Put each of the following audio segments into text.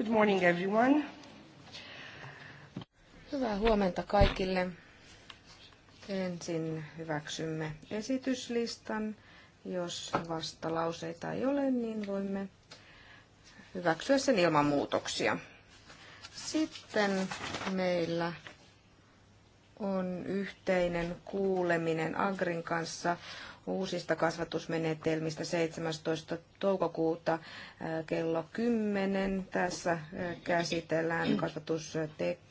Good morning everyone. Hyvää huomenta kaikille. Ensin hyväksymme esityslistan. Jos vastalauseita ei ole, niin voimme hyväksyä sen ilman muutoksia. Sitten meillä on yhteinen kuuleminen Agrin kanssa uusista kasvatusmenetelmistä 17. toukokuuta äh, kello 10. Tässä äh, käsitellään mm. kasvatustekniikkaa,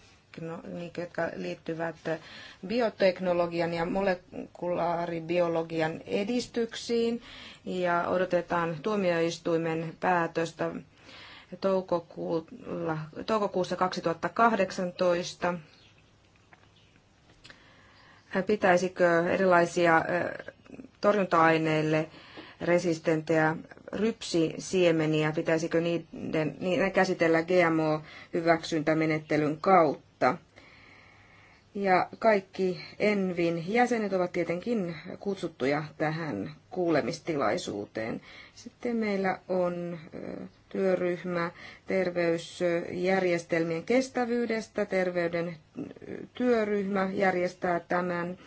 jotka liittyvät äh, bioteknologian ja molekulaaribiologian edistyksiin ja odotetaan tuomioistuimen päätöstä toukokuussa 2018 pitäisikö erilaisia torjunta-aineille resistentejä rypsisiemeniä, pitäisikö niiden, niiden käsitellä GMO-hyväksyntämenettelyn kautta. Ja kaikki Envin jäsenet ovat tietenkin kutsuttuja tähän kuulemistilaisuuteen. Sitten meillä on työryhmä terveysjärjestelmien kestävyydestä. Terveyden työryhmä järjestää tämän.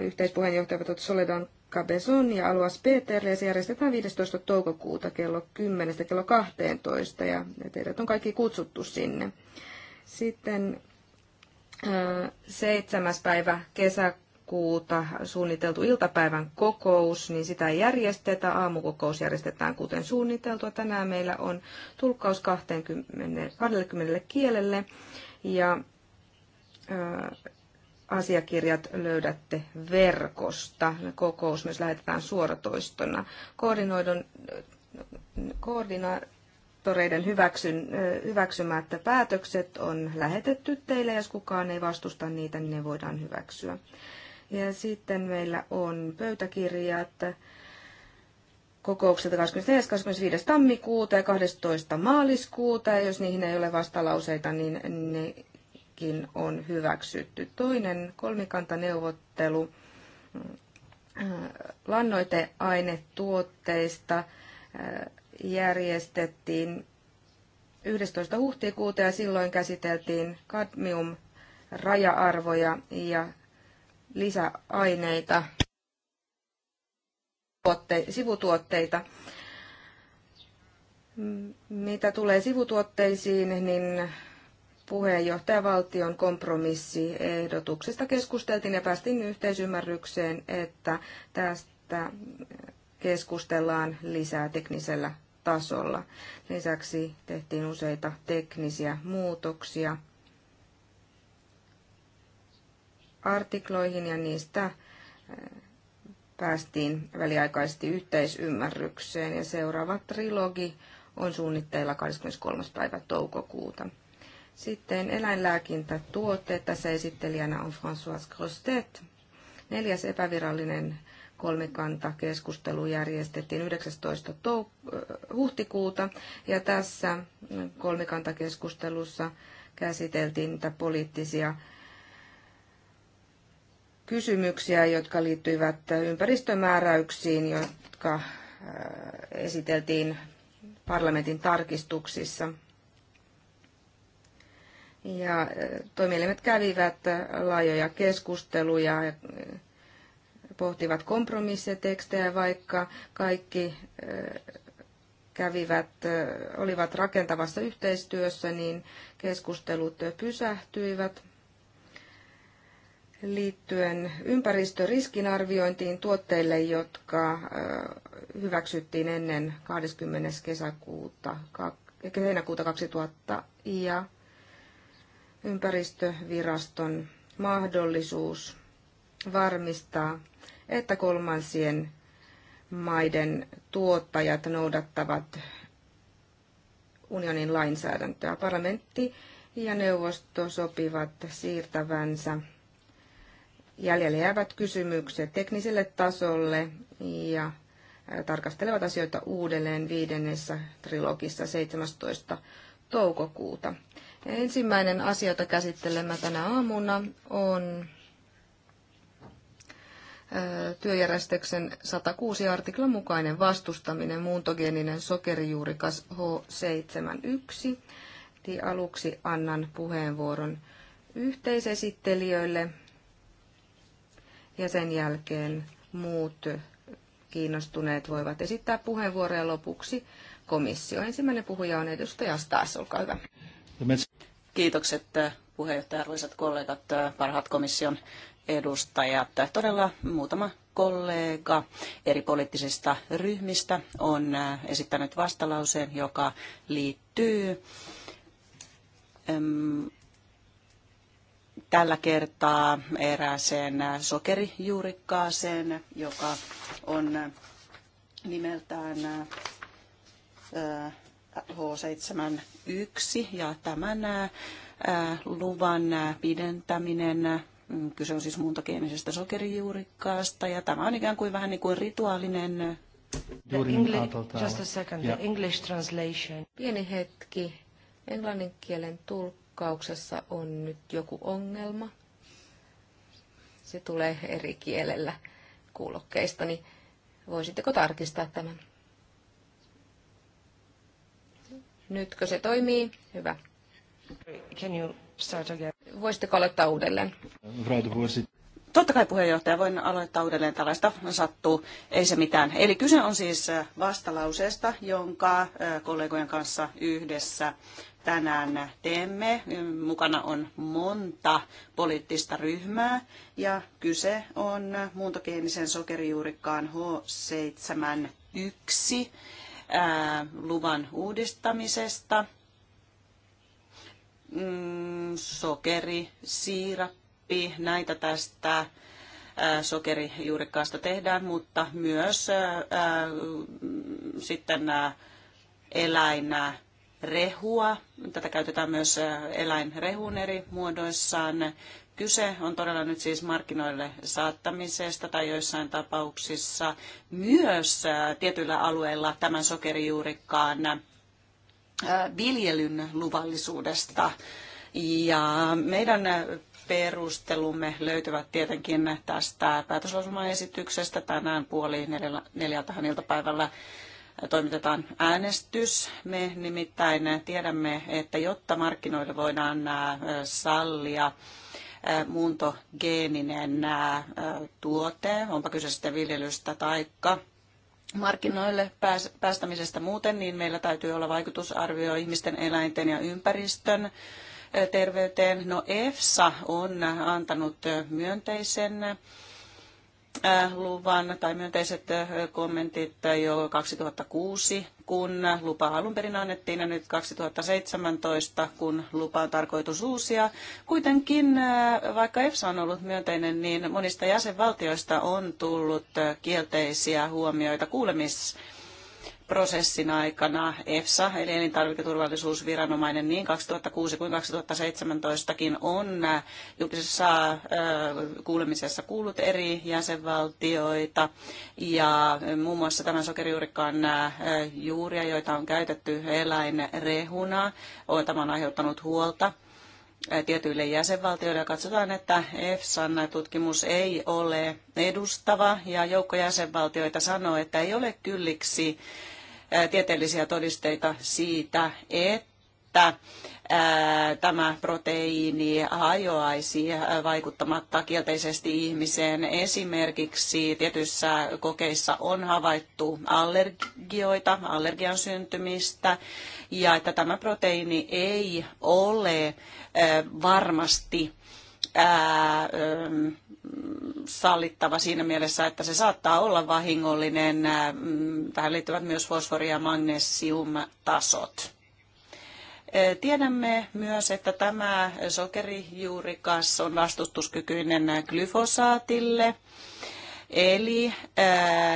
Yhteispuheenjohtaja Soledan Cabezon ja Aluas Peterle. Se järjestetään 15. toukokuuta kello 10 kello 12 ja teidät on kaikki kutsuttu sinne. Sitten seitsemäs päivä kesäkuuta suunniteltu iltapäivän kokous, niin sitä ei järjestetä. Aamukokous järjestetään kuten suunniteltua. Tänään meillä on tulkkaus 20, 20 kielelle ja asiakirjat löydätte verkosta. Kokous myös lähetetään suoratoistona. Koordinoidon, koordinaattoreiden hyväksyn, hyväksymättä päätökset on lähetetty teille. Jos kukaan ei vastusta niitä, niin ne voidaan hyväksyä. Ja sitten meillä on pöytäkirjat kokoukselta 24.25. tammikuuta ja 12. maaliskuuta. Ja jos niihin ei ole vastalauseita, niin ne sekin on hyväksytty. Toinen kolmikantaneuvottelu äh, lannoiteainetuotteista äh, järjestettiin 11. huhtikuuta ja silloin käsiteltiin kadmium raja-arvoja ja lisäaineita, sivutuotteita. Mitä tulee sivutuotteisiin, niin puheenjohtajavaltion kompromissiehdotuksesta keskusteltiin ja päästiin yhteisymmärrykseen, että tästä keskustellaan lisää teknisellä tasolla. Lisäksi tehtiin useita teknisiä muutoksia artikloihin ja niistä eh, päästiin väliaikaisesti yhteisymmärrykseen ja seuraava trilogi on suunnitteilla 23. päivä toukokuuta. Sitten eläinlääkintätuotteet. Tässä esittelijänä on François Crostet. Neljäs epävirallinen keskustelu järjestettiin 19. huhtikuuta ja tässä kolmikantakeskustelussa käsiteltiin niitä poliittisia kysymyksiä, jotka liittyivät ympäristömääräyksiin, jotka esiteltiin parlamentin tarkistuksissa – ja toimielimet kävivät laajoja keskusteluja ja pohtivat kompromissitekstejä, vaikka kaikki kävivät, olivat rakentavassa yhteistyössä, niin keskustelut pysähtyivät liittyen ympäristöriskinarviointiin tuotteille, jotka hyväksyttiin ennen 20. kesäkuuta, eh, heinäkuuta 2000 ja ympäristöviraston mahdollisuus varmistaa, että kolmansien maiden tuottajat noudattavat unionin lainsäädäntöä. Parlamentti ja neuvosto sopivat siirtävänsä jäljelle jäävät kysymykset tekniselle tasolle ja tarkastelevat asioita uudelleen viidennessä trilogissa 17. toukokuuta. Ensimmäinen asia, jota käsittelemme tänä aamuna, on työjärjestyksen 106 artiklan mukainen vastustaminen muuntogeeninen sokerijuurikas H71. Eli aluksi annan puheenvuoron yhteisesittelijöille ja sen jälkeen muut kiinnostuneet voivat esittää puheenvuoroja lopuksi komissio. Ensimmäinen puhuja on edustaja Stas, olkaa hyvä. Kiitokset äh, puheenjohtaja, arvoisat kollegat, äh, parhaat komission edustajat. Todella muutama kollega eri poliittisista ryhmistä on äh, esittänyt vastalauseen, joka liittyy tällä kertaa erääseen sokerijuurikkaaseen, joka on nimeltään H71 ja tämän luvan pidentäminen mm, Kyse on siis muuntogeenisestä sokerijuurikkaasta ja tämä on ikään kuin vähän niin kuin rituaalinen... Niin, just a second, yeah. the English translation. Pieni hetki. Englannin kielen tulkkauksessa on nyt joku ongelma. Se tulee eri kielellä kuulokkeistani. Voisitteko tarkistaa tämän? Nytkö se toimii? Hyvä. Can you start again? Voisitteko aloittaa uudelleen? Totta kai puheenjohtaja, voin aloittaa uudelleen. Tällaista sattuu, ei se mitään. Eli kyse on siis äh, vastalauseesta, jonka äh, kollegojen kanssa yhdessä tänään teemme. Mukana on monta poliittista ryhmää ja kyse on muuntogeenisen sokerijuurikkaan H71 Äh, luvan uudistamisesta. Mm, sokeri, siirappi, näitä tästä äh, sokerijuurikkaasta tehdään, mutta myös äh, sitten eläinä rehua. Tätä käytetään myös eläinrehun eri muodoissaan. Kyse on todella nyt siis markkinoille saattamisesta tai joissain tapauksissa myös tietyillä alueilla tämän sokerijuurikkaan viljelyn luvallisuudesta. Ja meidän perustelumme löytyvät tietenkin tästä päätöslausumaesityksestä. Tänään puoli neljältä iltapäivällä toimitetaan äänestys. Me nimittäin tiedämme, että jotta markkinoille voidaan sallia muuntogeeninen tuote, onpa kyse sitten viljelystä taikka markkinoille päästämisestä muuten, niin meillä täytyy olla vaikutusarvio ihmisten, eläinten ja ympäristön terveyteen. No EFSA on antanut myönteisen luvan tai myönteiset kommentit jo 2006 kun lupa alun perin annettiin ja nyt 2017, kun lupa on tarkoitus uusia. Kuitenkin, äh, vaikka EFSA on ollut myönteinen, niin monista jäsenvaltioista on tullut äh, kielteisiä huomioita kuulemis prosessin aikana EFSA, eli elintarviketurvallisuusviranomainen, niin 2006 kuin 2017kin on äh, julkisessa äh, kuulemisessa kuullut eri jäsenvaltioita ja äh, muun muassa tämän sokerijuurikkaan juuria, joita on käytetty eläinrehuna. Tämä on aiheuttanut huolta tietyille jäsenvaltioille. Katsotaan, että EFSAn tutkimus ei ole edustava ja joukko jäsenvaltioita sanoo, että ei ole kylliksi tieteellisiä todisteita siitä, että tämä proteiini hajoaisi vaikuttamatta kielteisesti ihmiseen. Esimerkiksi tietyissä kokeissa on havaittu allergioita, allergian syntymistä, ja että tämä proteiini ei ole varmasti ää, sallittava siinä mielessä, että se saattaa olla vahingollinen. Mm, tähän liittyvät myös fosfori- ja magnesiumtasot. Tiedämme myös, että tämä sokerijuurikas on vastustuskykyinen glyfosaatille, eli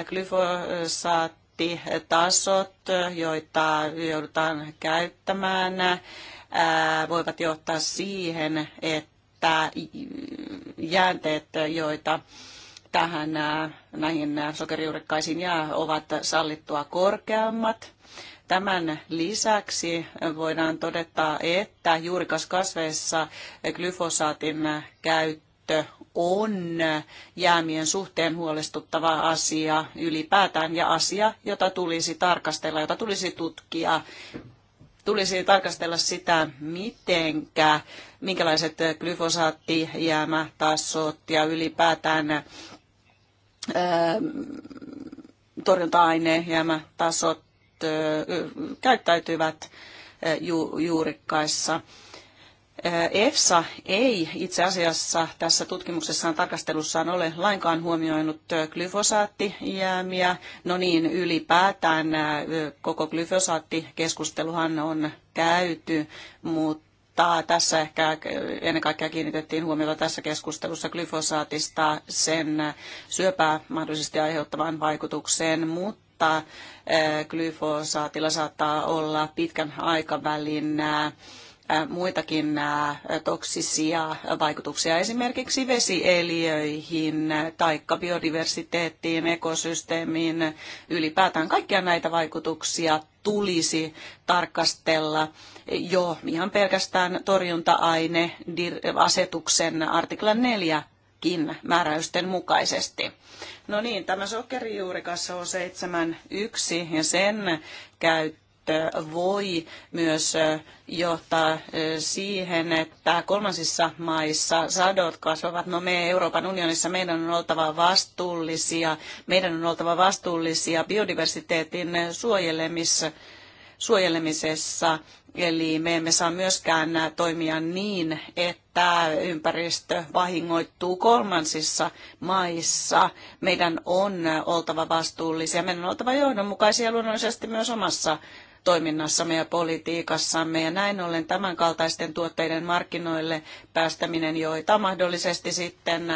glyfosaattitasot, joita joudutaan käyttämään, voivat johtaa siihen, että että jäänteet, joita tähän näihin sokerijuurikkaisiin jää, ovat sallittua korkeammat. Tämän lisäksi voidaan todeta, että juurikaskasveissa glyfosaatin käyttö on jäämien suhteen huolestuttava asia ylipäätään ja asia, jota tulisi tarkastella, jota tulisi tutkia tulisi tarkastella sitä, mitenkä, minkälaiset glyfosaattijäämätasot ja ylipäätään torjunta ää, käyttäytyvät ju- juurikkaissa. EFSA ei itse asiassa tässä tutkimuksessaan tarkastelussaan ole lainkaan huomioinut glyfosaattijäämiä. No niin, ylipäätään koko glyfosaattikeskusteluhan on käyty, mutta tässä ehkä ennen kaikkea kiinnitettiin huomiota tässä keskustelussa glyfosaatista sen syöpää mahdollisesti aiheuttavaan vaikutukseen, mutta glyfosaatilla saattaa olla pitkän aikavälin muitakin toksisia vaikutuksia esimerkiksi vesieliöihin, taikka biodiversiteettiin, ekosysteemiin, ylipäätään kaikkia näitä vaikutuksia tulisi tarkastella jo ihan pelkästään torjunta-aine asetuksen artiklan 4 määräysten mukaisesti. No niin, tämä sokerijuurikas on 71 ja sen käyttö voi myös johtaa siihen, että kolmansissa maissa sadot kasvavat. No me Euroopan unionissa meidän on oltava vastuullisia, meidän on oltava vastuullisia biodiversiteetin suojelemisessa suojelemisessa. Eli me emme saa myöskään toimia niin, että ympäristö vahingoittuu kolmansissa maissa. Meidän on oltava vastuullisia, meidän on oltava johdonmukaisia luonnollisesti myös omassa toiminnassamme ja politiikassamme. Ja näin ollen tämän kaltaisten tuotteiden markkinoille päästäminen, joita mahdollisesti sitten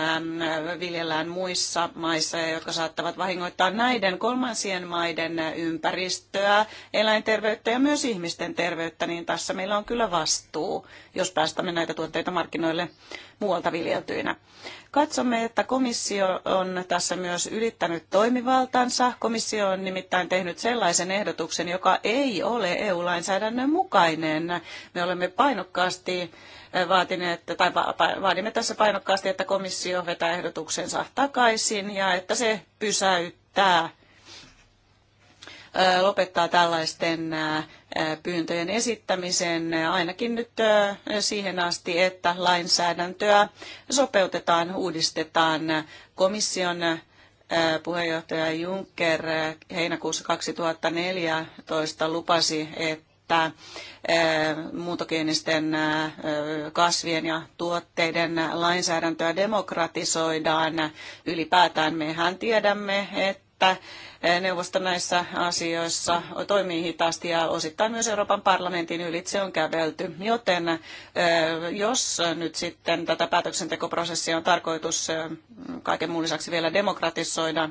viljellään muissa maissa ja jotka saattavat vahingoittaa näiden kolmansien maiden ympäristöä, eläinterveyttä ja myös ihmisten terveyttä, niin tässä meillä on kyllä vastuu, jos päästämme näitä tuotteita markkinoille muualta viljeltyinä. Katsomme, että komissio on tässä myös ylittänyt toimivaltansa. Komissio on nimittäin tehnyt sellaisen ehdotuksen, joka ei ole EU-lainsäädännön mukainen. Me olemme painokkaasti eh, vaatineet, tai vaadimme tässä painokkaasti, että komissio vetää ehdotuksensa takaisin ja että se pysäyttää lopettaa tällaisten pyyntöjen esittämisen ainakin nyt siihen asti, että lainsäädäntöä sopeutetaan, uudistetaan komission puheenjohtaja Juncker heinäkuussa 2014 lupasi, että muutogeenisten kasvien ja tuotteiden lainsäädäntöä demokratisoidaan. Ylipäätään mehän tiedämme, että että eh, neuvosto näissä asioissa toimii hitaasti ja osittain myös Euroopan parlamentin ylitse on kävelty. Joten eh, jos nyt sitten tätä päätöksentekoprosessia on tarkoitus eh, kaiken muun lisäksi vielä demokratisoida,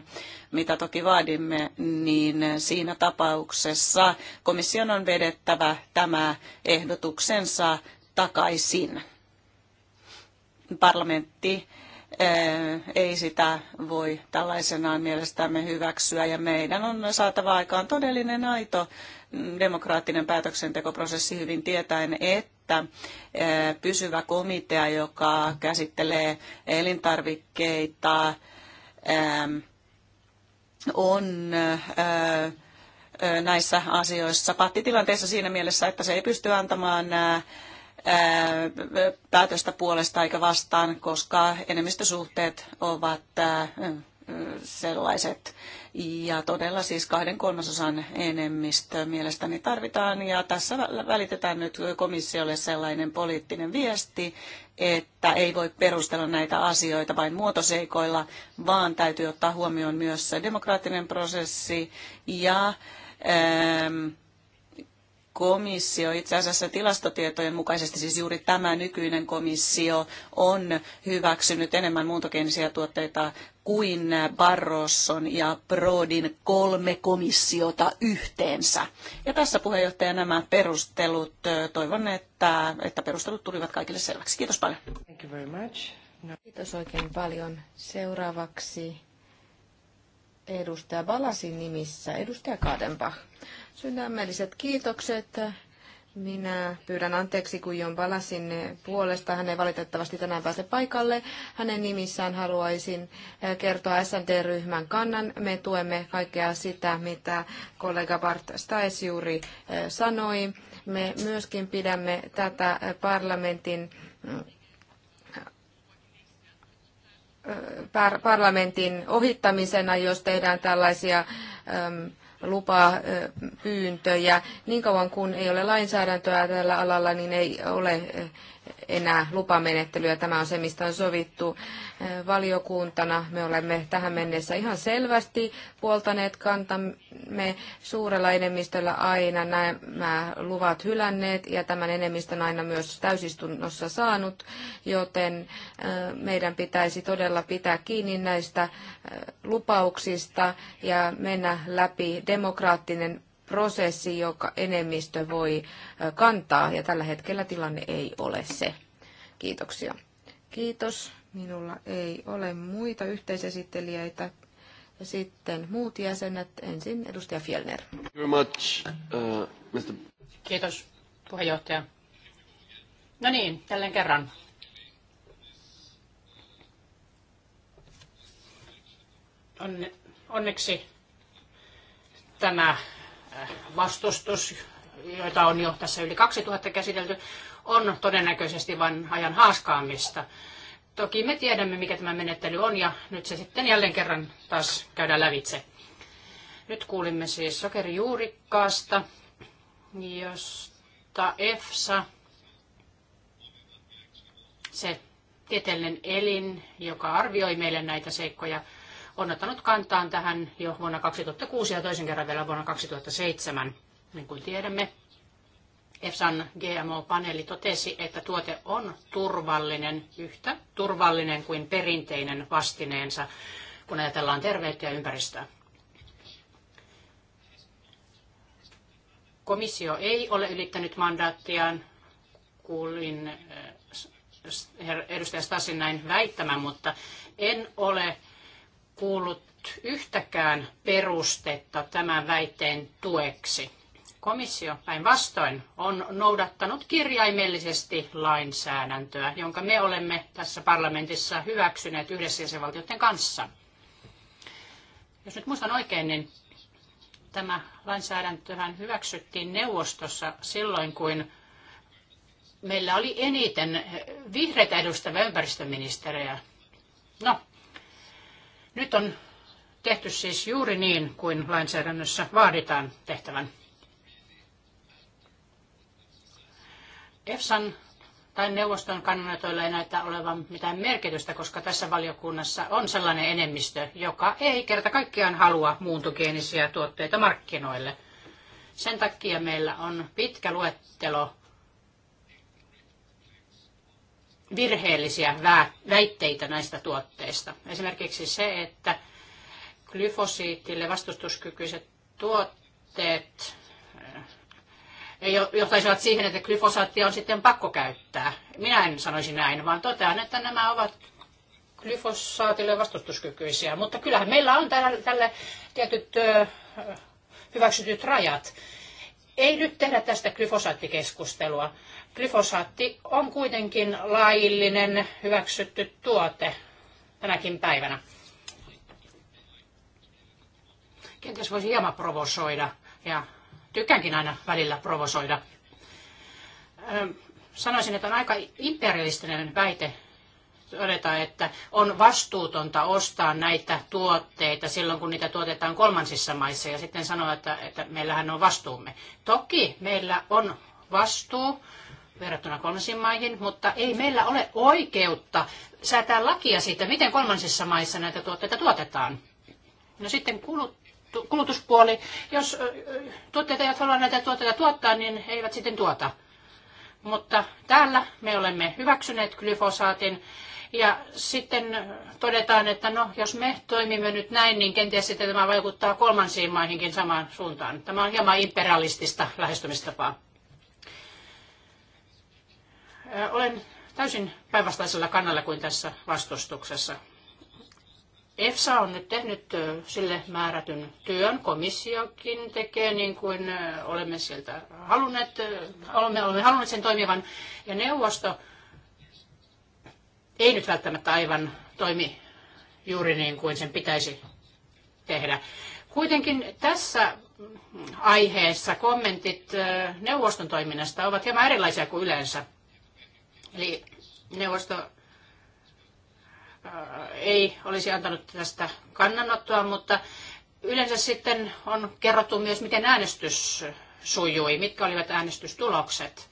mitä toki vaadimme, niin siinä tapauksessa komission on vedettävä tämä ehdotuksensa takaisin. Parlamentti Eh, ei sitä voi tällaisenaan mielestämme hyväksyä ja meidän on saatava aikaan todellinen aito mm, demokraattinen päätöksentekoprosessi hyvin tietäen, että eh, pysyvä komitea, joka käsittelee elintarvikkeita, eh, on näissä asioissa pattitilanteessa siinä mielessä, että se ei pysty antamaan päätöstä puolesta eikä vastaan, koska enemmistösuhteet ovat sellaiset. Ja todella siis kahden kolmasosan enemmistö mielestäni tarvitaan. Ja tässä välitetään nyt komissiolle sellainen poliittinen viesti, että ei voi perustella näitä asioita vain muotoseikoilla, vaan täytyy ottaa huomioon myös demokraattinen prosessi ja komissio, itse asiassa tilastotietojen mukaisesti siis juuri tämä nykyinen komissio on hyväksynyt enemmän muuntogeenisiä tuotteita kuin Barroson ja Prodin kolme komissiota yhteensä. Ja tässä puheenjohtaja nämä perustelut. Toivon, että, että perustelut tulivat kaikille selväksi. Kiitos paljon. Thank you very much. No. Kiitos oikein paljon. Seuraavaksi edustaja Balasin nimissä edustaja Kadenbach. Sydämelliset kiitokset. Minä pyydän anteeksi Jon Balasin puolesta. Hän ei valitettavasti tänään pääse paikalle. Hänen nimissään haluaisin eh, kertoa SNT-ryhmän kannan. Me tuemme kaikkea sitä, mitä kollega Bart Staes juuri eh, sanoi. Me myöskin pidämme tätä eh, parlamentin mm, parlamentin ohittamisena, jos tehdään tällaisia mm, lupapyyntöjä. Niin kauan kuin ei ole lainsäädäntöä tällä alalla, niin ei ole enää lupamenettelyä. Tämä on se, mistä on sovittu äh, valiokuntana. Me olemme tähän mennessä ihan selvästi puoltaneet kantamme suurella enemmistöllä aina nämä luvat hylänneet ja tämän enemmistön aina myös täysistunnossa saanut, joten äh, meidän pitäisi todella pitää kiinni näistä äh, lupauksista ja mennä läpi demokraattinen prosessi, joka enemmistö voi kantaa, ja tällä hetkellä tilanne ei ole se. Kiitoksia. Kiitos. Minulla ei ole muita yhteisesittelijöitä. sitten muut jäsenet. Ensin edustaja Fjellner. Mr. Uh, Kiitos puheenjohtaja. No niin, jälleen kerran. Onneksi tämä Äh, vastustus, joita on jo tässä yli 2000 käsitelty, on todennäköisesti vain ajan haaskaamista. Toki me tiedämme, mikä tämä menettely on, ja nyt se sitten jälleen kerran taas käydään lävitse. Nyt kuulimme siis sokerijuurikkaasta, josta EFSA, se tieteellinen elin, joka arvioi meille näitä seikkoja, on ottanut kantaan tähän jo vuonna 2006 ja toisen kerran vielä vuonna 2007. Niin kuin tiedämme, EFSAn GMO-paneeli totesi, että tuote on turvallinen, yhtä turvallinen kuin perinteinen vastineensa, kun ajatellaan terveyttä ja ympäristöä. Komissio ei ole ylittänyt mandaattiaan, kuulin eh, edustaja Stasin näin väittämään, mutta en ole kuullut yhtäkään perustetta tämän väitteen tueksi. Komissio päinvastoin on noudattanut kirjaimellisesti lainsäädäntöä, jonka me olemme tässä parlamentissa hyväksyneet yhdessä jäsenvaltioiden kanssa. Jos nyt muistan oikein, niin tämä lainsäädäntöhän hyväksyttiin neuvostossa silloin, kun meillä oli eniten vihreitä edustavia ympäristöministeriä. No, nyt on tehty siis juuri niin kuin lainsäädännössä vaaditaan tehtävän. EFSAn tai neuvoston kannanotoilla ei näytä olevan mitään merkitystä, koska tässä valiokunnassa on sellainen enemmistö, joka ei kerta kaikkiaan halua muuntogeenisiä tuotteita markkinoille. Sen takia meillä on pitkä luettelo virheellisiä väitteitä näistä tuotteista. Esimerkiksi se, että glyfosiitille vastustuskykyiset tuotteet eh, johtaisivat siihen, että glyfosaattia on sitten pakko käyttää. Minä en sanoisi näin, vaan totean, että nämä ovat glyfosaatille vastustuskykyisiä. Mutta kyllähän meillä on tälle, tälle tietyt hyväksytyt rajat. Ei nyt tehdä tästä glyfosaattikeskustelua, Glyfosaatti on kuitenkin laillinen hyväksytty tuote tänäkin päivänä. Kenties voisi hieman provosoida ja tykkäänkin aina välillä provosoida. Sanoisin, että on aika imperialistinen väite todeta, että on vastuutonta ostaa näitä tuotteita silloin, kun niitä tuotetaan kolmansissa maissa ja sitten sanoa, että, että meillähän on vastuumme. Toki meillä on vastuu verrattuna kolmansiin maihin, mutta ei meillä ole oikeutta säätää lakia siitä, miten kolmansissa maissa näitä tuotteita tuotetaan. No sitten kulutuspuoli. Jos tuotteita eivät halua näitä tuotteita tuottaa, niin he eivät sitten tuota. Mutta täällä me olemme hyväksyneet glyfosaatin ja sitten todetaan, että no, jos me toimimme nyt näin, niin kenties sitten tämä vaikuttaa kolmansiin maihinkin samaan suuntaan. Tämä on hieman imperialistista lähestymistapaa. Olen täysin päinvastaisella kannalla kuin tässä vastustuksessa. EFSA on nyt tehnyt sille määrätyn työn, komissiokin tekee niin kuin olemme sieltä halunneet, olemme, olemme halunneet sen toimivan, ja neuvosto ei nyt välttämättä aivan toimi juuri niin kuin sen pitäisi tehdä. Kuitenkin tässä aiheessa kommentit neuvoston toiminnasta ovat hieman erilaisia kuin yleensä. Eli neuvosto äh, ei olisi antanut tästä kannanottoa, mutta yleensä sitten on kerrottu myös, miten äänestys sujui, mitkä olivat äänestystulokset.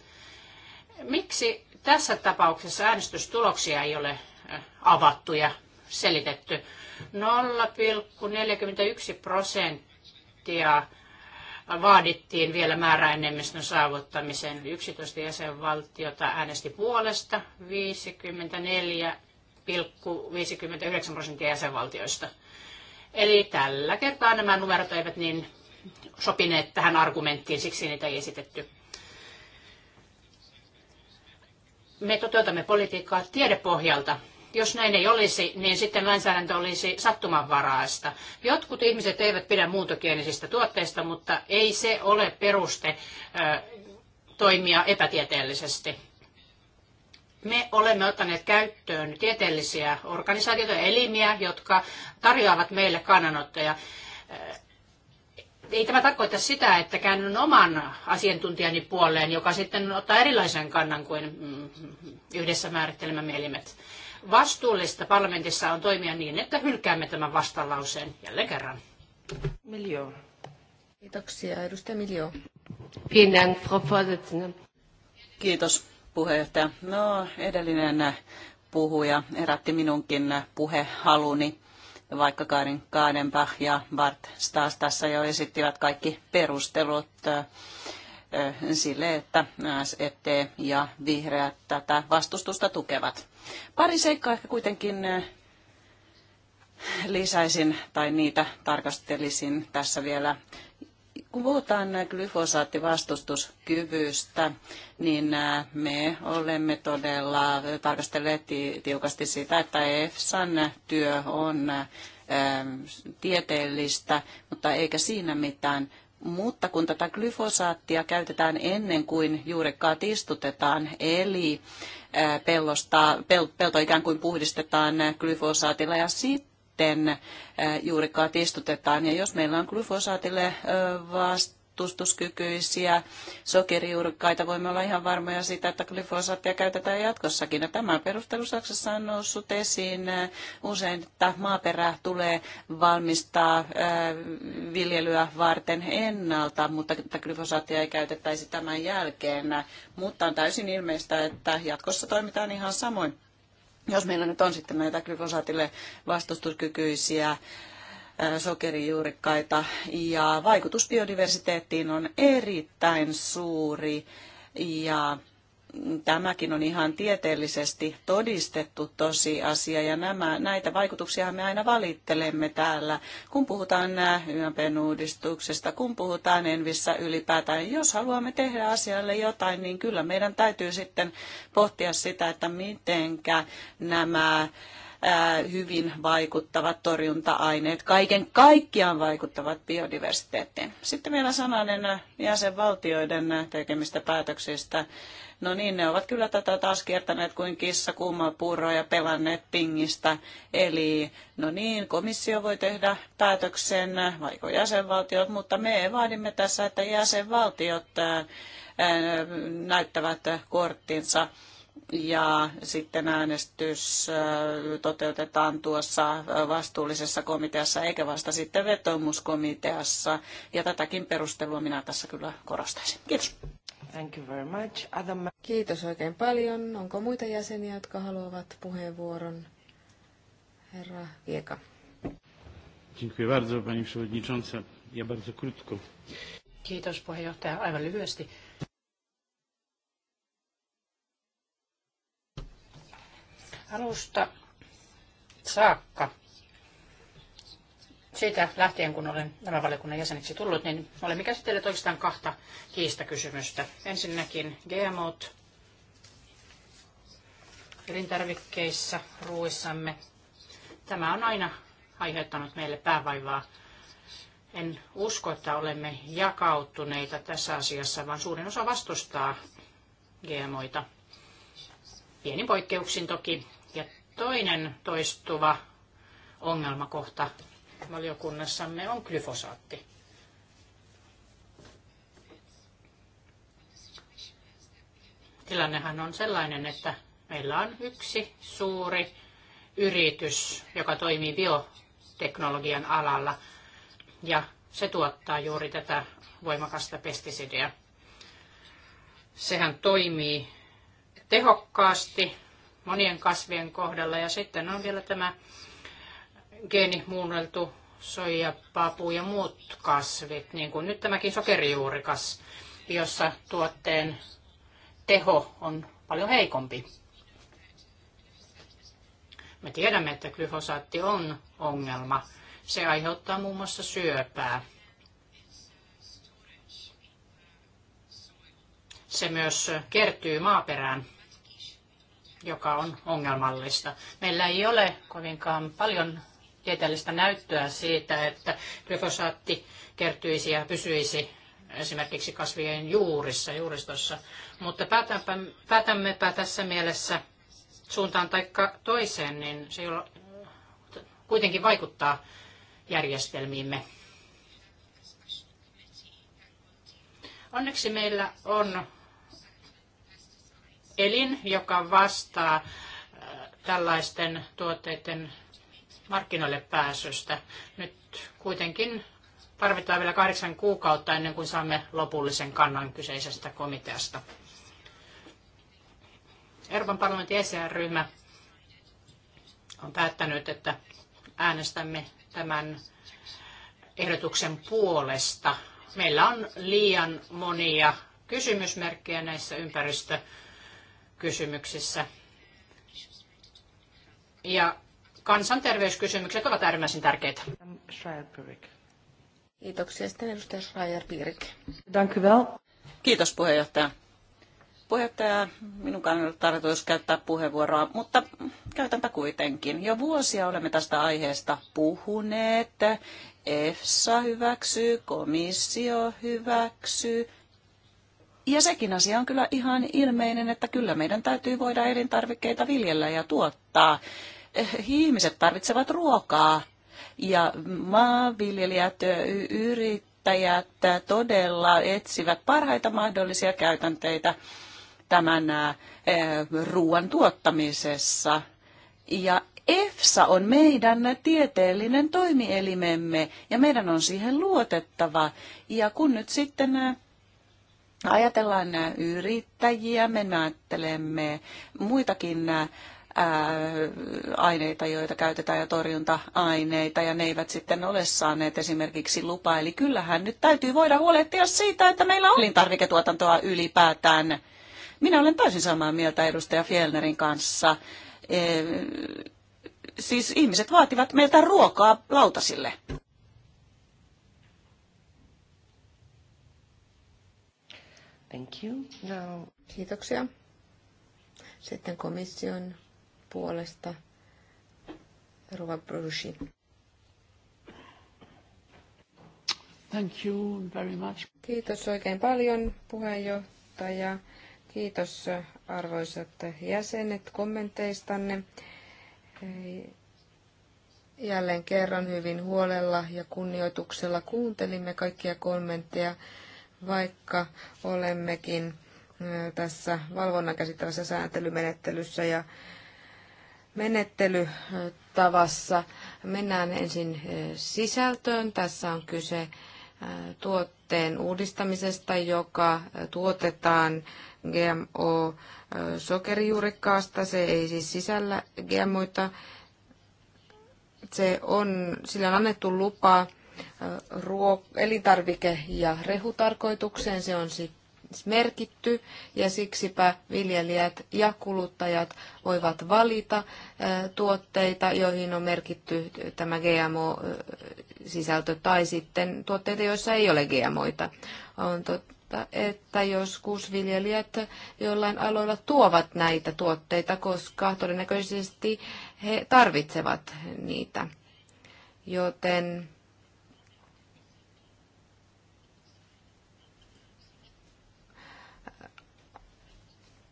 Miksi tässä tapauksessa äänestystuloksia ei ole äh, avattu ja selitetty? 0,41 prosenttia vaadittiin vielä määräenemmistön saavuttamisen. 11 jäsenvaltiota äänesti puolesta, 54,59 prosenttia jäsenvaltioista. Eli tällä kertaa nämä numerot eivät niin sopineet tähän argumenttiin, siksi niitä ei esitetty. Me toteutamme politiikkaa tiedepohjalta jos näin ei olisi, niin sitten lainsäädäntö olisi sattumanvaraista. Jotkut ihmiset eivät pidä muuntokielisistä tuotteista, mutta ei se ole peruste toimia epätieteellisesti. Me olemme ottaneet käyttöön tieteellisiä organisaatioita ja elimiä, jotka tarjoavat meille kannanottoja ei tämä tarkoita sitä, että käännyn oman asiantuntijani puoleen, joka sitten ottaa erilaisen kannan kuin mm, yhdessä määrittelemämme elimet vastuullista parlamentissa on toimia niin, että hylkäämme tämän vastalauseen jälleen kerran. Miljoon. Kiitoksia. Edustaja Miljoon. Kiitos puheenjohtaja. No, edellinen puhuja erätti minunkin puhehaluni, vaikka Karin Kaadenbach ja Bart Stas tässä jo esittivät kaikki perustelut sille, että SET ja vihreät tätä vastustusta tukevat. Pari seikkaa ehkä kuitenkin eh, lisäisin tai niitä tarkastelisin tässä vielä. Kun puhutaan eh, glyfosaattivastustuskyvystä, niin eh, me olemme todella tarkastelleet tiukasti sitä, että EFSAn työ on tieteellistä, mutta eikä siinä mitään mutta kun tätä glyfosaattia käytetään ennen kuin juurekkaat istutetaan, eli pellosta, pel, pelto ikään kuin puhdistetaan glyfosaatilla ja sitten eh, juurikaat istutetaan. Ja jos meillä on glyfosaatille eh, vasta vastustuskykyisiä sokerijuurikkaita. Voimme olla ihan varmoja siitä, että glyfosaattia käytetään jatkossakin. Ja tämä perustelu Saksassa on noussut esiin usein, että maaperä tulee valmistaa äh, viljelyä varten ennalta, mutta että glyfosaattia ei käytettäisi tämän jälkeen. Mutta on täysin ilmeistä, että jatkossa toimitaan ihan samoin. Jos meillä nyt on sitten näitä glyfosaatille vastustuskykyisiä sokerijuurikkaita ja vaikutus biodiversiteettiin on erittäin suuri ja tämäkin on ihan tieteellisesti todistettu tosiasia ja nämä, näitä vaikutuksia me aina valittelemme täällä, kun puhutaan YMPn uudistuksesta, kun puhutaan Envissä ylipäätään. Jos haluamme tehdä asialle jotain, niin kyllä meidän täytyy sitten pohtia sitä, että mitenkä nämä hyvin vaikuttavat torjunta-aineet, kaiken kaikkiaan vaikuttavat biodiversiteettiin. Sitten vielä sananen jäsenvaltioiden tekemistä päätöksistä. No niin, ne ovat kyllä tätä taas kiertäneet kuin kissa kumma puuroa ja pelanneet pingistä. Eli no niin, komissio voi tehdä päätöksen, vaiko jäsenvaltiot, mutta me vaadimme tässä, että jäsenvaltiot näyttävät korttinsa ja sitten äänestys äh, toteutetaan tuossa äh, vastuullisessa komiteassa eikä vasta sitten vetomuskomiteassa. Ja tätäkin perustelua minä tässä kyllä korostaisin. Kiitos. Thank you very much. Adam... Kiitos oikein paljon. Onko muita jäseniä, jotka haluavat puheenvuoron? Herra Vieka. Dziękuję bardzo, pani przewodnicząca. Ja bardzo krótko. Kiitos puheenjohtaja. Aivan lyhyesti. alusta saakka, siitä lähtien kun olen tämän valiokunnan jäseneksi tullut, niin olemme käsitelleet oikeastaan kahta kiistakysymystä. Ensinnäkin GMOt elintarvikkeissa, ruuissamme. Tämä on aina aiheuttanut meille päävaivaa. En usko, että olemme jakautuneita tässä asiassa, vaan suurin osa vastustaa GMOita. Pieni poikkeuksin toki. Toinen toistuva ongelmakohta valiokunnassamme on glyfosaatti. Tilannehan on sellainen, että meillä on yksi suuri yritys, joka toimii bioteknologian alalla ja se tuottaa juuri tätä voimakasta pestisidiä. Sehän toimii tehokkaasti monien kasvien kohdalla. Ja sitten on vielä tämä geenimuunneltu soija, papu ja muut kasvit, niin kuin nyt tämäkin sokerijuurikas, jossa tuotteen teho on paljon heikompi. Me tiedämme, että glyfosaatti on ongelma. Se aiheuttaa muun muassa syöpää. Se myös kertyy maaperään joka on ongelmallista. Meillä ei ole kovinkaan paljon tieteellistä näyttöä siitä, että glyfosaatti kertyisi ja pysyisi esimerkiksi kasvien juurissa, juuristossa. Mutta päätämmepä tässä mielessä suuntaan tai toiseen, niin se kuitenkin vaikuttaa järjestelmiimme. Onneksi meillä on elin, joka vastaa äh, tällaisten tuotteiden markkinoille pääsystä. Nyt kuitenkin tarvitaan vielä kahdeksan kuukautta ennen kuin saamme lopullisen kannan kyseisestä komiteasta. Euroopan parlamentin ECR-ryhmä on päättänyt, että äänestämme tämän ehdotuksen puolesta. Meillä on liian monia kysymysmerkkejä näissä ympäristö- kysymyksissä. Ja kansanterveyskysymykset ovat äärimmäisen tärkeitä. Kiitoksia. Sitten edustaja schreier Pirik. Kiitos puheenjohtaja. Puheenjohtaja, Minun kannalta ole tarkoitus käyttää puheenvuoroa, mutta käytänpä kuitenkin. Jo vuosia olemme tästä aiheesta puhuneet. EFSA hyväksyy, komissio hyväksyy, ja sekin asia on kyllä ihan ilmeinen, että kyllä meidän täytyy voida elintarvikkeita viljellä ja tuottaa. Eh, ihmiset tarvitsevat ruokaa ja maanviljelijät, yrittäjät todella etsivät parhaita mahdollisia käytänteitä tämän eh, ruoan tuottamisessa. Ja EFSA on meidän tieteellinen toimielimemme ja meidän on siihen luotettava. Ja kun nyt sitten ajatellaan äh, yrittäjiä, me ajattelemme muitakin äh, aineita, joita käytetään ja torjunta-aineita, ja ne eivät sitten ole saaneet esimerkiksi lupaa. Eli kyllähän nyt täytyy voida huolehtia siitä, että meillä on elintarviketuotantoa ylipäätään. Minä olen täysin samaa mieltä edustaja Fjellnerin kanssa. Eh, siis ihmiset vaativat meiltä ruokaa lautasille. Thank you. No. Kiitoksia. Sitten komission puolesta Rova Brushi. Thank you very much. Kiitos oikein paljon puheenjohtaja. Kiitos arvoisat jäsenet kommenteistanne. Jälleen kerran hyvin huolella ja kunnioituksella kuuntelimme kaikkia kommentteja vaikka olemmekin tässä valvonnan käsittävässä sääntelymenettelyssä ja menettelytavassa. Mennään ensin sisältöön. Tässä on kyse tuotteen uudistamisesta, joka tuotetaan GMO-sokerijuurikkaasta. Se ei siis sisällä GMOita. Se on, sillä on annettu lupa ruo- elintarvike- ja rehutarkoitukseen. Se on sitten merkitty ja siksipä viljelijät ja kuluttajat voivat valita tuotteita, joihin on merkitty tämä GMO-sisältö tai sitten tuotteita, joissa ei ole GMOita. On totta, että joskus viljelijät jollain aloilla tuovat näitä tuotteita, koska todennäköisesti he tarvitsevat niitä. Joten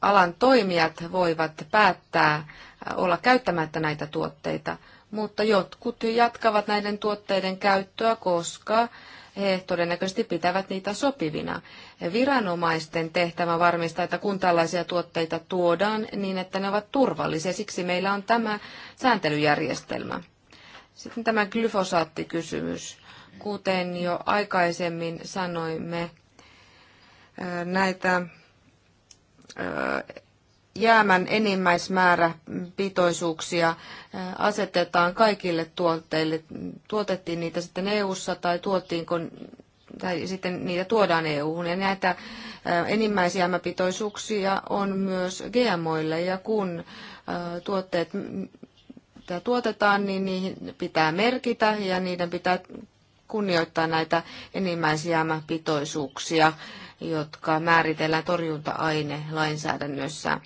alan toimijat voivat päättää äh, olla käyttämättä näitä tuotteita, mutta jotkut jatkavat näiden tuotteiden käyttöä, koska he todennäköisesti pitävät niitä sopivina. Viranomaisten tehtävä varmistaa, että kun tällaisia tuotteita tuodaan, niin että ne ovat turvallisia. Siksi meillä on tämä sääntelyjärjestelmä. Sitten tämä glyfosaattikysymys. Kuten jo aikaisemmin sanoimme, äh, näitä jäämän enimmäismäärä pitoisuuksia asetetaan kaikille tuotteille. Tuotettiin niitä sitten EU-ssa tai tuotiinko tai sitten niitä tuodaan EU-hun. Ja näitä enimmäisjäämäpitoisuuksia on myös GMOille, ja kun tuotteet tuotetaan, niin niihin pitää merkitä, ja niiden pitää kunnioittaa näitä enimmäisjäämäpitoisuuksia jotka määritellään torjunta-aine lainsäädännössä.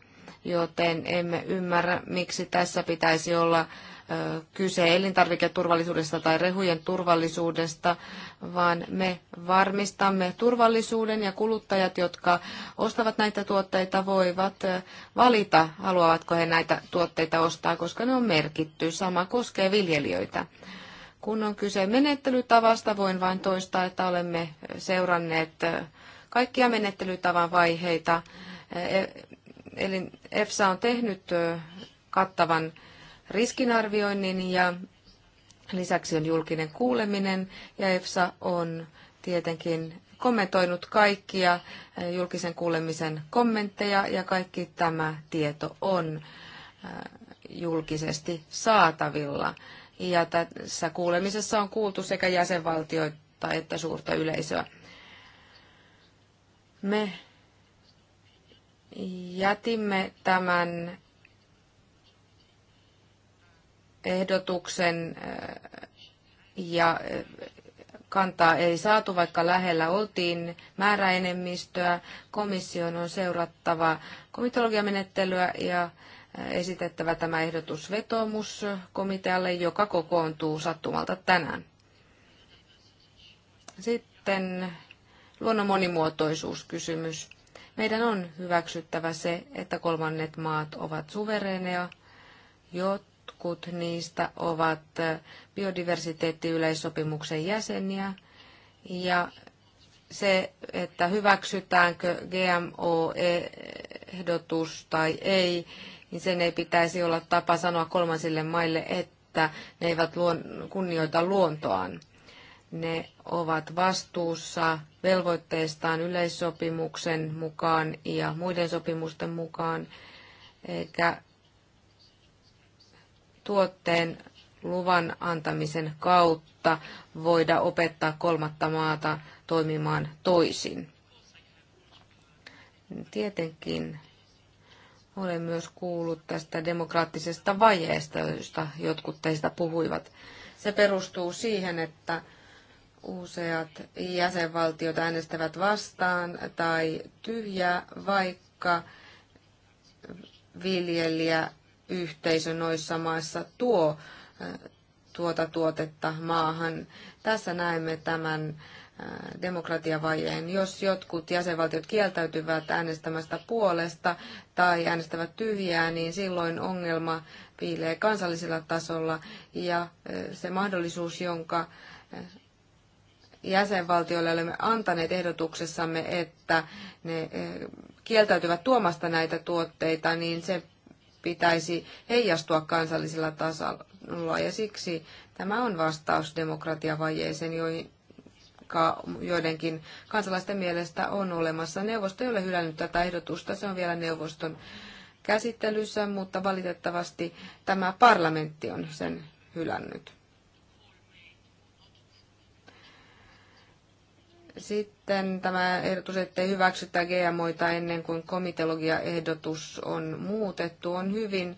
Joten emme ymmärrä, miksi tässä pitäisi olla kyse elintarviketurvallisuudesta tai rehujen turvallisuudesta, vaan me varmistamme turvallisuuden ja kuluttajat, jotka ostavat näitä tuotteita, voivat valita, haluavatko he näitä tuotteita ostaa, koska ne on merkitty. Sama koskee viljelijöitä. Kun on kyse menettelytavasta, voin vain toistaa, että olemme seuranneet kaikkia menettelytavan vaiheita. E, eli EFSA on tehnyt kattavan riskinarvioinnin ja lisäksi on julkinen kuuleminen ja EFSA on tietenkin kommentoinut kaikkia julkisen kuulemisen kommentteja ja kaikki tämä tieto on julkisesti saatavilla. Ja tässä kuulemisessa on kuultu sekä jäsenvaltioita että suurta yleisöä. Me jätimme tämän ehdotuksen äh, ja äh, kantaa ei saatu, vaikka lähellä oltiin määräenemmistöä. Komission on seurattava komitologiamenettelyä ja äh, esitettävä tämä ehdotus vetoomuskomitealle, joka kokoontuu sattumalta tänään. Sitten luonnon monimuotoisuuskysymys. Meidän on hyväksyttävä se, että kolmannet maat ovat suvereneja, jotkut niistä ovat biodiversiteettiyleissopimuksen jäseniä ja se, että hyväksytäänkö GMO-ehdotus tai ei, niin sen ei pitäisi olla tapa sanoa kolmansille maille, että ne eivät luon, kunnioita luontoaan. Ne ovat vastuussa velvoitteistaan yleissopimuksen mukaan ja muiden sopimusten mukaan, eikä tuotteen luvan antamisen kautta voida opettaa kolmatta maata toimimaan toisin. Tietenkin olen myös kuullut tästä demokraattisesta vajeesta, josta jotkut teistä puhuivat. Se perustuu siihen, että useat jäsenvaltiot äänestävät vastaan tai tyhjä, vaikka viljelijä yhteisö noissa maissa tuo äh, tuota tuotetta maahan. Tässä näemme tämän äh, demokratiavajeen. Jos jotkut jäsenvaltiot kieltäytyvät äänestämästä puolesta tai äänestävät tyhjää, niin silloin ongelma piilee kansallisella tasolla ja äh, se mahdollisuus, jonka jäsenvaltioille olemme antaneet ehdotuksessamme, että ne eh, kieltäytyvät tuomasta näitä tuotteita, niin se pitäisi heijastua kansallisella tasolla. Ja siksi tämä on vastaus demokratiavajeeseen, joihin joidenkin kansalaisten mielestä on olemassa. Neuvosto ei ole hylännyt tätä ehdotusta, se on vielä neuvoston käsittelyssä, mutta valitettavasti tämä parlamentti on sen hylännyt. Sitten tämä ehdotus, että hyväksytä GMOita ennen kuin komitologiaehdotus on muutettu, on hyvin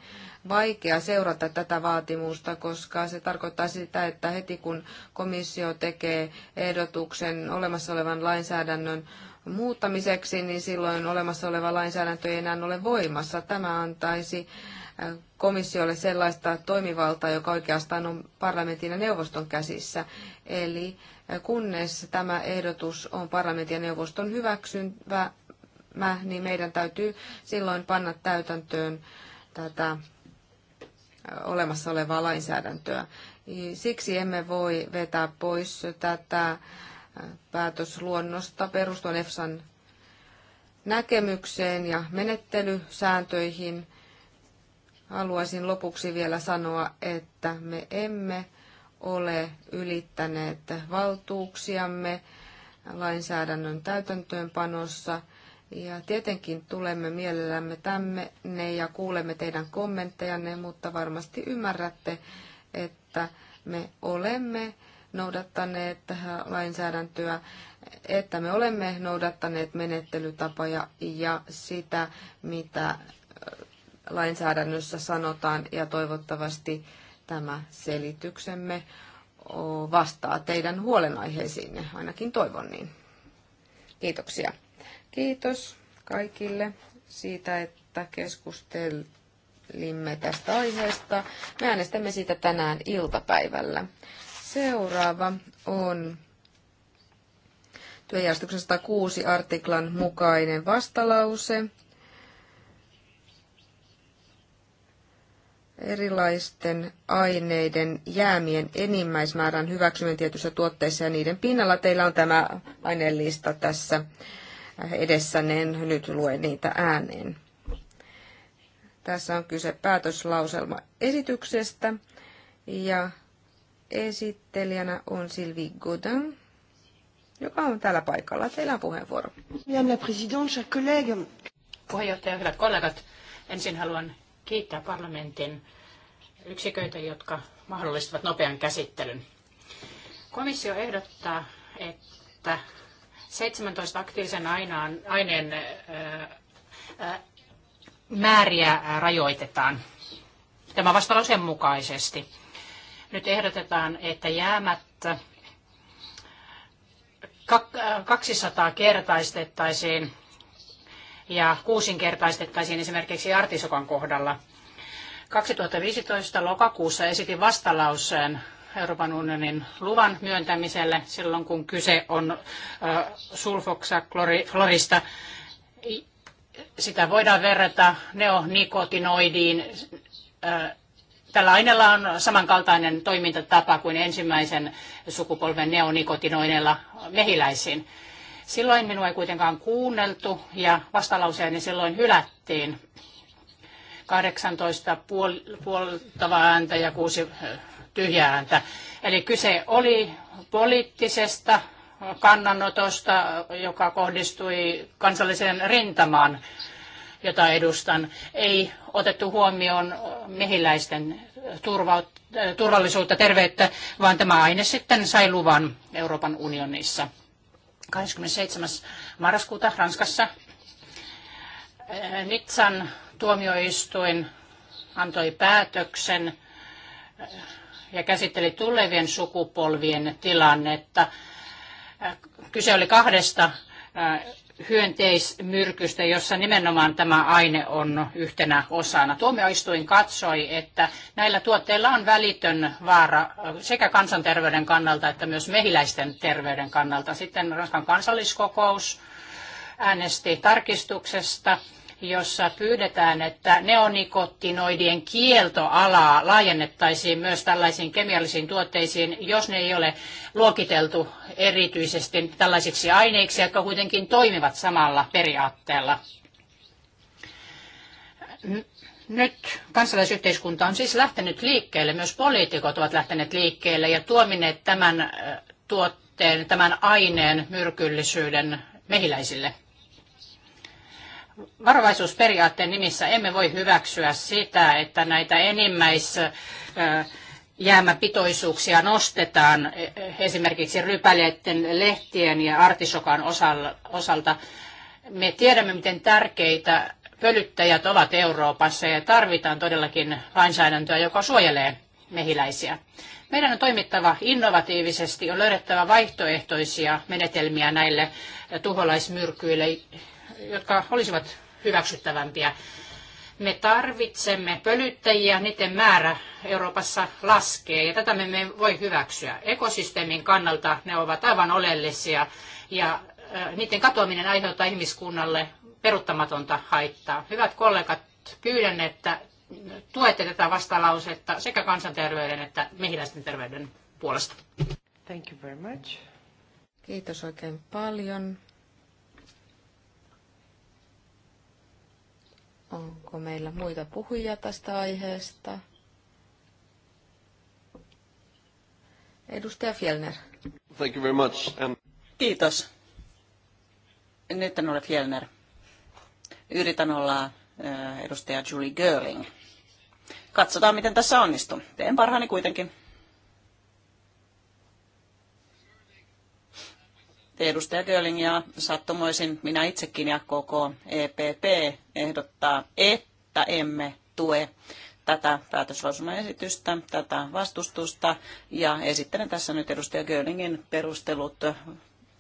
vaikea seurata tätä vaatimusta, koska se tarkoittaa sitä, että heti kun komissio tekee ehdotuksen olemassa olevan lainsäädännön muuttamiseksi, niin silloin olemassa oleva lainsäädäntö ei enää ole voimassa. Tämä antaisi komissiolle sellaista toimivaltaa, joka oikeastaan on parlamentin ja neuvoston käsissä. Eli eh, kunnes tämä ehdotus on parlamentin ja neuvoston hyväksymä, niin meidän täytyy silloin panna täytäntöön tätä eh, olemassa olevaa lainsäädäntöä. Siksi emme voi vetää pois tätä eh, päätösluonnosta perustuen EFSAn näkemykseen ja menettelysääntöihin – Haluaisin lopuksi vielä sanoa, että me emme ole ylittäneet valtuuksiamme lainsäädännön täytäntöönpanossa. Ja tietenkin tulemme mielellämme tänne ja kuulemme teidän kommenttejanne, mutta varmasti ymmärrätte, että me olemme noudattaneet lainsäädäntöä, että me olemme noudattaneet menettelytapoja ja sitä, mitä lainsäädännössä sanotaan ja toivottavasti tämä selityksemme vastaa teidän huolenaiheisiinne. Ainakin toivon niin. Kiitoksia. Kiitos kaikille siitä, että keskustelimme tästä aiheesta. Me äänestämme siitä tänään iltapäivällä. Seuraava on työjärjestyksen 106 artiklan mukainen vastalause. erilaisten aineiden jäämien enimmäismäärän hyväksyminen tietyissä tuotteissa ja niiden pinnalla. Teillä on tämä aineellista tässä edessä, en nyt lue niitä ääneen. Tässä on kyse päätöslauselma esityksestä ja esittelijänä on Sylvie Godin, joka on täällä paikalla. Teillä on puheenvuoro. la Présidente, collègues. Puheenjohtaja, hyvät kollegat. Ensin haluan kiittää parlamentin yksiköitä, jotka mahdollistavat nopean käsittelyn. Komissio ehdottaa, että 17 aktiivisen ainaan, aineen ää, ää, määriä rajoitetaan. Tämä vastalauseen mukaisesti. Nyt ehdotetaan, että jäämättä 200 kertaistettaisiin ja kuusinkertaistettaisiin esimerkiksi Artisokan kohdalla. 2015 lokakuussa esitin vastalauseen Euroopan unionin luvan myöntämiselle silloin, kun kyse on sulfoksaflorista. Sitä voidaan verrata neonikotinoidiin. Tällä aineella on samankaltainen toimintatapa kuin ensimmäisen sukupolven neonikotinoineilla mehiläisiin. Silloin minua ei kuitenkaan kuunneltu ja vastalauseeni silloin hylättiin. 18 puol- puoltavaa ääntä ja kuusi äh, tyhjää ääntä. Eli kyse oli poliittisesta kannanotosta, joka kohdistui kansalliseen rintamaan, jota edustan. Ei otettu huomioon mehiläisten turva, äh, turvallisuutta, terveyttä, vaan tämä aine sitten sai luvan Euroopan unionissa. 27. marraskuuta Ranskassa äh, Nitsan tuomioistuin antoi päätöksen äh, ja käsitteli tulevien sukupolvien tilannetta. Äh, kyse oli kahdesta hyönteismyrkystä, jossa nimenomaan tämä aine on yhtenä osana. Tuomioistuin katsoi, että näillä tuotteilla on välitön vaara sekä kansanterveyden kannalta että myös mehiläisten terveyden kannalta. Sitten Ranskan kansalliskokous äänesti tarkistuksesta jossa pyydetään, että neonikottinoidien kieltoalaa laajennettaisiin myös tällaisiin kemiallisiin tuotteisiin, jos ne ei ole luokiteltu erityisesti tällaisiksi aineiksi, jotka kuitenkin toimivat samalla periaatteella. Nyt kansalaisyhteiskunta on siis lähtenyt liikkeelle, myös poliitikot ovat lähteneet liikkeelle ja tuomineet tämän äh, tuotteen, tämän aineen myrkyllisyyden mehiläisille varovaisuusperiaatteen nimissä emme voi hyväksyä sitä, että näitä enimmäisjäämäpitoisuuksia nostetaan e, e, esimerkiksi rypäleiden lehtien ja artisokan osalta. Me tiedämme, miten tärkeitä pölyttäjät ovat Euroopassa ja tarvitaan todellakin lainsäädäntöä, joka suojelee mehiläisiä. Meidän on toimittava innovatiivisesti, on löydettävä vaihtoehtoisia menetelmiä näille tuholaismyrkyille, jotka olisivat hyväksyttävämpiä. Me tarvitsemme pölyttäjiä, niiden määrä Euroopassa laskee ja tätä me emme voi hyväksyä. Ekosysteemin kannalta ne ovat aivan oleellisia ja niiden katoaminen aiheuttaa ihmiskunnalle peruuttamatonta haittaa. Hyvät kollegat, pyydän, että tuette tätä vastalausetta sekä kansanterveyden että mehiläisten terveyden puolesta. Thank you very much. Kiitos oikein paljon. Onko meillä muita puhujia tästä aiheesta? Edustaja Fjellner. Thank you very much. And... Um, Kiitos. Nyt en ole Fjellner. Yritän olla äh, edustaja Julie Görling. Katsotaan, miten tässä onnistuu. Teen parhaani kuitenkin. Edustaja Göling ja sattumoisin minä itsekin ja koko EPP ehdottaa, että emme tue tätä päätöslausumaesitystä, tätä vastustusta ja esittelen tässä nyt edustaja Gölingin perustelut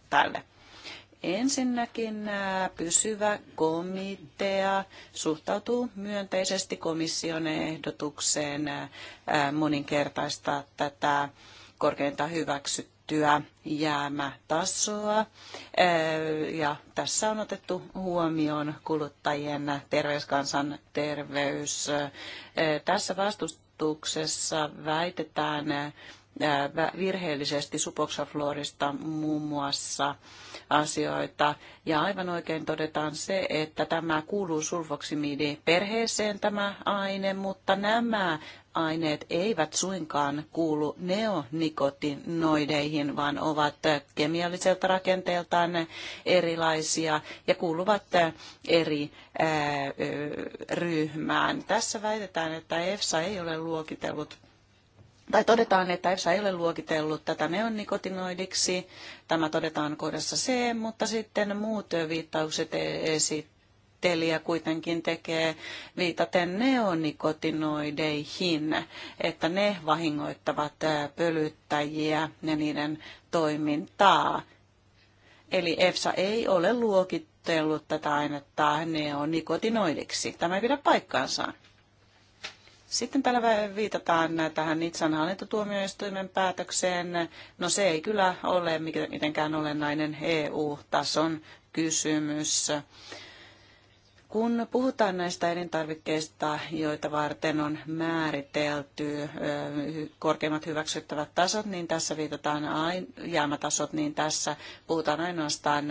tälle. Ensinnäkin äh, pysyvä komitea suhtautuu myönteisesti komission ehdotukseen äh, moninkertaista tätä korkeinta hyväksyttyä tiettyä jäämätasoa. Ja tässä on otettu huomioon kuluttajien terveyskansan terveys. Tässä vastustuksessa väitetään virheellisesti suboxafluorista muun muassa asioita. Ja aivan oikein todetaan se, että tämä kuuluu sulfoksimidi perheeseen tämä aine, mutta nämä aineet eivät suinkaan kuulu neonikotinoideihin, vaan ovat kemialliselta rakenteeltaan erilaisia ja kuuluvat eri ryhmään. Tässä väitetään, että EFSA ei ole luokitellut tai todetaan, että EFSA ei ole luokitellut tätä neonikotinoidiksi. Tämä todetaan kohdassa C, mutta sitten muut viittaukset e- esittävät telia kuitenkin tekee viitaten neonikotinoideihin, että ne vahingoittavat pölyttäjiä ja niiden toimintaa. Eli EFSA ei ole luokitellut tätä ainetta neonikotinoidiksi. Tämä ei pidä paikkaansa. Sitten täällä viitataan tähän Nitsan hallintotuomioistuimen päätökseen. No se ei kyllä ole mitenkään olennainen EU-tason kysymys. Kun puhutaan näistä elintarvikkeista, joita varten on määritelty korkeimmat hyväksyttävät tasot, niin tässä viitataan ain, jäämätasot, niin tässä puhutaan ainoastaan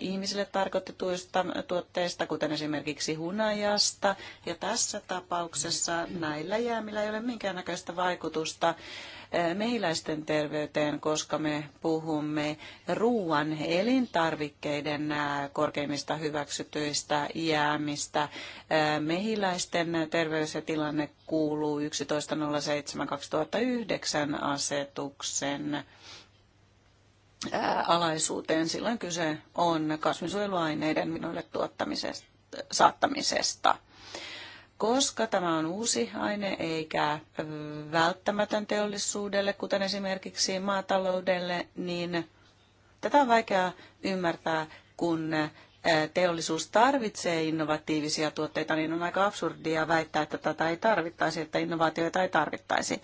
ihmisille tarkoitetuista tuotteista, kuten esimerkiksi hunajasta. Ja tässä tapauksessa näillä jäämillä ei ole minkäännäköistä vaikutusta mehiläisten terveyteen, koska me puhumme ruoan elintarvikkeiden korkeimmista hyväksytyistä jäämistä. Mehiläisten terveys ja tilanne kuuluu 11.07.2009 asetuksen alaisuuteen. Silloin kyse on kasvinsuojeluaineiden minulle tuottamisesta saattamisesta koska tämä on uusi aine eikä välttämätön teollisuudelle, kuten esimerkiksi maataloudelle, niin tätä on vaikea ymmärtää, kun teollisuus tarvitsee innovatiivisia tuotteita, niin on aika absurdia väittää, että tätä ei tarvittaisi, että innovaatioita ei tarvittaisi.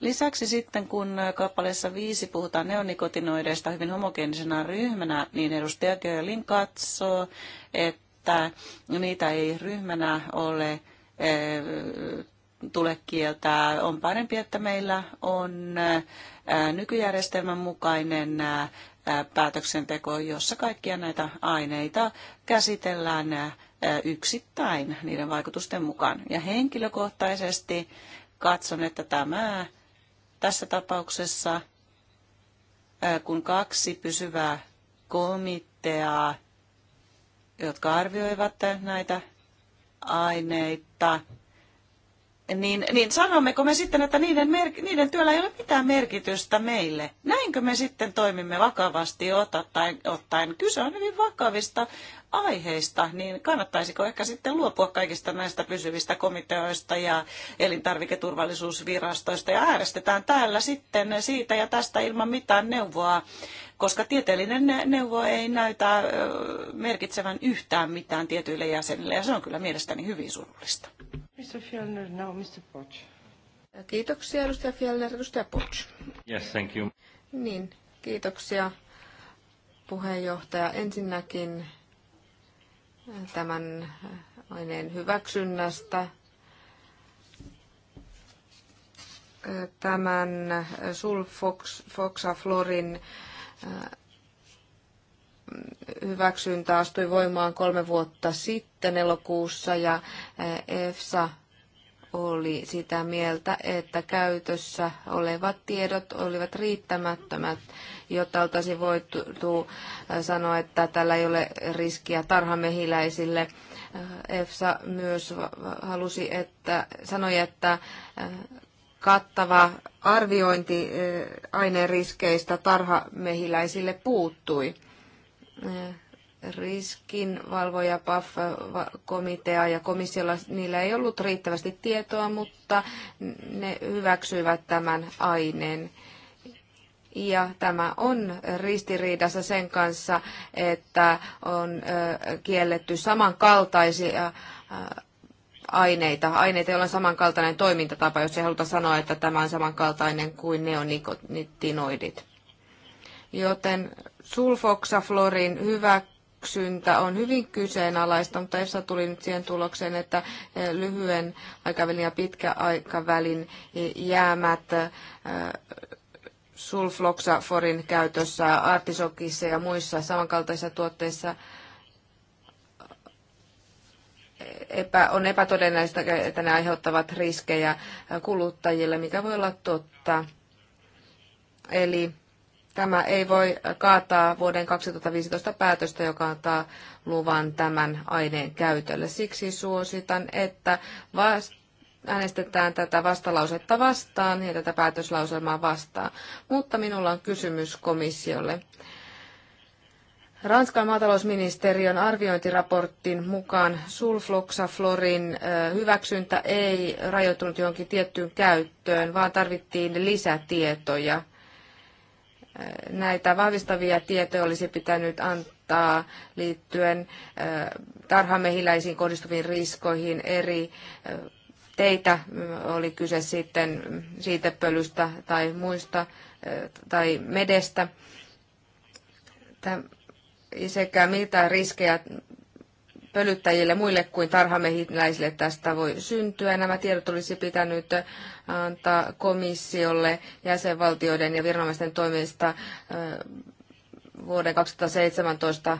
Lisäksi sitten, kun kappaleessa viisi puhutaan neonikotinoideista hyvin homogeenisena ryhmänä, niin edustaja Görlin katsoo, että niitä ei ryhmänä ole tule kieltää. On parempi, että meillä on nykyjärjestelmän mukainen päätöksenteko, jossa kaikkia näitä aineita käsitellään yksittäin niiden vaikutusten mukaan. Ja henkilökohtaisesti katson, että tämä tässä tapauksessa, kun kaksi pysyvää komiteaa, jotka arvioivat näitä aineita niin, niin sanommeko me sitten, että niiden, niiden työllä ei ole mitään merkitystä meille? Näinkö me sitten toimimme vakavasti ottaen, ottaen? Kyse on hyvin vakavista aiheista, niin kannattaisiko ehkä sitten luopua kaikista näistä pysyvistä komiteoista ja elintarviketurvallisuusvirastoista ja äärestetään täällä sitten siitä ja tästä ilman mitään neuvoa, koska tieteellinen neuvo ei näytä merkitsevän yhtään mitään tietyille jäsenille ja se on kyllä mielestäni hyvin surullista. Mr. Fjellner, now Mr. Poch. Kiitoksia, edustaja Fjellner, edustaja Poch. Yes, thank you. Niin, kiitoksia puheenjohtaja. Ensinnäkin tämän aineen hyväksynnästä. Tämän sulfoxaflorin hyväksyntä astui voimaan kolme vuotta sitten elokuussa ja EFSA oli sitä mieltä, että käytössä olevat tiedot olivat riittämättömät, jotta oltaisiin voitu sanoa, että tällä ei ole riskiä tarhamehiläisille. EFSA myös halusi, että, sanoi, että kattava arviointi aineen riskeistä tarhamehiläisille puuttui riskinvalvoja, PAF-komitea ja komissiolla niillä ei ollut riittävästi tietoa, mutta ne hyväksyivät tämän aineen. Ja tämä on ristiriidassa sen kanssa, että on kielletty samankaltaisia aineita, aineita, joilla on samankaltainen toimintatapa, jos ei haluta sanoa, että tämä on samankaltainen kuin neonikotinoidit joten sulfoksaflorin hyväksyntä on hyvin kyseenalaista, mutta EFSA tuli nyt siihen tulokseen, että eh, lyhyen aikavälin ja pitkän aikavälin eh, jäämät eh, sulfloxaforin käytössä artisokissa ja muissa samankaltaisissa tuotteissa on epätodennäköistä, että ne aiheuttavat riskejä kuluttajille, mikä voi olla totta. Eli Tämä ei voi kaataa vuoden 2015 päätöstä, joka antaa luvan tämän aineen käytölle. Siksi suositan, että vast- äänestetään tätä vastalausetta vastaan ja tätä päätöslauselmaa vastaan. Mutta minulla on kysymys komissiolle. Ranskan maatalousministeriön arviointiraportin mukaan sulfloxaflorin hyväksyntä ei rajoittunut johonkin tiettyyn käyttöön, vaan tarvittiin lisätietoja näitä vahvistavia tietoja olisi pitänyt antaa liittyen tarhamehiläisiin kohdistuviin riskoihin eri teitä, oli kyse sitten siitepölystä tai muista tai medestä sekä mitä riskejä pölyttäjille muille kuin tarhamehiläisille tästä voi syntyä. Nämä tiedot olisi pitänyt antaa komissiolle jäsenvaltioiden ja viranomaisten toimista vuoden 2017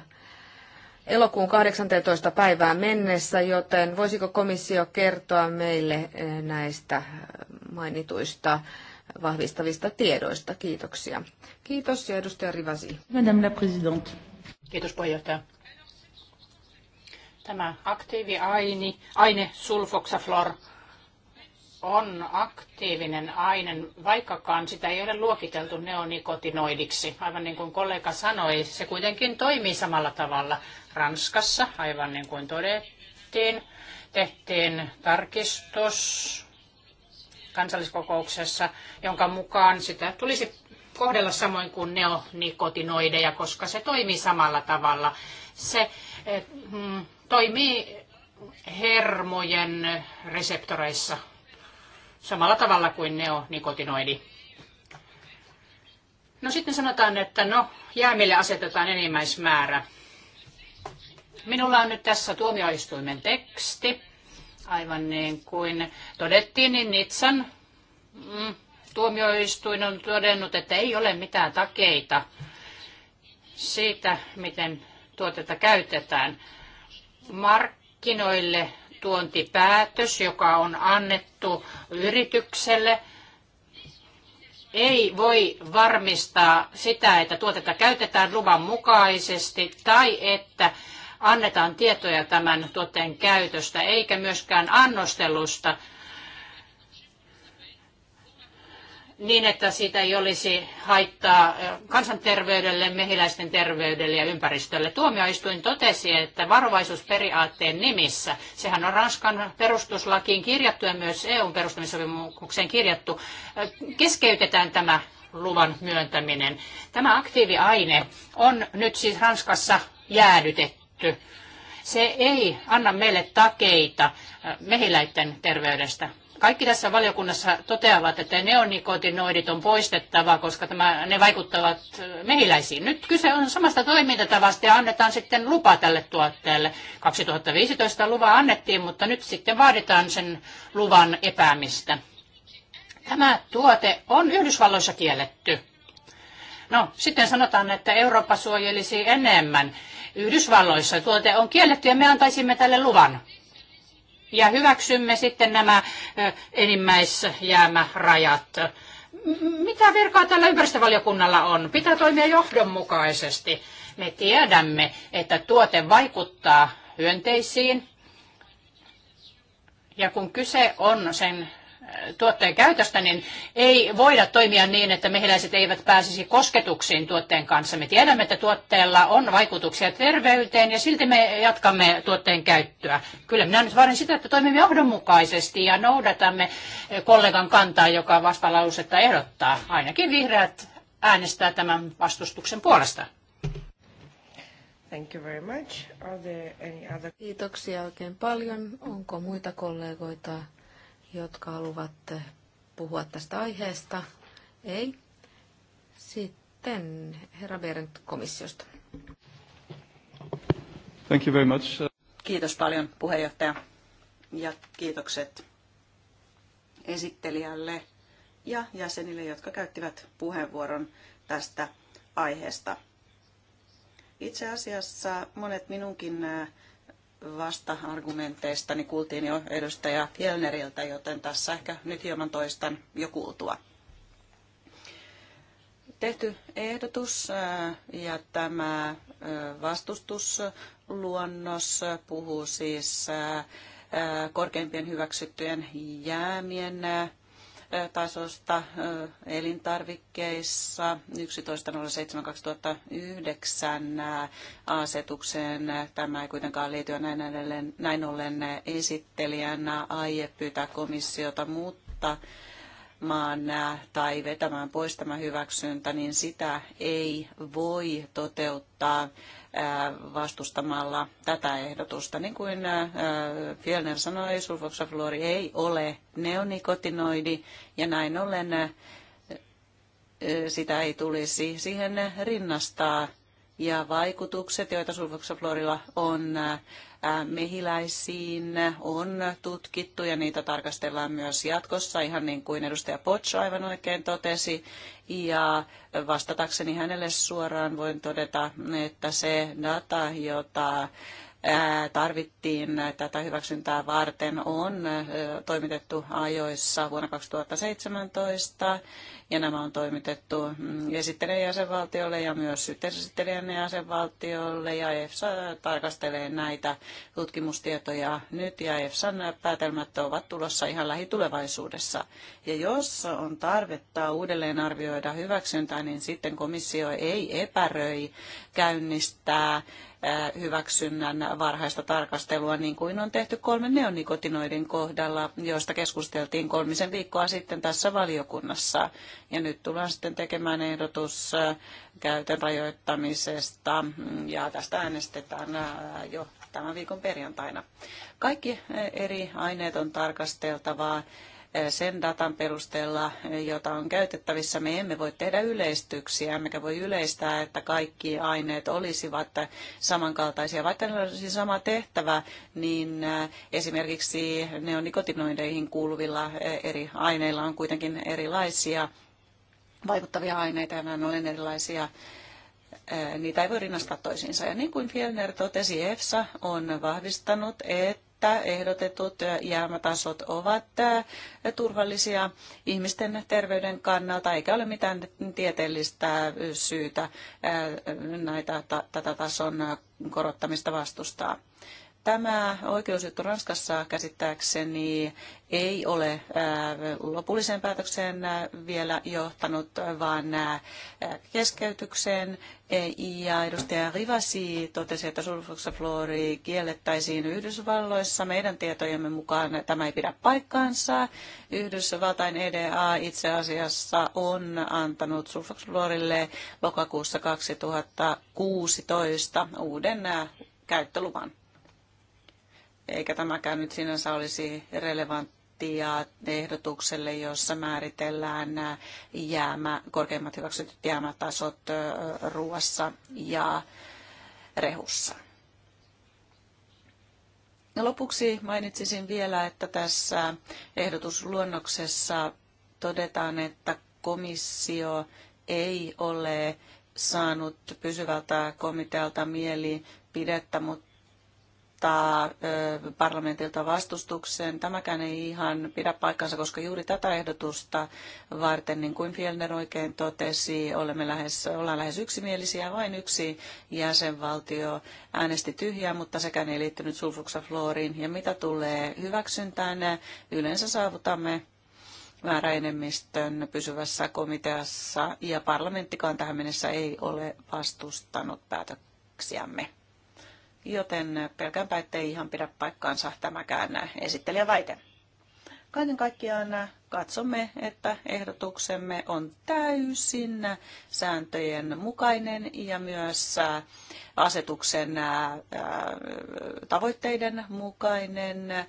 elokuun 18. päivään mennessä, joten voisiko komissio kertoa meille näistä mainituista vahvistavista tiedoista? Kiitoksia. Kiitos ja edustaja Rivasi. Madame la Présidente. Kiitos puheenjohtaja. Tämä aktiiviaine, aine sulfoxaflor, on aktiivinen aine, vaikkakaan sitä ei ole luokiteltu neonikotinoidiksi. Aivan niin kuin kollega sanoi, se kuitenkin toimii samalla tavalla. Ranskassa, aivan niin kuin todettiin, tehtiin tarkistus kansalliskokouksessa, jonka mukaan sitä tulisi kohdella samoin kuin neonikotinoideja, koska se toimii samalla tavalla. Se eh, mm, toimii hermojen reseptoreissa samalla tavalla kuin neonikotinoidi. No sitten sanotaan, että no jäämille asetetaan enimmäismäärä. Minulla on nyt tässä tuomioistuimen teksti. Aivan niin kuin todettiin, niin Nitsan mm, tuomioistuin on todennut, että ei ole mitään takeita siitä, miten tuotetta käytetään markkinoille tuontipäätös, joka on annettu yritykselle, ei voi varmistaa sitä, että tuotetta käytetään luvan mukaisesti tai että annetaan tietoja tämän tuotteen käytöstä, eikä myöskään annostelusta niin, että siitä ei olisi haittaa kansanterveydelle, mehiläisten terveydelle ja ympäristölle. Tuomioistuin totesi, että varovaisuusperiaatteen nimissä, sehän on Ranskan perustuslakiin kirjattu ja myös EUn perustamissopimukseen kirjattu, keskeytetään tämä luvan myöntäminen. Tämä aktiiviaine on nyt siis Ranskassa jäädytetty. Se ei anna meille takeita mehiläisten terveydestä. Kaikki tässä valiokunnassa toteavat, että neonikotinoidit on poistettava, koska tämä, ne vaikuttavat eh, mehiläisiin. Nyt kyse on samasta toimintatavasta ja annetaan sitten lupa tälle tuotteelle. 2015 lupa annettiin, mutta nyt sitten vaaditaan sen luvan epäämistä. Tämä tuote on Yhdysvalloissa kielletty. No, sitten sanotaan, että Eurooppa suojelisi enemmän. Yhdysvalloissa tuote on kielletty ja me antaisimme tälle luvan ja hyväksymme sitten nämä enimmäisjäämärajat. Mitä virkaa tällä ympäristövaliokunnalla on? Pitää toimia johdonmukaisesti. Me tiedämme, että tuote vaikuttaa hyönteisiin, ja kun kyse on sen tuotteen käytöstä, niin ei voida toimia niin, että mehiläiset eivät pääsisi kosketuksiin tuotteen kanssa. Me tiedämme, että tuotteella on vaikutuksia terveyteen ja silti me jatkamme tuotteen käyttöä. Kyllä minä nyt vaadin sitä, että toimimme johdonmukaisesti ja noudatamme kollegan kantaa, joka vastalausetta ehdottaa. Ainakin vihreät äänestää tämän vastustuksen puolesta. Thank you very much. Are there any other... Kiitoksia oikein paljon. Onko muita kollegoita jotka haluavat puhua tästä aiheesta? Ei. Sitten herra Berendt komissiosta. Thank you very much. Kiitos paljon puheenjohtaja ja kiitokset esittelijälle ja jäsenille, jotka käyttivät puheenvuoron tästä aiheesta. Itse asiassa monet minunkin äh, vasta-argumenteista niin kuultiin jo edustaja Fjellneriltä, joten tässä ehkä nyt hieman toistan jo kuultua. Tehty ehdotus äh, ja tämä äh, vastustusluonnos puhuu siis äh, korkeimpien hyväksyttyjen jäämien tasosta elintarvikkeissa 11.07.2009 asetukseen. Tämä ei kuitenkaan liity näin, edelleen, näin ollen esittelijänä aie pyytää komissiota mutta maan tai vetämään pois tämä hyväksyntä, niin sitä ei voi toteuttaa vastustamalla tätä ehdotusta. Niin kuin Fjellner sanoi, sulfoksafluori ei ole neonikotinoidi ja näin ollen sitä ei tulisi siihen rinnastaa. Ja vaikutukset, joita sulfoksafluorilla on mehiläisiin on tutkittu ja niitä tarkastellaan myös jatkossa, ihan niin kuin edustaja Potso aivan oikein totesi. Ja vastatakseni hänelle suoraan voin todeta, että se data, jota tarvittiin tätä hyväksyntää varten on toimitettu ajoissa vuonna 2017 ja nämä on toimitettu mm, esittelijän jäsenvaltiolle ja myös yhteisesittelijän jäsenvaltiolle ja EFSA tarkastelee näitä tutkimustietoja nyt ja EFSAn päätelmät ovat tulossa ihan lähitulevaisuudessa. Ja jos on tarvetta uudelleen arvioida hyväksyntää, niin sitten komissio ei epäröi käynnistää hyväksynnän varhaista tarkastelua, niin kuin on tehty kolmen neonikotinoidin kohdalla, joista keskusteltiin kolmisen viikkoa sitten tässä valiokunnassa. Ja nyt tullaan sitten tekemään ehdotus käytön rajoittamisesta mm, ja tästä äänestetään jo tämän viikon perjantaina. Kaikki eri aineet on tarkasteltavaa sen datan perusteella, jota on käytettävissä. Me emme voi tehdä yleistyksiä, emmekä voi yleistää, että kaikki aineet olisivat samankaltaisia. Vaikka ne olisi sama tehtävä, niin äh, esimerkiksi ne on nikotinoideihin kuuluvilla äh, eri aineilla on kuitenkin erilaisia vaikuttavia aineita ja nämä on erilaisia äh, niitä ei voi rinnastaa toisiinsa. Ja niin kuin Fielner totesi, EFSA on vahvistanut, että että ehdotetut jäämätasot ovat turvallisia ihmisten terveyden kannalta, eikä ole mitään tieteellistä syytä näitä, tätä tason korottamista vastustaa. Tämä oikeusjuttu Ranskassa käsittääkseni ei ole äh, lopulliseen päätökseen äh, vielä johtanut, vaan äh, keskeytykseen. Ja edustaja Rivasi totesi, että sulfoxafluori kiellettäisiin Yhdysvalloissa. Meidän tietojemme mukaan tämä ei pidä paikkaansa. Yhdysvaltain EDA itse asiassa on antanut sulfoxafluorille lokakuussa 2016 uuden käyttöluvan eikä tämäkään nyt sinänsä olisi relevanttia ehdotukselle, jossa määritellään nämä jäämä, korkeimmat hyväksytyt jäämätasot ruoassa ja rehussa. Lopuksi mainitsisin vielä, että tässä ehdotusluonnoksessa todetaan, että komissio ei ole saanut pysyvältä komitealta mielipidettä, mutta odottaa parlamentilta vastustuksen. Tämäkään ei ihan pidä paikkansa, koska juuri tätä ehdotusta varten, niin kuin Fielner oikein totesi, olemme lähes, ollaan lähes yksimielisiä. Vain yksi jäsenvaltio äänesti tyhjää, mutta sekään ei liittynyt sulfuksafluoriin. Ja mitä tulee hyväksyntään, yleensä saavutamme määräenemmistön pysyvässä komiteassa ja parlamenttikaan tähän mennessä ei ole vastustanut päätöksiämme. Joten pelkäänpä, ettei ihan pidä paikkaansa tämäkään esittelijä väite. Kaiken kaikkiaan katsomme, että ehdotuksemme on täysin sääntöjen mukainen ja myös asetuksen tavoitteiden mukainen.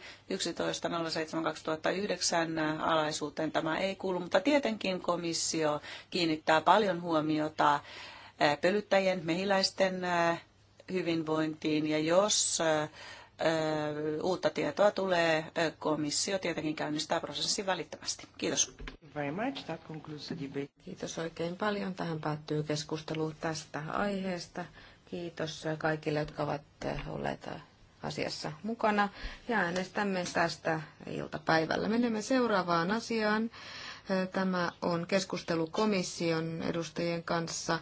11.07.2009 alaisuuteen tämä ei kuulu, mutta tietenkin komissio kiinnittää paljon huomiota pölyttäjien mehiläisten hyvinvointiin ja jos äh, uutta tietoa tulee, äh, komissio tietenkin käynnistää prosessin välittömästi. Kiitos. Kiitos oikein paljon. Tähän päättyy keskustelu tästä aiheesta. Kiitos kaikille, jotka ovat äh, olleet asiassa mukana ja äänestämme tästä iltapäivällä. Menemme seuraavaan asiaan. Tämä on keskustelu komission edustajien kanssa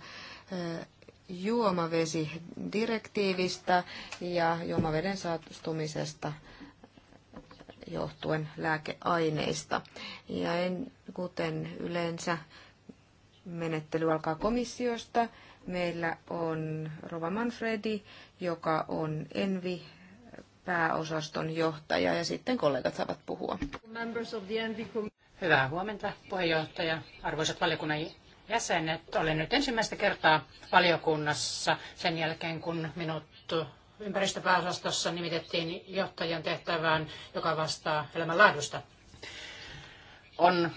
juomavesidirektiivistä ja juomaveden saastumisesta johtuen lääkeaineista. Ja en, kuten yleensä menettely alkaa komissiosta, meillä on Rova Manfredi, joka on Envi pääosaston johtaja ja sitten kollegat saavat puhua. Hyvää huomenta puheenjohtaja, arvoisat valiokunnan jäsenet. Olen nyt ensimmäistä kertaa valiokunnassa sen jälkeen, kun minut ympäristöpääosastossa nimitettiin johtajan tehtävään, joka vastaa elämänlaadusta. On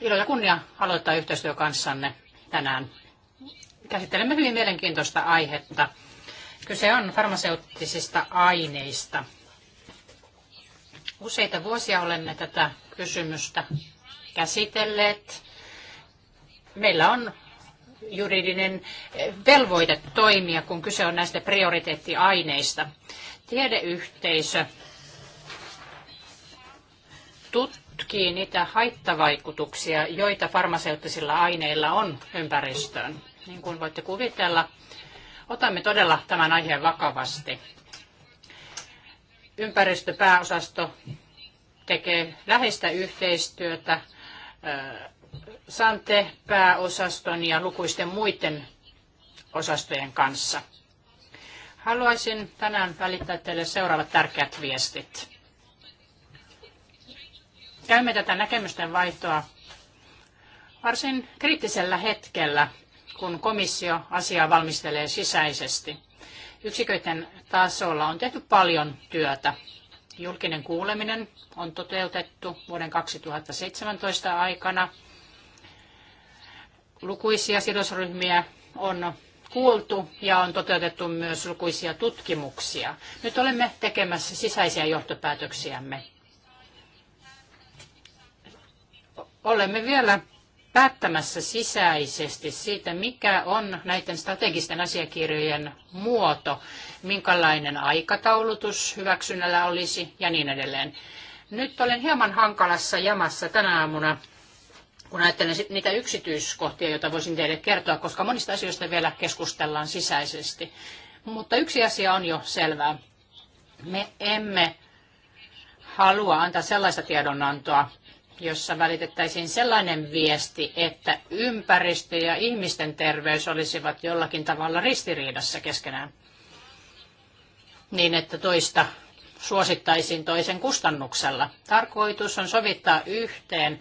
ilo ja kunnia aloittaa yhteistyö kanssanne tänään. Käsittelemme hyvin mielenkiintoista aihetta. Kyse on farmaseuttisista aineista. Useita vuosia olemme tätä kysymystä käsitelleet meillä on juridinen eh, velvoite toimia, kun kyse on näistä prioriteettiaineista. Tiedeyhteisö tutkii niitä haittavaikutuksia, joita farmaseuttisilla aineilla on ympäristöön. Niin kuin voitte kuvitella, otamme todella tämän aiheen vakavasti. Ympäristöpääosasto tekee läheistä yhteistyötä eh, Sante-pääosaston ja lukuisten muiden osastojen kanssa. Haluaisin tänään välittää teille seuraavat tärkeät viestit. Käymme tätä näkemysten vaihtoa varsin kriittisellä hetkellä, kun komissio asiaa valmistelee sisäisesti. Yksiköiden tasolla on tehty paljon työtä. Julkinen kuuleminen on toteutettu vuoden 2017 aikana – Lukuisia sidosryhmiä on kuultu ja on toteutettu myös lukuisia tutkimuksia. Nyt olemme tekemässä sisäisiä johtopäätöksiämme. Olemme vielä päättämässä sisäisesti siitä, mikä on näiden strategisten asiakirjojen muoto, minkälainen aikataulutus hyväksynnällä olisi ja niin edelleen. Nyt olen hieman hankalassa jamassa tänä aamuna kun ajattelen niitä yksityiskohtia, joita voisin teille kertoa, koska monista asioista vielä keskustellaan sisäisesti. Mutta yksi asia on jo selvää. Me emme halua antaa sellaista tiedonantoa, jossa välitettäisiin sellainen viesti, että ympäristö ja ihmisten terveys olisivat jollakin tavalla ristiriidassa keskenään. Niin, että toista suosittaisiin toisen kustannuksella. Tarkoitus on sovittaa yhteen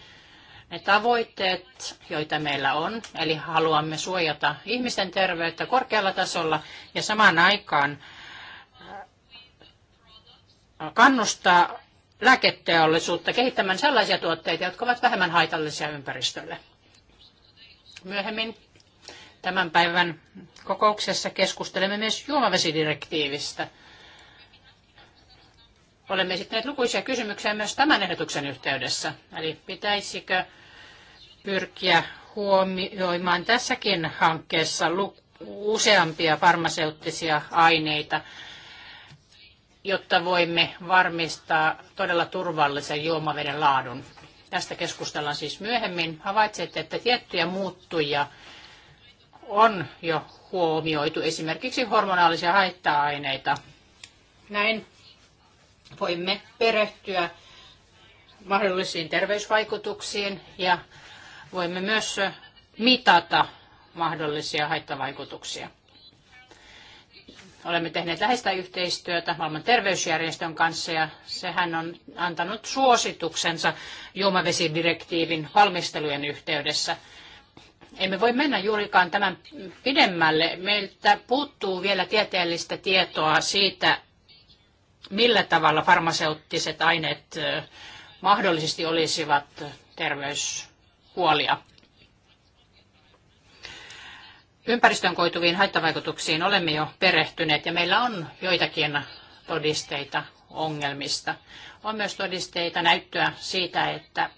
ne tavoitteet, joita meillä on, eli haluamme suojata ihmisten terveyttä korkealla tasolla ja samaan aikaan äh, kannustaa lääketeollisuutta kehittämään sellaisia tuotteita, jotka ovat vähemmän haitallisia ympäristölle. Myöhemmin tämän päivän kokouksessa keskustelemme myös juomavesidirektiivistä – Olemme esittäneet lukuisia kysymyksiä myös tämän ehdotuksen yhteydessä. Eli pitäisikö pyrkiä huomioimaan tässäkin hankkeessa useampia farmaseuttisia aineita, jotta voimme varmistaa todella turvallisen juomaveden laadun. Tästä keskustellaan siis myöhemmin. Havaitsette, että tiettyjä muuttuja on jo huomioitu, esimerkiksi hormonaalisia haitta-aineita. Näin voimme perehtyä mahdollisiin terveysvaikutuksiin ja voimme myös mitata mahdollisia haittavaikutuksia. Olemme tehneet läheistä yhteistyötä maailman terveysjärjestön kanssa ja sehän on antanut suosituksensa juomavesidirektiivin valmistelujen yhteydessä. Emme voi mennä juurikaan tämän pidemmälle. Meiltä puuttuu vielä tieteellistä tietoa siitä, millä tavalla farmaseuttiset aineet mahdollisesti olisivat terveyshuolia. Ympäristön koituviin haittavaikutuksiin olemme jo perehtyneet ja meillä on joitakin todisteita ongelmista. On myös todisteita näyttöä siitä, että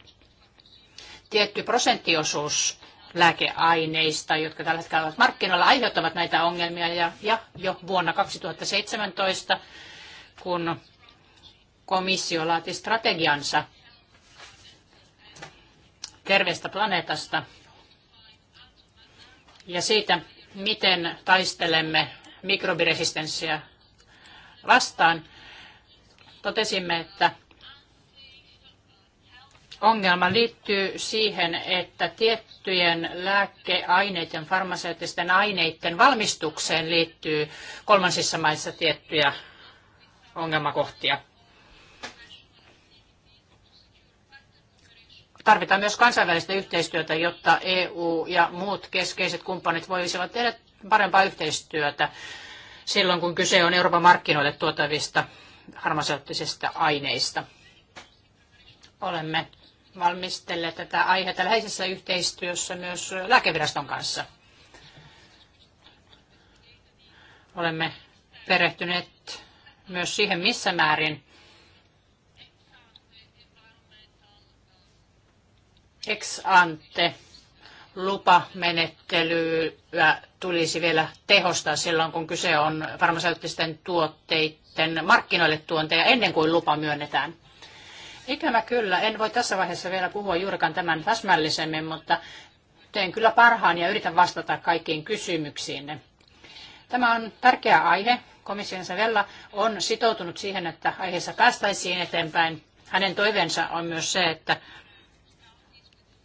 tietty prosenttiosuus lääkeaineista, jotka tällä hetkellä ovat markkinoilla, aiheuttavat näitä ongelmia ja, ja jo vuonna 2017 kun komissio laati strategiansa terveestä planeetasta ja siitä, miten taistelemme mikrobiresistenssiä vastaan, totesimme, että ongelma liittyy siihen, että tiettyjen lääkeaineiden, farmaseuttisten aineiden valmistukseen liittyy kolmansissa maissa tiettyjä ongelmakohtia. Tarvitaan myös kansainvälistä yhteistyötä, jotta EU ja muut keskeiset kumppanit voisivat tehdä parempaa yhteistyötä silloin, kun kyse on Euroopan markkinoille tuotavista farmaseuttisista aineista. Olemme valmistelleet tätä aihetta läheisessä yhteistyössä myös lääkeviraston kanssa. Olemme perehtyneet myös siihen, missä määrin ex ante lupamenettelyä tulisi vielä tehostaa silloin, kun kyse on farmaseuttisten tuotteiden markkinoille tuonteja ennen kuin lupa myönnetään. Ikävä kyllä, en voi tässä vaiheessa vielä puhua juurikaan tämän täsmällisemmin, mutta teen kyllä parhaan ja yritän vastata kaikkiin kysymyksiinne. Tämä on tärkeä aihe, komission Savella on sitoutunut siihen, että aiheessa päästäisiin eteenpäin. Hänen toiveensa on myös se, että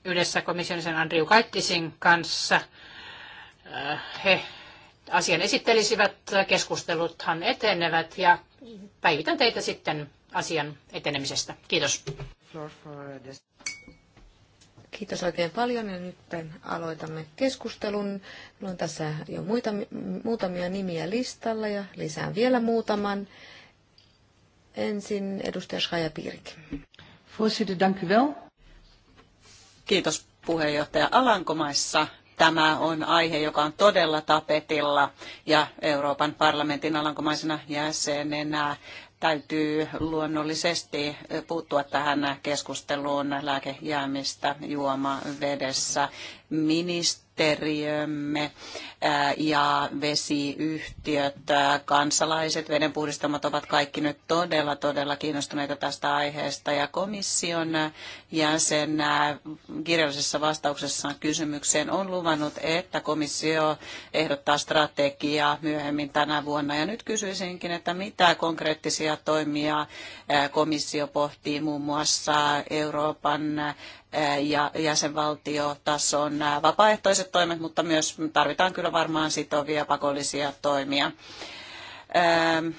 yhdessä komissionisen Andriu Kaittisin kanssa äh, he asian esittelisivät, keskusteluthan etenevät ja päivitän teitä sitten asian etenemisestä. Kiitos. Kiitos oikein paljon ja nyt aloitamme keskustelun. Minulla on tässä jo muita, muutamia nimiä listalla ja lisään vielä muutaman. Ensin edustaja Shaja Piirik. Kiitos puheenjohtaja Alankomaissa. Tämä on aihe, joka on todella tapetilla ja Euroopan parlamentin alankomaisena jäsenenä täytyy luonnollisesti puuttua tähän keskusteluun lääkejäämistä juomavedessä. Ministeri ministeriömme ja vesiyhtiöt, kansalaiset, vedenpuhdistamat ovat kaikki nyt todella, todella kiinnostuneita tästä aiheesta. Ja komission jäsen kirjallisessa vastauksessaan kysymykseen on luvannut, että komissio ehdottaa strategiaa myöhemmin tänä vuonna. Ja nyt kysyisinkin, että mitä konkreettisia toimia komissio pohtii muun muassa Euroopan ja jäsenvaltiotason vapaaehtoiset toimet, mutta myös tarvitaan kyllä varmaan sitovia pakollisia toimia.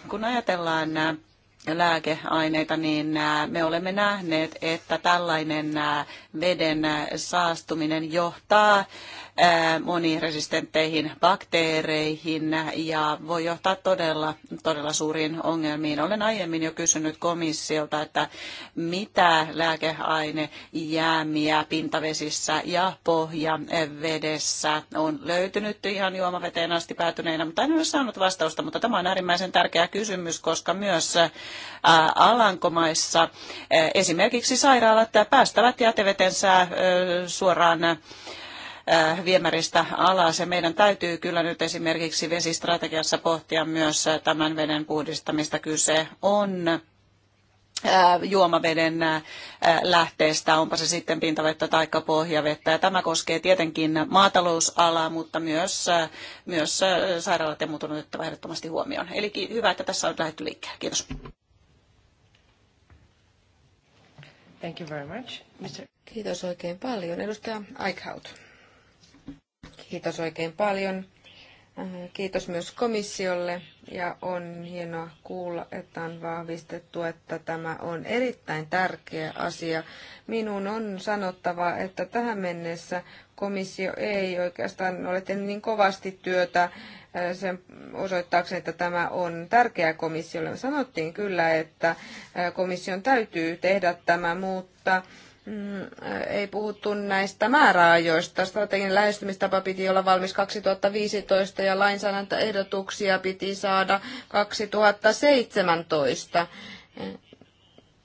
Kun ajatellaan lääkeaineita, niin me olemme nähneet, että tällainen veden saastuminen johtaa moniresistentteihin bakteereihin ja voi johtaa todella, todella suuriin ongelmiin. Olen aiemmin jo kysynyt komissiolta, että mitä lääkeaine jäämiä pintavesissä ja pohjavedessä on löytynyt ihan juomaveteen asti päätyneinä, mutta en ole saanut vastausta, mutta tämä on äärimmäisen tärkeä kysymys, koska myös Alankomaissa esimerkiksi sairaalat päästävät jätevetensä suoraan Äh, viemäristä alas. Ja meidän täytyy kyllä nyt esimerkiksi vesistrategiassa pohtia myös äh, tämän veden puhdistamista. Kyse on äh, juomaveden lähteestä, onpa se sitten pintavettä tai pohjavettä. Ja tämä koskee tietenkin maatalousalaa, mutta myös, myös sairaalat ja muut on otettava ehdottomasti huomioon. Eli hyvä, että tässä on lähdetty liikkeelle. Kiitos. Thank you very much. Mr. Kiitos oikein paljon. Edustaja Eichhout. Kiitos oikein paljon. Äh, kiitos myös komissiolle ja on hienoa kuulla, että on vahvistettu, että tämä on erittäin tärkeä asia. Minun on sanottava, että tähän mennessä komissio ei oikeastaan ole tehnyt niin kovasti työtä äh, sen osoittaakseen, että tämä on tärkeä komissiolle. Sanottiin kyllä, että äh, komission täytyy tehdä tämä, mutta Mm, ei puhuttu näistä määräajoista. Strateginen lähestymistapa piti olla valmis 2015 ja lainsäädäntöehdotuksia piti saada 2017.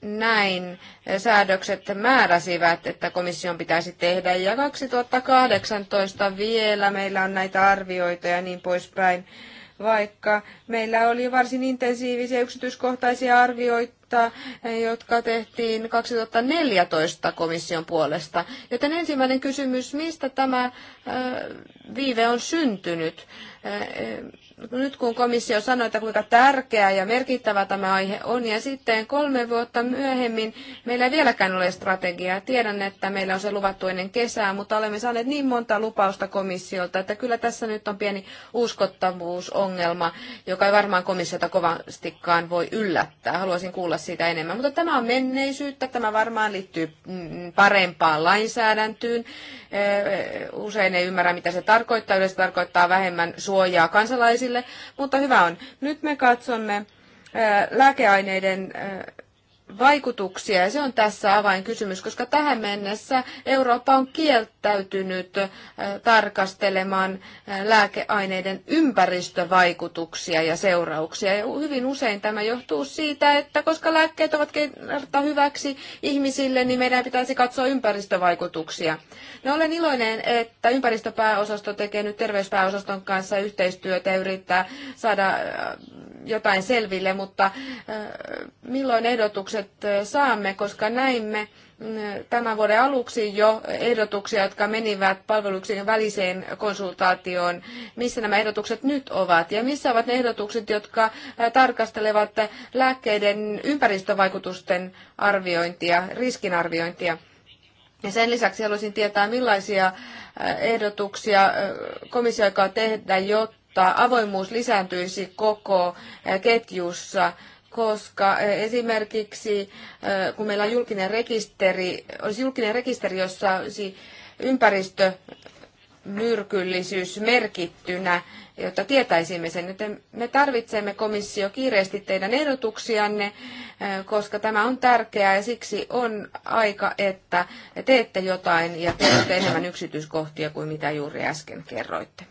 Näin säädökset määräsivät, että komission pitäisi tehdä. Ja 2018 vielä meillä on näitä arvioita ja niin poispäin. Vaikka meillä oli varsin intensiivisiä yksityiskohtaisia arvioita, jotka tehtiin 2014 komission puolesta. Joten ensimmäinen kysymys, mistä tämä viive on syntynyt? No nyt kun komissio sanoi, että kuinka tärkeä ja merkittävä tämä aihe on, ja sitten kolme vuotta myöhemmin meillä ei vieläkään ole strategiaa. Tiedän, että meillä on se luvattu ennen kesää, mutta olemme saaneet niin monta lupausta komissiolta, että kyllä tässä nyt on pieni uskottavuusongelma, joka ei varmaan komissiota kovastikaan voi yllättää. Haluaisin kuulla siitä enemmän, mutta tämä on menneisyyttä, tämä varmaan liittyy mm, parempaan lainsäädäntöön Eh, usein ei ymmärrä, mitä se tarkoittaa. Yleensä tarkoittaa vähemmän suojaa kansalaisille, mutta hyvä on. Nyt me katsomme eh, lääkeaineiden eh, vaikutuksia. Ja se on tässä avainkysymys, koska tähän mennessä Eurooppa on kieltäytynyt äh, tarkastelemaan äh, lääkeaineiden ympäristövaikutuksia ja seurauksia. Ja hyvin usein tämä johtuu siitä, että koska lääkkeet ovat kerta hyväksi ihmisille, niin meidän pitäisi katsoa ympäristövaikutuksia. No olen iloinen, että ympäristöpääosasto tekee nyt terveyspääosaston kanssa yhteistyötä ja yrittää saada äh, jotain selville, mutta äh, milloin ehdotukset äh, saamme, koska näimme äh, tämän vuoden aluksi jo ehdotuksia, jotka menivät palveluksiin väliseen konsultaatioon. Missä nämä ehdotukset nyt ovat ja missä ovat ne ehdotukset, jotka tarkastelevat lääkkeiden ympäristövaikutusten arviointia, riskinarviointia? Ja sen lisäksi haluaisin tietää, millaisia ehdotuksia komissio aikaa tehdä, jotta jotta avoimuus lisääntyisi koko ketjussa koska esimerkiksi kun meillä on julkinen rekisteri, olisi julkinen rekisteri, jossa olisi ympäristömyrkyllisyys merkittynä, jotta tietäisimme sen. Joten me tarvitsemme komissio kiireesti teidän ehdotuksianne, koska tämä on tärkeää ja siksi on aika, että teette jotain ja teette enemmän yksityiskohtia kuin mitä juuri äsken kerroitte.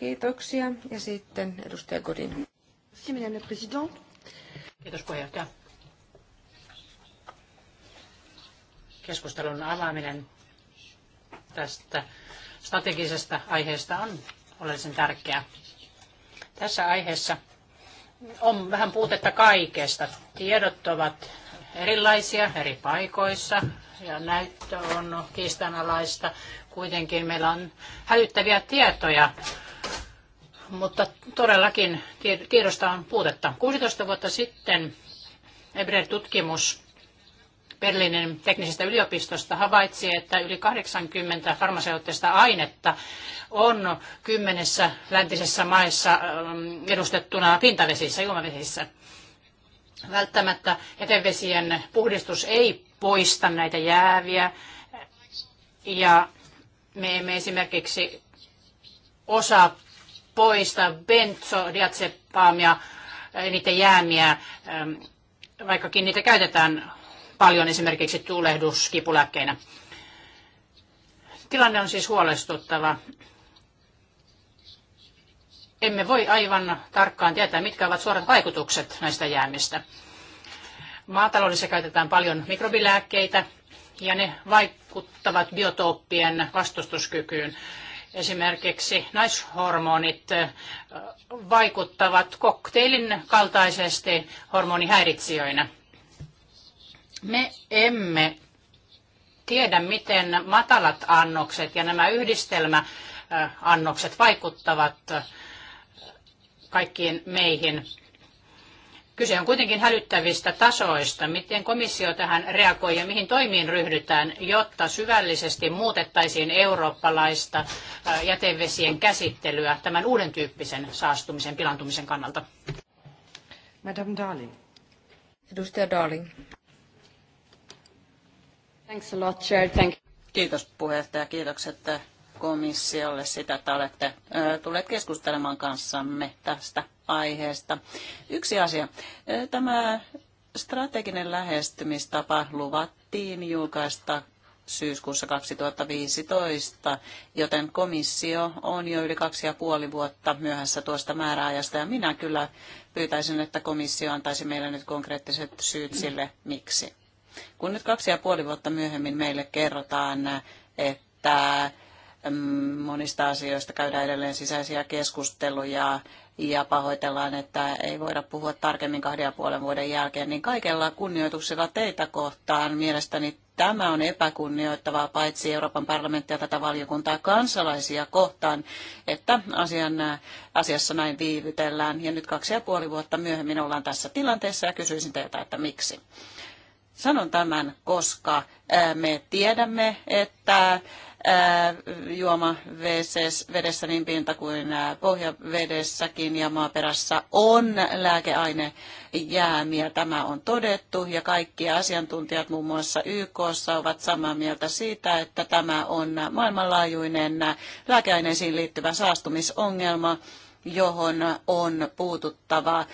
Kiitoksia. Ja sitten edustaja Godin. Kiitos puheenjohtaja. Keskustelun avaaminen tästä strategisesta aiheesta on oleellisen tärkeää. Tässä aiheessa on vähän puutetta kaikesta. Tiedot ovat erilaisia eri paikoissa ja näyttö on kiistanalaista. Kuitenkin meillä on hälyttäviä tietoja mutta todellakin tiedosta on puutetta. 16 vuotta sitten Ebrer-tutkimus Berliinin teknisestä yliopistosta havaitsi, että yli 80 farmaseuttista ainetta on kymmenessä läntisessä maissa ähm, edustettuna pintavesissä, juomavesissä. Välttämättä jätevesien puhdistus ei poista näitä jääviä ja me emme esimerkiksi osaa poista benzodiazepaamia, niiden jäämiä, vaikkakin niitä käytetään paljon esimerkiksi tuulehduskipulääkkeinä. Tilanne on siis huolestuttava. Emme voi aivan tarkkaan tietää, mitkä ovat suorat vaikutukset näistä jäämistä. Maataloudessa käytetään paljon mikrobilääkkeitä ja ne vaikuttavat biotooppien vastustuskykyyn esimerkiksi naishormonit vaikuttavat kokteilin kaltaisesti hormonihäiritsijöinä. Me emme tiedä, miten matalat annokset ja nämä yhdistelmäannokset vaikuttavat kaikkiin meihin. Kyse on kuitenkin hälyttävistä tasoista. Miten komissio tähän reagoi ja mihin toimiin ryhdytään, jotta syvällisesti muutettaisiin eurooppalaista jätevesien käsittelyä tämän uuden tyyppisen saastumisen pilantumisen kannalta? Madame Darling. Edustaja Darling. Thanks a lot, Chair. Thank you. Kiitos puheenjohtaja. Kiitokset komissiolle sitä, että olette tulleet keskustelemaan kanssamme tästä aiheesta. Yksi asia. Tämä strateginen lähestymistapa luvattiin julkaista syyskuussa 2015, joten komissio on jo yli kaksi ja puoli vuotta myöhässä tuosta määräajasta ja minä kyllä pyytäisin, että komissio antaisi meille nyt konkreettiset syyt sille, miksi. Kun nyt kaksi ja puoli vuotta myöhemmin meille kerrotaan, että monista asioista käydään edelleen sisäisiä keskusteluja ja pahoitellaan, että ei voida puhua tarkemmin kahden ja puolen vuoden jälkeen, niin kaikella kunnioituksella teitä kohtaan mielestäni tämä on epäkunnioittavaa paitsi Euroopan parlamenttia tätä valiokuntaa kansalaisia kohtaan, että asian, asiassa näin viivytellään. Ja nyt kaksi ja puoli vuotta myöhemmin ollaan tässä tilanteessa ja kysyisin teiltä, että miksi. Sanon tämän, koska me tiedämme, että Juoma vedessä niin pinta kuin pohjavedessäkin ja maaperässä on lääkeainejäämiä. Tämä on todettu ja kaikki asiantuntijat muun muassa YK ovat samaa mieltä siitä, että tämä on maailmanlaajuinen lääkeaineisiin liittyvä saastumisongelma johon on puututtava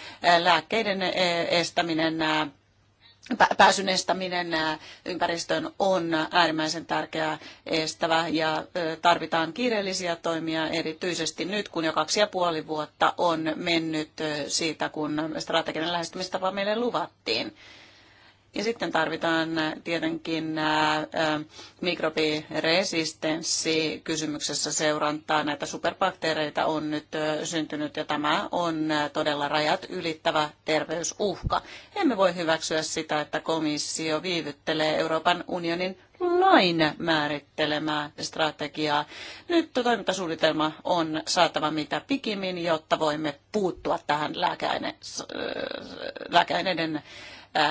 lääkkeiden estäminen pääsyn estäminen ympäristöön on äärimmäisen tärkeää estävä ja tarvitaan kiireellisiä toimia erityisesti nyt, kun jo kaksi ja puoli vuotta on mennyt siitä, kun strateginen lähestymistapa meille luvattiin. Ja sitten tarvitaan äh, tietenkin äh, äh, mikrobiresistenssi kysymyksessä seurantaa. Näitä superbakteereita on nyt syntynyt ja tämä on todella rajat ylittävä terveysuhka. Emme voi hyväksyä sitä, että komissio viivyttelee Euroopan unionin lain määrittelemää strategiaa. Nyt toimintasuunnitelma on saatava mitä pikimmin, jotta voimme puuttua tähän lääkeaineiden,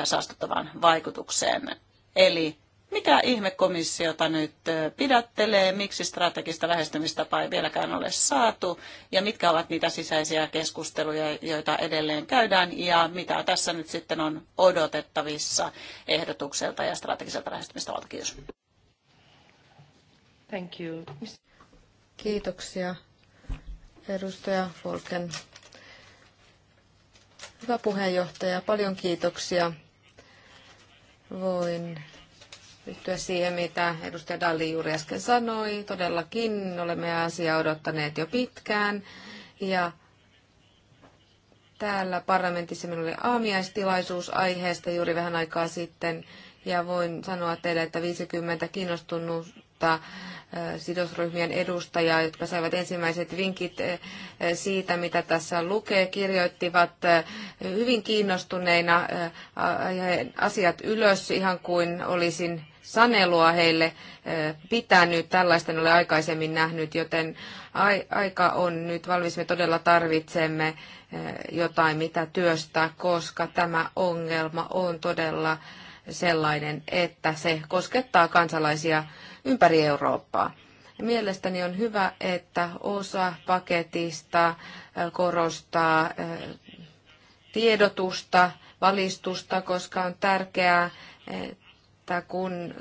saastuttavaan vaikutukseen. Eli mitä komissiota nyt pidättelee, miksi strategista lähestymistapaa ei vieläkään ole saatu ja mitkä ovat niitä sisäisiä keskusteluja, joita edelleen käydään ja mitä tässä nyt sitten on odotettavissa ehdotukselta ja strategiselta lähestymistavalta. Kiitos. Thank you. Kiitoksia. Edustaja Volken Hyvä puheenjohtaja, paljon kiitoksia. Voin yhtyä siihen, mitä edustaja Dalli juuri äsken sanoi. Todellakin olemme asiaa odottaneet jo pitkään. Ja täällä parlamentissa minulla oli aamiaistilaisuus aiheesta juuri vähän aikaa sitten. Ja voin sanoa teille, että 50 kiinnostunut 200 äh, sidosryhmien edustajaa, jotka saivat ensimmäiset vinkit äh, siitä, mitä tässä lukee, kirjoittivat äh, hyvin kiinnostuneina asiat ylös, ihan kuin olisin sanelua heille pitänyt. Tällaista en ole aikaisemmin nähnyt, joten aika on nyt valmis. Me todella tarvitsemme jotain, mitä työstää, koska tämä ongelma on todella sellainen, että se koskettaa kansalaisia ympäri Eurooppaa. Mielestäni on hyvä, että osa paketista korostaa tiedotusta, valistusta, koska on tärkeää, että kun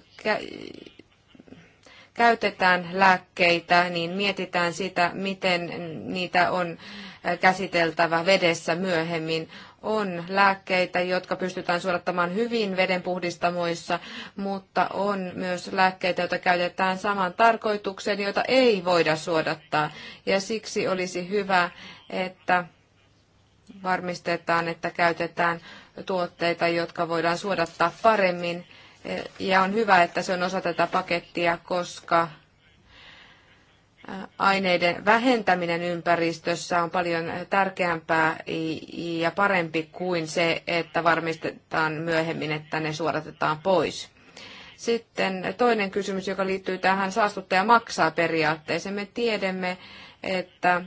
käytetään lääkkeitä, niin mietitään sitä, miten niitä on käsiteltävä vedessä myöhemmin on lääkkeitä, jotka pystytään suodattamaan hyvin vedenpuhdistamoissa, mutta on myös lääkkeitä, joita käytetään saman tarkoitukseen, joita ei voida suodattaa. Ja siksi olisi hyvä, että varmistetaan, että käytetään tuotteita, jotka voidaan suodattaa paremmin. Ja on hyvä, että se on osa tätä pakettia, koska aineiden vähentäminen ympäristössä on paljon tärkeämpää ja parempi kuin se, että varmistetaan myöhemmin, että ne suodatetaan pois. Sitten toinen kysymys, joka liittyy tähän saastuttaja maksaa periaatteeseen. Me tiedämme, että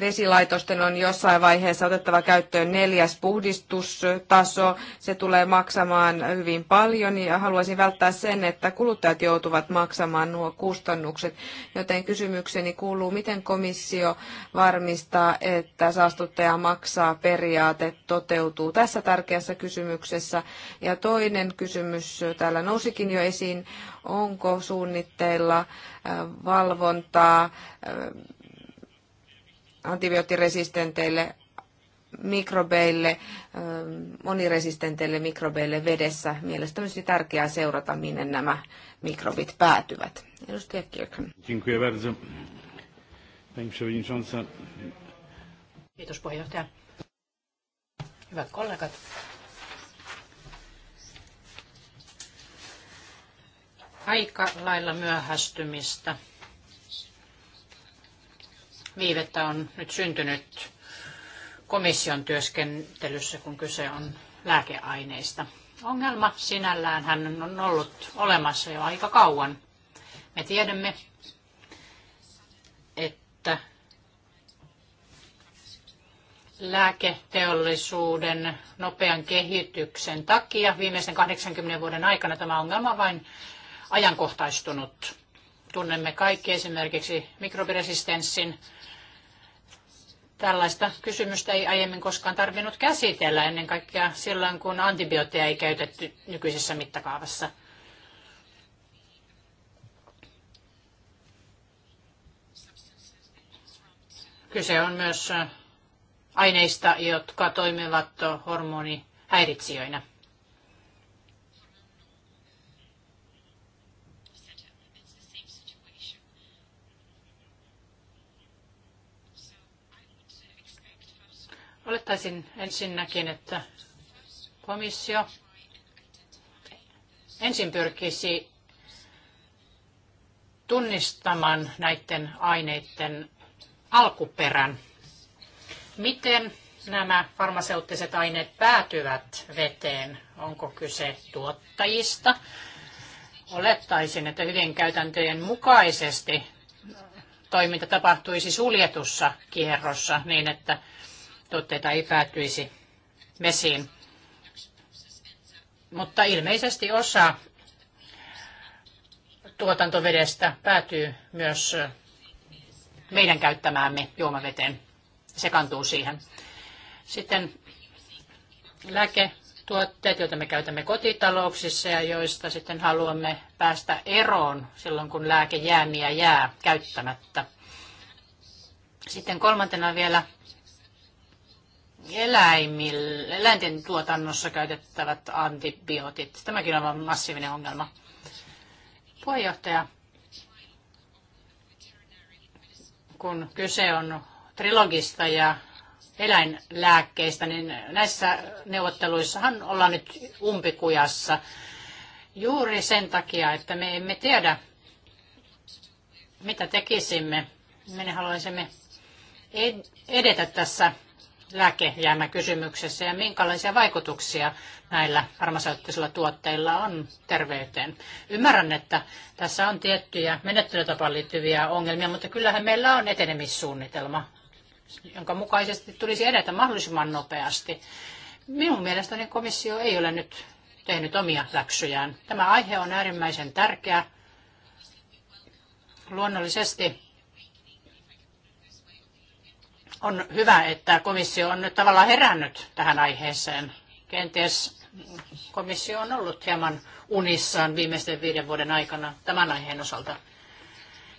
vesilaitosten on jossain vaiheessa otettava käyttöön neljäs puhdistustaso. Se tulee maksamaan hyvin paljon ja haluaisin välttää sen, että kuluttajat joutuvat maksamaan nuo kustannukset. Joten kysymykseni kuuluu, miten komissio varmistaa, että saastuttaja maksaa periaate toteutuu tässä tärkeässä kysymyksessä. Ja toinen kysymys täällä nousikin jo esiin, onko suunnitteilla äh, valvontaa äh, antibioottiresistenteille mikrobeille, ähm, moniresistenteille mikrobeille vedessä. Mielestäni olisi tärkeää seurata, minne nämä mikrobit päätyvät. Edustaja Kirkön. Kiitos puheenjohtaja. Hyvät kollegat. Aika lailla myöhästymistä viivettä on nyt syntynyt komission työskentelyssä, kun kyse on lääkeaineista. Ongelma sinällään hän on ollut olemassa jo aika kauan. Me tiedämme, että lääketeollisuuden nopean kehityksen takia viimeisen 80 vuoden aikana tämä ongelma on vain ajankohtaistunut. Tunnemme kaikki esimerkiksi mikrobiresistenssin, Tällaista kysymystä ei aiemmin koskaan tarvinnut käsitellä, ennen kaikkea silloin, kun antibiootteja ei käytetty nykyisessä mittakaavassa. Kyse on myös aineista, jotka toimivat hormonihäiritsijöinä. Olettaisin ensinnäkin, että komissio ensin pyrkisi tunnistamaan näiden aineiden alkuperän. Miten nämä farmaseuttiset aineet päätyvät veteen? Onko kyse tuottajista? Olettaisin, että hyvien käytäntöjen mukaisesti toiminta tapahtuisi suljetussa kierrossa niin, että tuotteita ei päätyisi vesiin. Mutta ilmeisesti osa tuotantovedestä päätyy myös meidän käyttämäämme juomaveteen. Se kantuu siihen. Sitten lääketuotteet, joita me käytämme kotitalouksissa ja joista sitten haluamme päästä eroon silloin, kun lääkejäämiä jää käyttämättä. Sitten kolmantena vielä eläimille, eläinten tuotannossa käytettävät antibiootit. Tämäkin on massiivinen ongelma. Puheenjohtaja, kun kyse on trilogista ja eläinlääkkeistä, niin näissä neuvotteluissahan ollaan nyt umpikujassa juuri sen takia, että me emme tiedä, mitä tekisimme. Me haluaisimme edetä tässä lääkejäämä kysymyksessä ja minkälaisia vaikutuksia näillä farmaseuttisilla tuotteilla on terveyteen. Ymmärrän, että tässä on tiettyjä menettelytapaan liittyviä ongelmia, mutta kyllähän meillä on etenemissuunnitelma, jonka mukaisesti tulisi edetä mahdollisimman nopeasti. Minun mielestäni komissio ei ole nyt tehnyt omia läksyjään. Tämä aihe on äärimmäisen tärkeä. Luonnollisesti on hyvä, että komissio on nyt tavallaan herännyt tähän aiheeseen. Kenties komissio on ollut hieman unissaan viimeisten viiden vuoden aikana tämän aiheen osalta.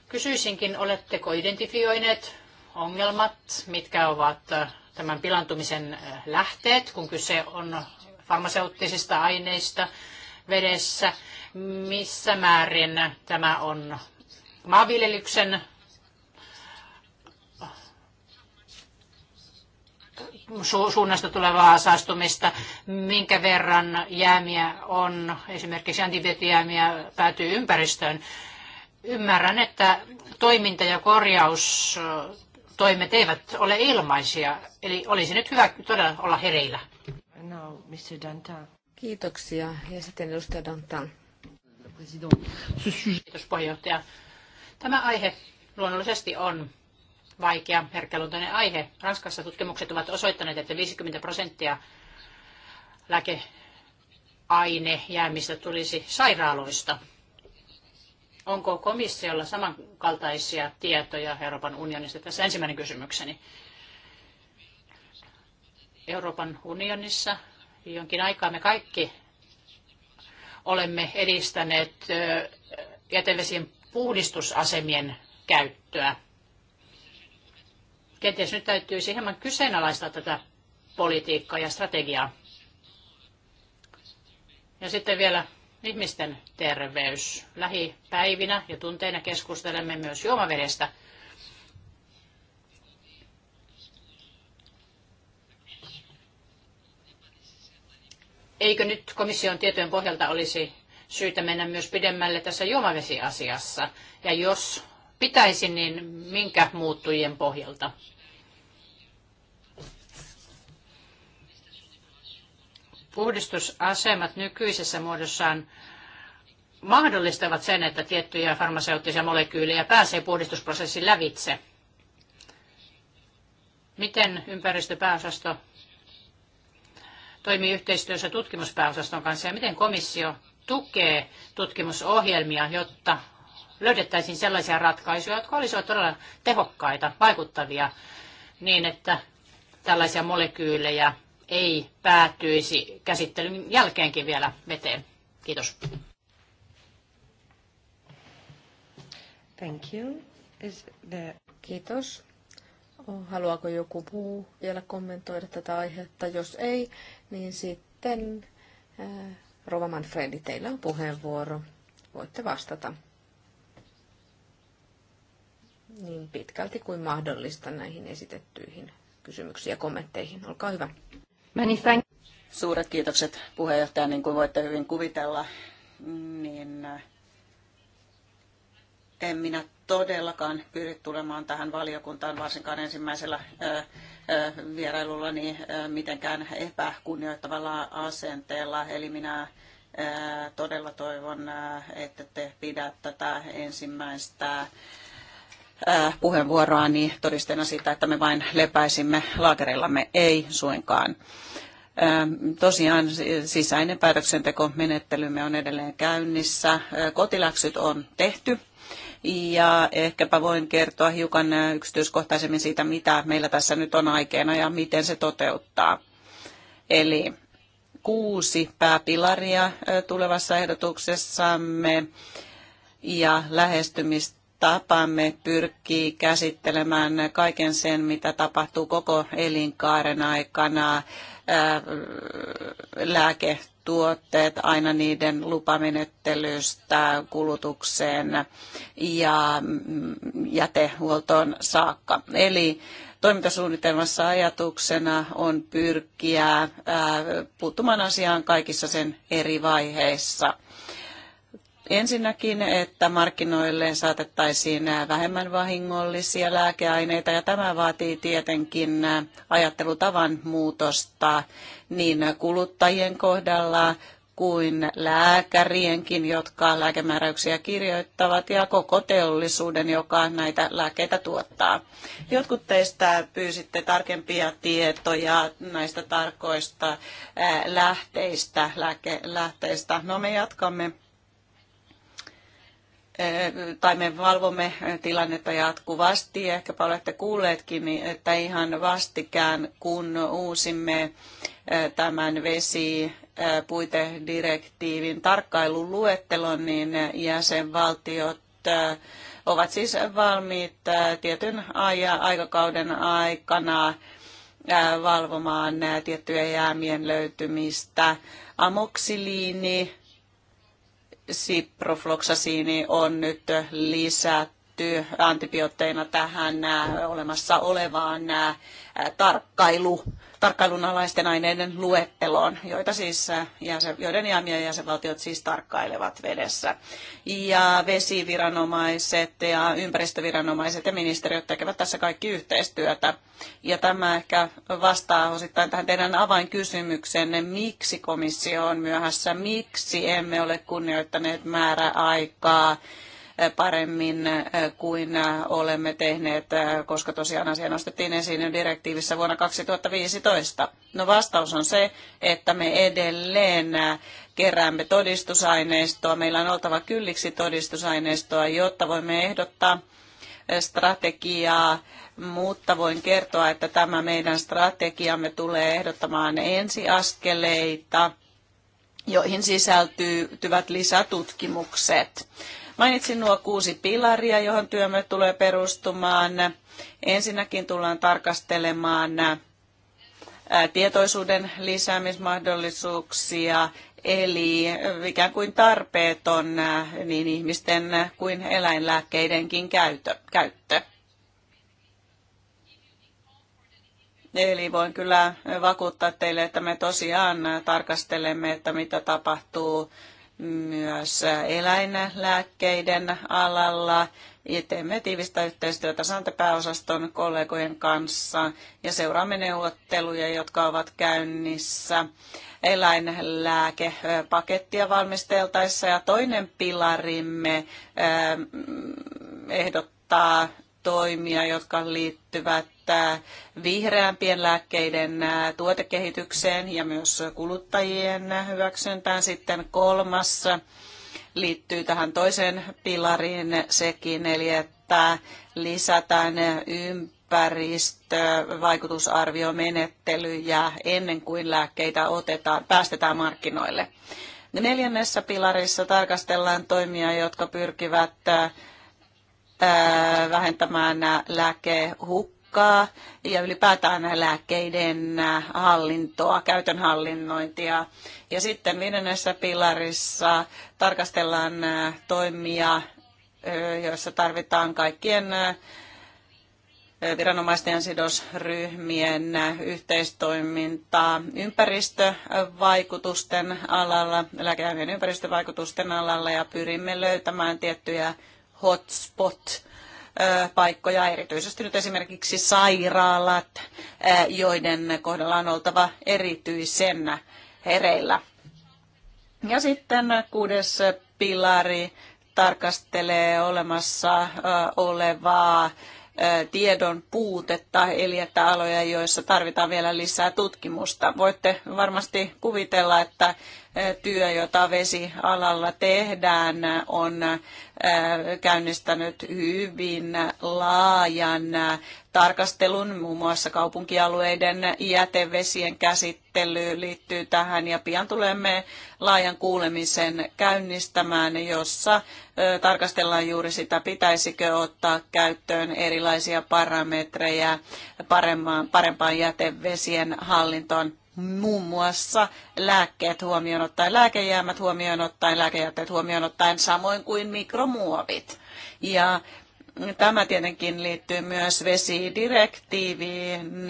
Kysyisinkin, oletteko identifioineet ongelmat, mitkä ovat äh, tämän pilantumisen äh, lähteet, kun kyse on farmaseuttisista aineista vedessä, missä määrin tämä on maanviljelyksen su- suunnasta tulevaa saastumista, minkä verran jäämiä on, esimerkiksi antibiootijäämiä päätyy ympäristöön. Ymmärrän, että toiminta ja korjaus toimet eivät ole ilmaisia, eli olisi nyt hyvä todella olla hereillä. No, Mr. Kiitoksia. Ja sitten edustaja Dantin. Kiitos puheenjohtaja. Tämä aihe luonnollisesti on vaikea, herkkäluontoinen aihe. Ranskassa tutkimukset ovat osoittaneet, että 50 prosenttia lääkeaine jäämistä tulisi sairaaloista. Onko komissiolla samankaltaisia tietoja Euroopan unionista? Tässä ensimmäinen kysymykseni. Euroopan unionissa jonkin aikaa me kaikki olemme edistäneet jätevesien puhdistusasemien käyttöä. Kenties nyt täytyisi hieman kyseenalaistaa tätä politiikkaa ja strategiaa. Ja sitten vielä ihmisten terveys. Lähipäivinä ja tunteina keskustelemme myös juomavedestä. Eikö nyt komission tietojen pohjalta olisi syytä mennä myös pidemmälle tässä juomavesiasiassa? Ja jos pitäisi, niin minkä muuttujien pohjalta? Puhdistusasemat nykyisessä muodossaan mahdollistavat sen, että tiettyjä farmaseuttisia molekyylejä pääsee puhdistusprosessin lävitse. Miten ympäristöpääosasto toimii yhteistyössä tutkimuspääosaston kanssa ja miten komissio tukee tutkimusohjelmia, jotta löydettäisiin sellaisia ratkaisuja, jotka olisivat todella tehokkaita, vaikuttavia, niin että tällaisia molekyylejä ei päätyisi käsittelyn jälkeenkin vielä veteen. Kiitos. Thank you. Is there... Kiitos. Haluaako joku muu vielä kommentoida tätä aihetta? Jos ei, niin sitten äh, Rova Manfredi, teillä on puheenvuoro. Voitte vastata niin pitkälti kuin mahdollista näihin esitettyihin kysymyksiin ja kommentteihin. Olkaa hyvä. Suuret kiitokset puheenjohtaja, niin kuin voitte hyvin kuvitella, niin äh, en minä todellakaan pyri tulemaan tähän valiokuntaan varsinkaan ensimmäisellä niin mitenkään epäkunnioittavalla asenteella. Eli minä todella toivon, että te pidät tätä ensimmäistä puheenvuoroani todisteena siitä, että me vain lepäisimme laakereillamme. Ei suinkaan. Tosiaan sisäinen päätöksentekomenettelymme on edelleen käynnissä. Kotiläksyt on tehty. Ja ehkäpä voin kertoa hiukan yksityiskohtaisemmin siitä, mitä meillä tässä nyt on aikeena ja miten se toteuttaa. Eli kuusi pääpilaria tulevassa ehdotuksessamme ja lähestymistä tapamme pyrkii käsittelemään kaiken sen, mitä tapahtuu koko elinkaaren aikana, äh, lääketuotteet aina niiden lupamenettelystä kulutukseen ja mm, jätehuoltoon saakka. Eli toimintasuunnitelmassa ajatuksena on pyrkiä äh, puuttumaan asiaan kaikissa sen eri vaiheissa – Ensinnäkin, että markkinoille saatettaisiin vähemmän vahingollisia lääkeaineita ja tämä vaatii tietenkin ajattelutavan muutosta niin kuluttajien kohdalla kuin lääkärienkin, jotka lääkemääräyksiä kirjoittavat, ja koko teollisuuden, joka näitä lääkkeitä tuottaa. Jotkut teistä pyysitte tarkempia tietoja näistä tarkoista lähteistä, lääkelähteistä. No me jatkamme tai me valvomme tilannetta jatkuvasti. Ehkäpä olette kuulleetkin, että ihan vastikään kun uusimme tämän vesi puitedirektiivin tarkkailuluettelon, niin jäsenvaltiot ovat siis valmiit tietyn aikakauden aikana valvomaan tiettyjen jäämien löytymistä. Amoksiliini Siprofloksasiini on nyt lisätty liittyy antibiootteina tähän olemassa olevaan tarkkailu, tarkkailun alaisten aineiden luetteloon, joita siis jäsen, joiden jäämiä jäsenvaltiot siis tarkkailevat vedessä. Ja vesiviranomaiset ja ympäristöviranomaiset ja ministeriöt tekevät tässä kaikki yhteistyötä. Ja tämä ehkä vastaa osittain tähän teidän avainkysymyksenne, miksi komissio on myöhässä, miksi emme ole kunnioittaneet määräaikaa, paremmin äh, kuin äh, olemme tehneet, äh, koska tosiaan asia nostettiin esiin direktiivissä vuonna 2015. No vastaus on se, että me edelleen keräämme todistusaineistoa. Meillä on oltava kylliksi todistusaineistoa, jotta voimme ehdottaa strategiaa, mutta voin kertoa, että tämä meidän strategiamme tulee ehdottamaan ensiaskeleita, joihin sisältyvät lisätutkimukset. Mainitsin nuo kuusi pilaria, johon työmme tulee perustumaan. Ensinnäkin tullaan tarkastelemaan tietoisuuden lisäämismahdollisuuksia, eli ikään kuin tarpeeton niin ihmisten kuin eläinlääkkeidenkin käyttö. Eli voin kyllä vakuuttaa teille, että me tosiaan tarkastelemme, että mitä tapahtuu myös eläinlääkkeiden alalla. Ja teemme tiivistä yhteistyötä Santepääosaston kollegojen kanssa ja seuraamme neuvotteluja, jotka ovat käynnissä eläinlääkepakettia valmisteltaessa. Ja toinen pilarimme mm, ehdottaa toimia, jotka liittyvät vihreämpien lääkkeiden tuotekehitykseen ja myös kuluttajien hyväksyntään. Sitten kolmas liittyy tähän toiseen pilariin sekin, eli että lisätään ympäristövaikutusarviomenettelyjä ennen kuin lääkkeitä otetaan, päästetään markkinoille. Neljännessä pilarissa tarkastellaan toimia, jotka pyrkivät vähentämään lääkehukkaa tupakkaa ja ylipäätään lääkkeiden hallintoa, käytön hallinnointia. Ja sitten viidennessä pilarissa tarkastellaan toimia, joissa tarvitaan kaikkien viranomaisten ja sidosryhmien yhteistoimintaa ympäristövaikutusten alalla, lääkeaineen ympäristövaikutusten alalla ja pyrimme löytämään tiettyjä hotspot paikkoja, erityisesti nyt esimerkiksi sairaalat, joiden kohdalla on oltava erityisen hereillä. Ja sitten kuudes pilari tarkastelee olemassa olevaa tiedon puutetta, eli että aloja, joissa tarvitaan vielä lisää tutkimusta. Voitte varmasti kuvitella, että työ, jota vesialalla tehdään, on äh, käynnistänyt hyvin laajan äh, tarkastelun, muun muassa kaupunkialueiden jätevesien käsittely liittyy tähän ja pian tulemme laajan kuulemisen käynnistämään, jossa äh, tarkastellaan juuri sitä, pitäisikö ottaa käyttöön erilaisia parametreja parempaan jätevesien hallintoon muun muassa lääkkeet huomioon ottaen, lääkejäämät huomioon ottaen, lääkejätteet huomioon ottaen, samoin kuin mikromuovit. Ja tämä tietenkin liittyy myös vesidirektiiviin,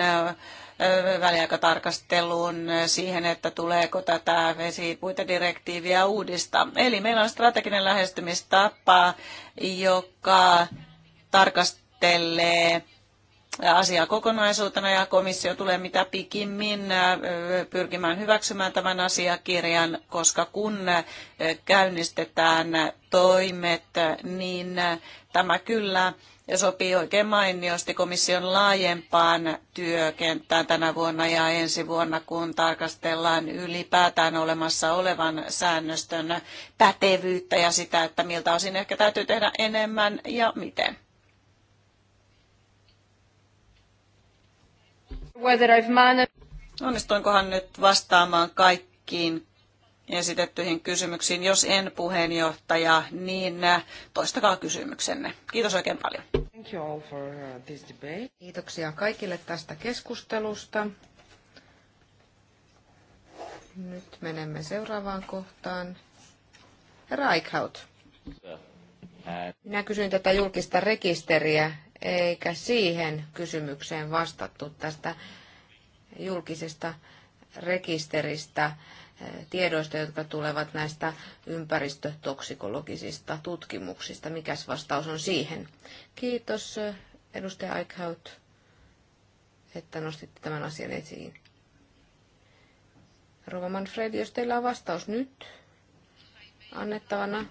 väliaikatarkasteluun, siihen, että tuleeko tätä vesipuitedirektiiviä uudistaa. Eli meillä on strateginen lähestymistapa, joka tarkastelee asiaa kokonaisuutena ja komissio tulee mitä pikimmin pyrkimään hyväksymään tämän asiakirjan, koska kun käynnistetään toimet, niin tämä kyllä sopii oikein mainiosti komission laajempaan työkenttään tänä vuonna ja ensi vuonna, kun tarkastellaan ylipäätään olemassa olevan säännöstön pätevyyttä ja sitä, että miltä osin ehkä täytyy tehdä enemmän ja miten. Onnistuinkohan nyt vastaamaan kaikkiin esitettyihin kysymyksiin? Jos en puheenjohtaja, niin äh, toistakaa kysymyksenne. Kiitos oikein paljon. Uh, Kiitoksia kaikille tästä keskustelusta. Nyt menemme seuraavaan kohtaan. Herra Eichhout. Uh, Minä kysyin tätä julkista rekisteriä eikä siihen kysymykseen vastattu tästä julkisesta rekisteristä eh, tiedoista, jotka tulevat näistä ympäristötoksikologisista tutkimuksista. Mikäs vastaus on siihen? Kiitos eh, edustaja Eichhout, että nostitte tämän asian esiin. Rova Manfred, jos teillä on vastaus nyt annettavana.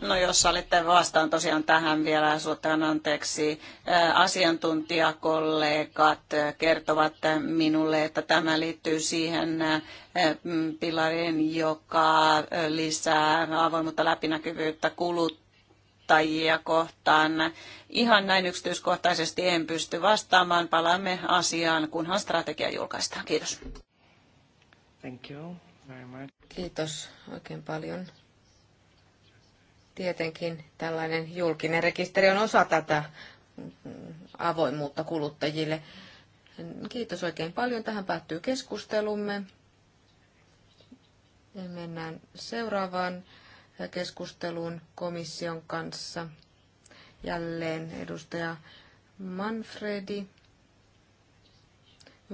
No jos olette vastaan tosiaan tähän vielä, suotaan anteeksi. Asiantuntijakollegat kertovat minulle, että tämä liittyy siihen mm, pilariin, joka lisää avoimuutta läpinäkyvyyttä tajia kohtaan. Ihan näin yksityiskohtaisesti en pysty vastaamaan. Palaamme asiaan, kunhan strategia julkaistaan. Kiitos. Thank you. Kiitos oikein paljon. Tietenkin tällainen julkinen rekisteri on osa tätä avoimuutta kuluttajille. Kiitos oikein paljon. Tähän päättyy keskustelumme. Ja mennään seuraavaan keskusteluun komission kanssa. Jälleen edustaja Manfredi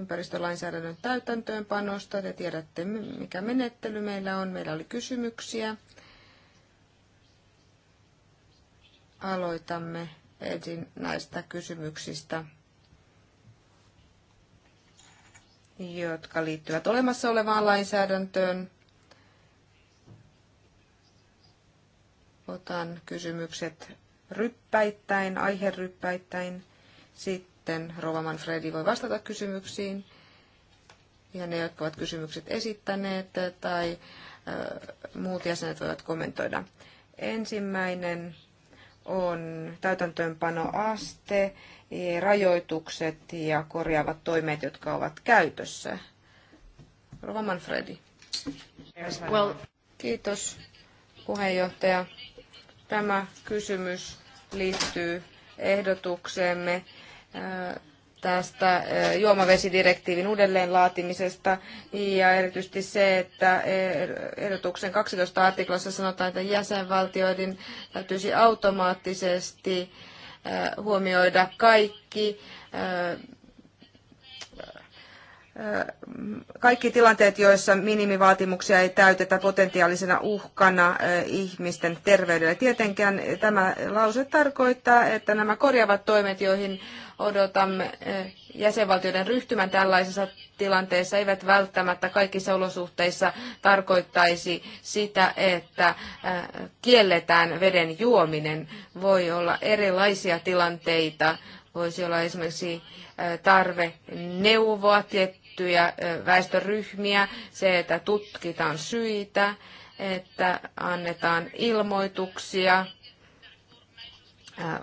ympäristölainsäädännön täytäntöönpanosta. Te tiedätte, mikä menettely meillä on. Meillä oli kysymyksiä. Aloitamme ensin näistä kysymyksistä, jotka liittyvät olemassa olevaan lainsäädäntöön. Otan kysymykset ryppäittäin, aiheryppäittäin. Sitten sitten Rova Manfredi voi vastata kysymyksiin. Ja ne, jotka ovat kysymykset esittäneet tai muut jäsenet voivat kommentoida. Ensimmäinen on täytäntöönpanoaste, rajoitukset ja korjaavat toimet, jotka ovat käytössä. Rova Manfredi. Well. Kiitos puheenjohtaja. Tämä kysymys liittyy ehdotukseemme tästä eh, juomavesidirektiivin uudelleenlaatimisesta ja erityisesti se, että er- ehdotuksen 12 artiklassa sanotaan, että jäsenvaltioiden täytyisi automaattisesti eh, huomioida kaikki eh, kaikki tilanteet, joissa minimivaatimuksia ei täytetä potentiaalisena uhkana ihmisten terveydelle. Tietenkään tämä lause tarkoittaa, että nämä korjaavat toimet, joihin odotamme jäsenvaltioiden ryhtymän tällaisessa tilanteessa, eivät välttämättä kaikissa olosuhteissa tarkoittaisi sitä, että kielletään veden juominen. Voi olla erilaisia tilanteita. Voisi olla esimerkiksi tarve neuvoa tiettyjä tiettyjä väestöryhmiä, se, että tutkitaan syitä, että annetaan ilmoituksia,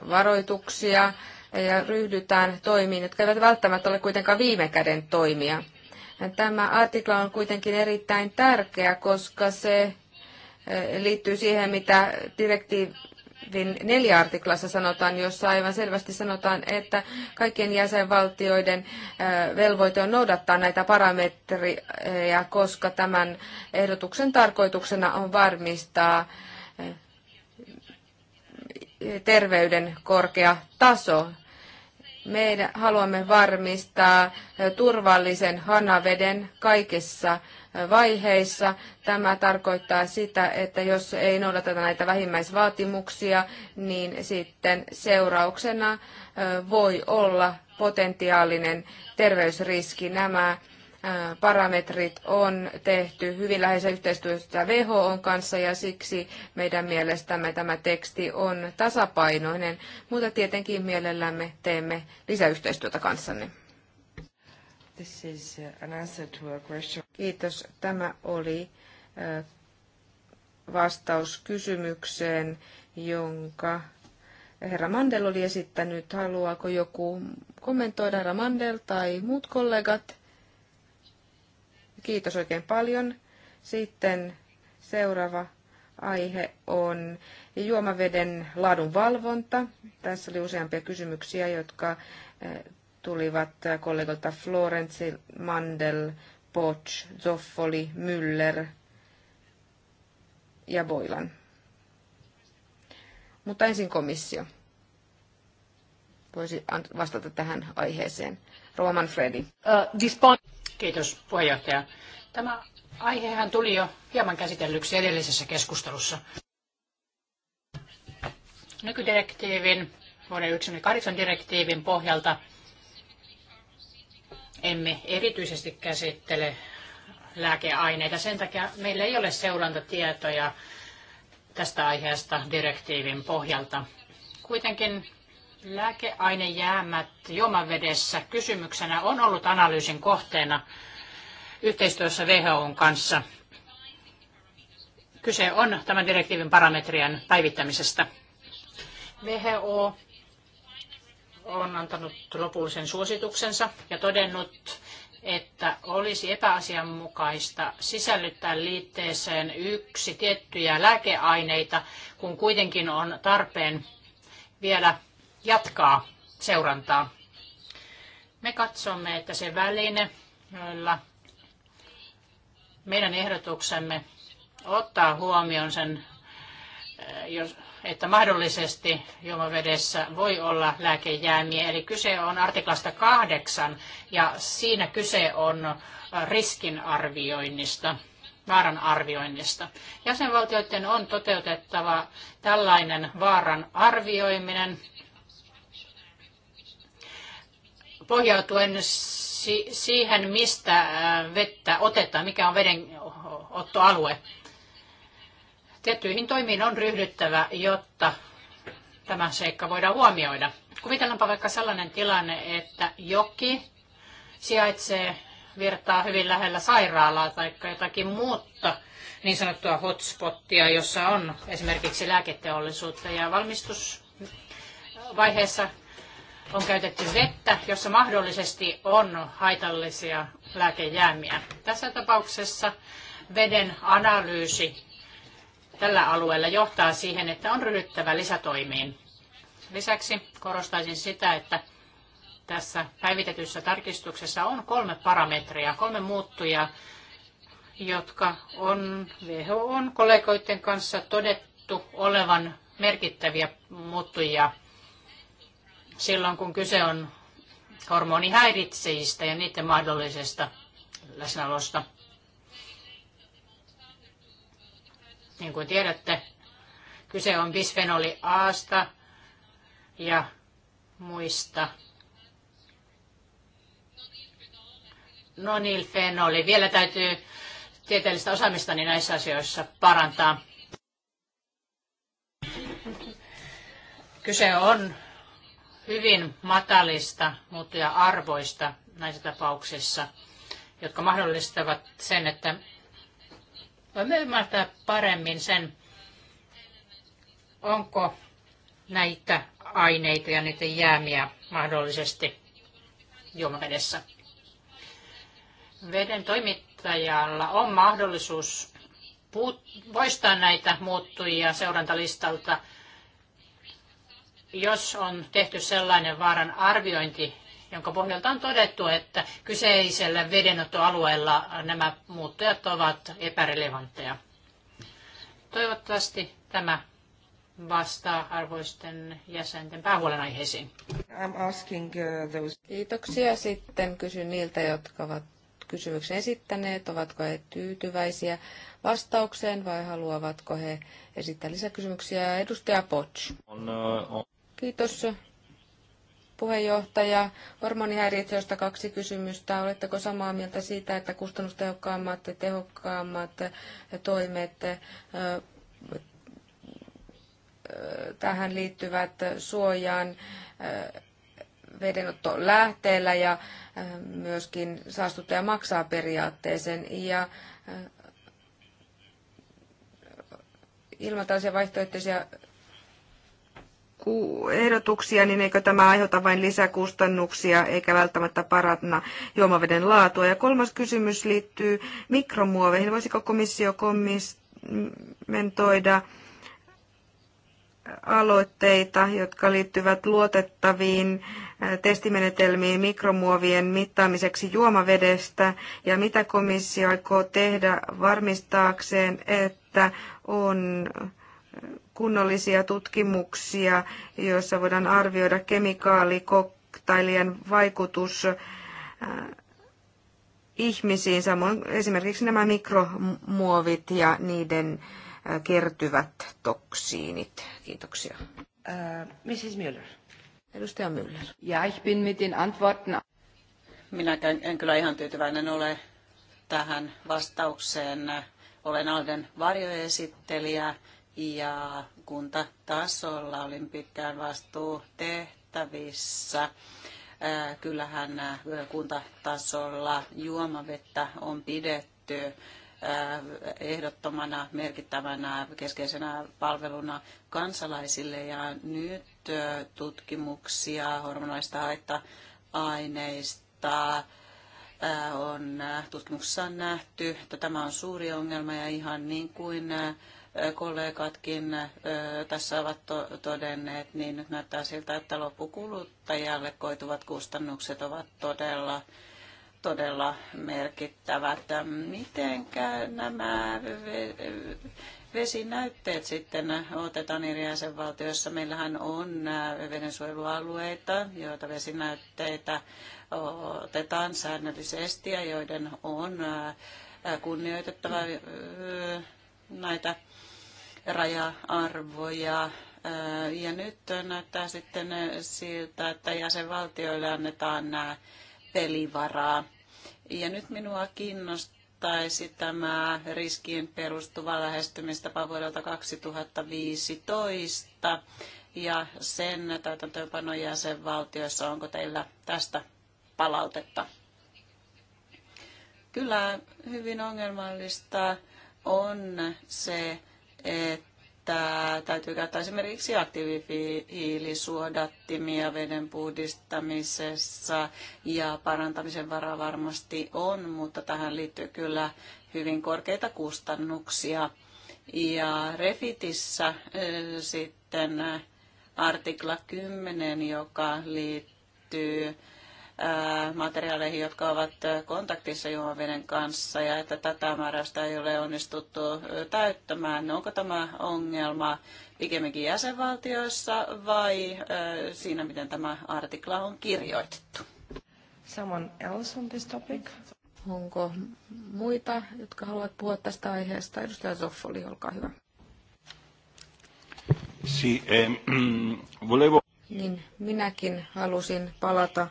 varoituksia ja ryhdytään toimiin, jotka eivät välttämättä ole kuitenkaan viime käden toimia. Tämä artikla on kuitenkin erittäin tärkeä, koska se liittyy siihen, mitä direktiivi neljä artiklassa sanotaan, jossa aivan selvästi sanotaan, että kaikkien jäsenvaltioiden velvoite on noudattaa näitä parametreja, koska tämän ehdotuksen tarkoituksena on varmistaa terveyden korkea taso. Me haluamme varmistaa turvallisen hanaveden kaikessa vaiheissa. Tämä tarkoittaa sitä, että jos ei noudateta näitä vähimmäisvaatimuksia, niin sitten seurauksena voi olla potentiaalinen terveysriski. Nämä parametrit on tehty hyvin läheisessä yhteistyössä WHO kanssa ja siksi meidän mielestämme tämä teksti on tasapainoinen, mutta tietenkin mielellämme teemme lisäyhteistyötä kanssanne. This is uh, an answer to a question. Kiitos. Tämä oli vastaus kysymykseen, jonka herra Mandel oli esittänyt. Haluaako joku kommentoida herra Mandel tai muut kollegat? Kiitos oikein paljon. Sitten seuraava aihe on juomaveden laadun valvonta. Tässä oli useampia kysymyksiä, jotka tulivat kollegoilta Florenzi, Mandel, Poch, Zoffoli, Müller ja Boilan. Mutta ensin komissio voisi vastata tähän aiheeseen. Rova Manfredi. Kiitos puheenjohtaja. Tämä aihehan tuli jo hieman käsitellyksi edellisessä keskustelussa. Nykydirektiivin, vuoden 1998 direktiivin pohjalta emme erityisesti käsittele lääkeaineita. Sen takia meillä ei ole seurantatietoja tästä aiheesta direktiivin pohjalta. Kuitenkin lääkeainejäämät juomavedessä kysymyksenä on ollut analyysin kohteena yhteistyössä WHOn kanssa. Kyse on tämän direktiivin parametrien päivittämisestä. WHO on antanut lopullisen suosituksensa ja todennut, että olisi epäasianmukaista sisällyttää liitteeseen yksi tiettyjä lääkeaineita, kun kuitenkin on tarpeen vielä jatkaa seurantaa. Me katsomme, että se väline, joilla meidän ehdotuksemme ottaa huomioon sen eh, jos että mahdollisesti juomavedessä voi olla lääkejäämiä. Eli kyse on artiklasta kahdeksan ja siinä kyse on äh, riskinarvioinnista, vaaran arvioinnista. Jäsenvaltioiden on toteutettava tällainen vaaran arvioiminen pohjautuen siihen, mistä äh, vettä otetaan, mikä on veden ottoalue. Tiettyihin toimiin on ryhdyttävä, jotta tämä seikka voidaan huomioida. Kuvitellaanpa vaikka sellainen tilanne, että joki sijaitsee virtaa hyvin lähellä sairaalaa tai jotakin muuta niin sanottua hotspottia, jossa on esimerkiksi lääketeollisuutta ja valmistusvaiheessa on käytetty vettä, jossa mahdollisesti on haitallisia lääkejäämiä. Tässä tapauksessa veden analyysi tällä alueella johtaa siihen, että on ryhdyttävä lisätoimiin. Lisäksi korostaisin sitä, että tässä päivitetyssä tarkistuksessa on kolme parametria, kolme muuttujaa, jotka on WHOn kollegoiden kanssa todettu olevan merkittäviä muuttujia silloin, kun kyse on hormonihäiritsejistä ja niiden mahdollisesta läsnäolosta. Niin kuin tiedätte, kyse on bisfenoli Asta ja muista. Nonilfenoli. Niin, Vielä täytyy tieteellistä osaamistani niin näissä asioissa parantaa. Kyse on hyvin matalista muuttuja arvoista näissä tapauksissa, jotka mahdollistavat sen, että voimme ymmärtää paremmin sen, onko näitä aineita ja niiden jäämiä mahdollisesti juomavedessä. Veden toimittajalla on mahdollisuus puut- poistaa näitä muuttujia seurantalistalta, jos on tehty sellainen vaaran arviointi, jonka pohjalta on todettu, että kyseisellä vedenottoalueella nämä muuttajat ovat epärelevantteja. Toivottavasti tämä vastaa arvoisten jäsenten päähuolenaiheisiin. I'm asking, uh, those... Kiitoksia. Sitten kysyn niiltä, jotka ovat kysymyksen esittäneet, ovatko he tyytyväisiä vastaukseen vai haluavatko he esittää lisäkysymyksiä. Edustaja Potsch. On, uh, on... Kiitos puheenjohtaja. Hormonihäiriöistä kaksi kysymystä. Oletteko samaa mieltä siitä, että kustannustehokkaammat ja tehokkaammat toimet tähän liittyvät suojaan vedenotto lähteellä ja myöskin saastuttaja maksaa periaatteeseen. Ja ilmataisia vaihtoehtoisia ehdotuksia, niin eikö tämä aiheuta vain lisäkustannuksia eikä välttämättä paranna juomaveden laatua? Ja kolmas kysymys liittyy mikromuoveihin. Voisiko komissio kommentoida aloitteita, jotka liittyvät luotettaviin äh, testimenetelmiin mikromuovien mittaamiseksi juomavedestä ja mitä komissio aikoo tehdä varmistaakseen, että on äh, kunnollisia tutkimuksia, joissa voidaan arvioida kemikaalikoktailien vaikutus äh, ihmisiin, samoin esimerkiksi nämä mikromuovit ja niiden äh, kertyvät toksiinit. Kiitoksia. Uh, äh, Mrs. Müller. Edustaja Müller. Ja, ich bin mit den Antworten... Minä en kyllä ihan tyytyväinen ole tähän vastaukseen. Olen Alden varjoesittelijä ja kuntatasolla olin pitkään vastuutehtävissä. Kyllähän kuntatasolla juomavettä on pidetty ehdottomana merkittävänä keskeisenä palveluna kansalaisille ja nyt tutkimuksia hormonaista haitta-aineista on tutkimuksessa nähty, että tämä on suuri ongelma ja ihan niin kuin kollegatkin tässä ovat todenneet, niin nyt näyttää siltä, että loppukuluttajalle koituvat kustannukset ovat todella todella merkittävät. Miten nämä vesinäytteet sitten otetaan eri jäsenvaltioissa? Meillähän on vedensuojelualueita, joita vesinäytteitä otetaan säännöllisesti ja joiden on kunnioitettava näitä raja-arvoja. Ja nyt näyttää sitten siltä, että jäsenvaltioille annetaan nämä pelivaraa. Ja nyt minua kiinnostaisi tämä riskiin perustuva lähestymistapa vuodelta 2015 ja sen täytäntöönpanon jäsenvaltioissa. Onko teillä tästä palautetta? Kyllä hyvin ongelmallista on se, että täytyy käyttää esimerkiksi aktiivihiilisuodattimia veden puhdistamisessa ja parantamisen varaa varmasti on, mutta tähän liittyy kyllä hyvin korkeita kustannuksia. Ja Refitissä eh, sitten artikla 10, joka liittyy materiaaleihin, jotka ovat kontaktissa juomaveden kanssa ja että tätä määräystä ei ole onnistuttu täyttämään. Onko tämä ongelma pikemminkin jäsenvaltioissa vai siinä, miten tämä artikla on kirjoitettu? Someone else on this topic? Onko muita, jotka haluavat puhua tästä aiheesta? Edustaja Zoffoli, olkaa hyvä. Si, eh, volevo... Niin, minäkin halusin palata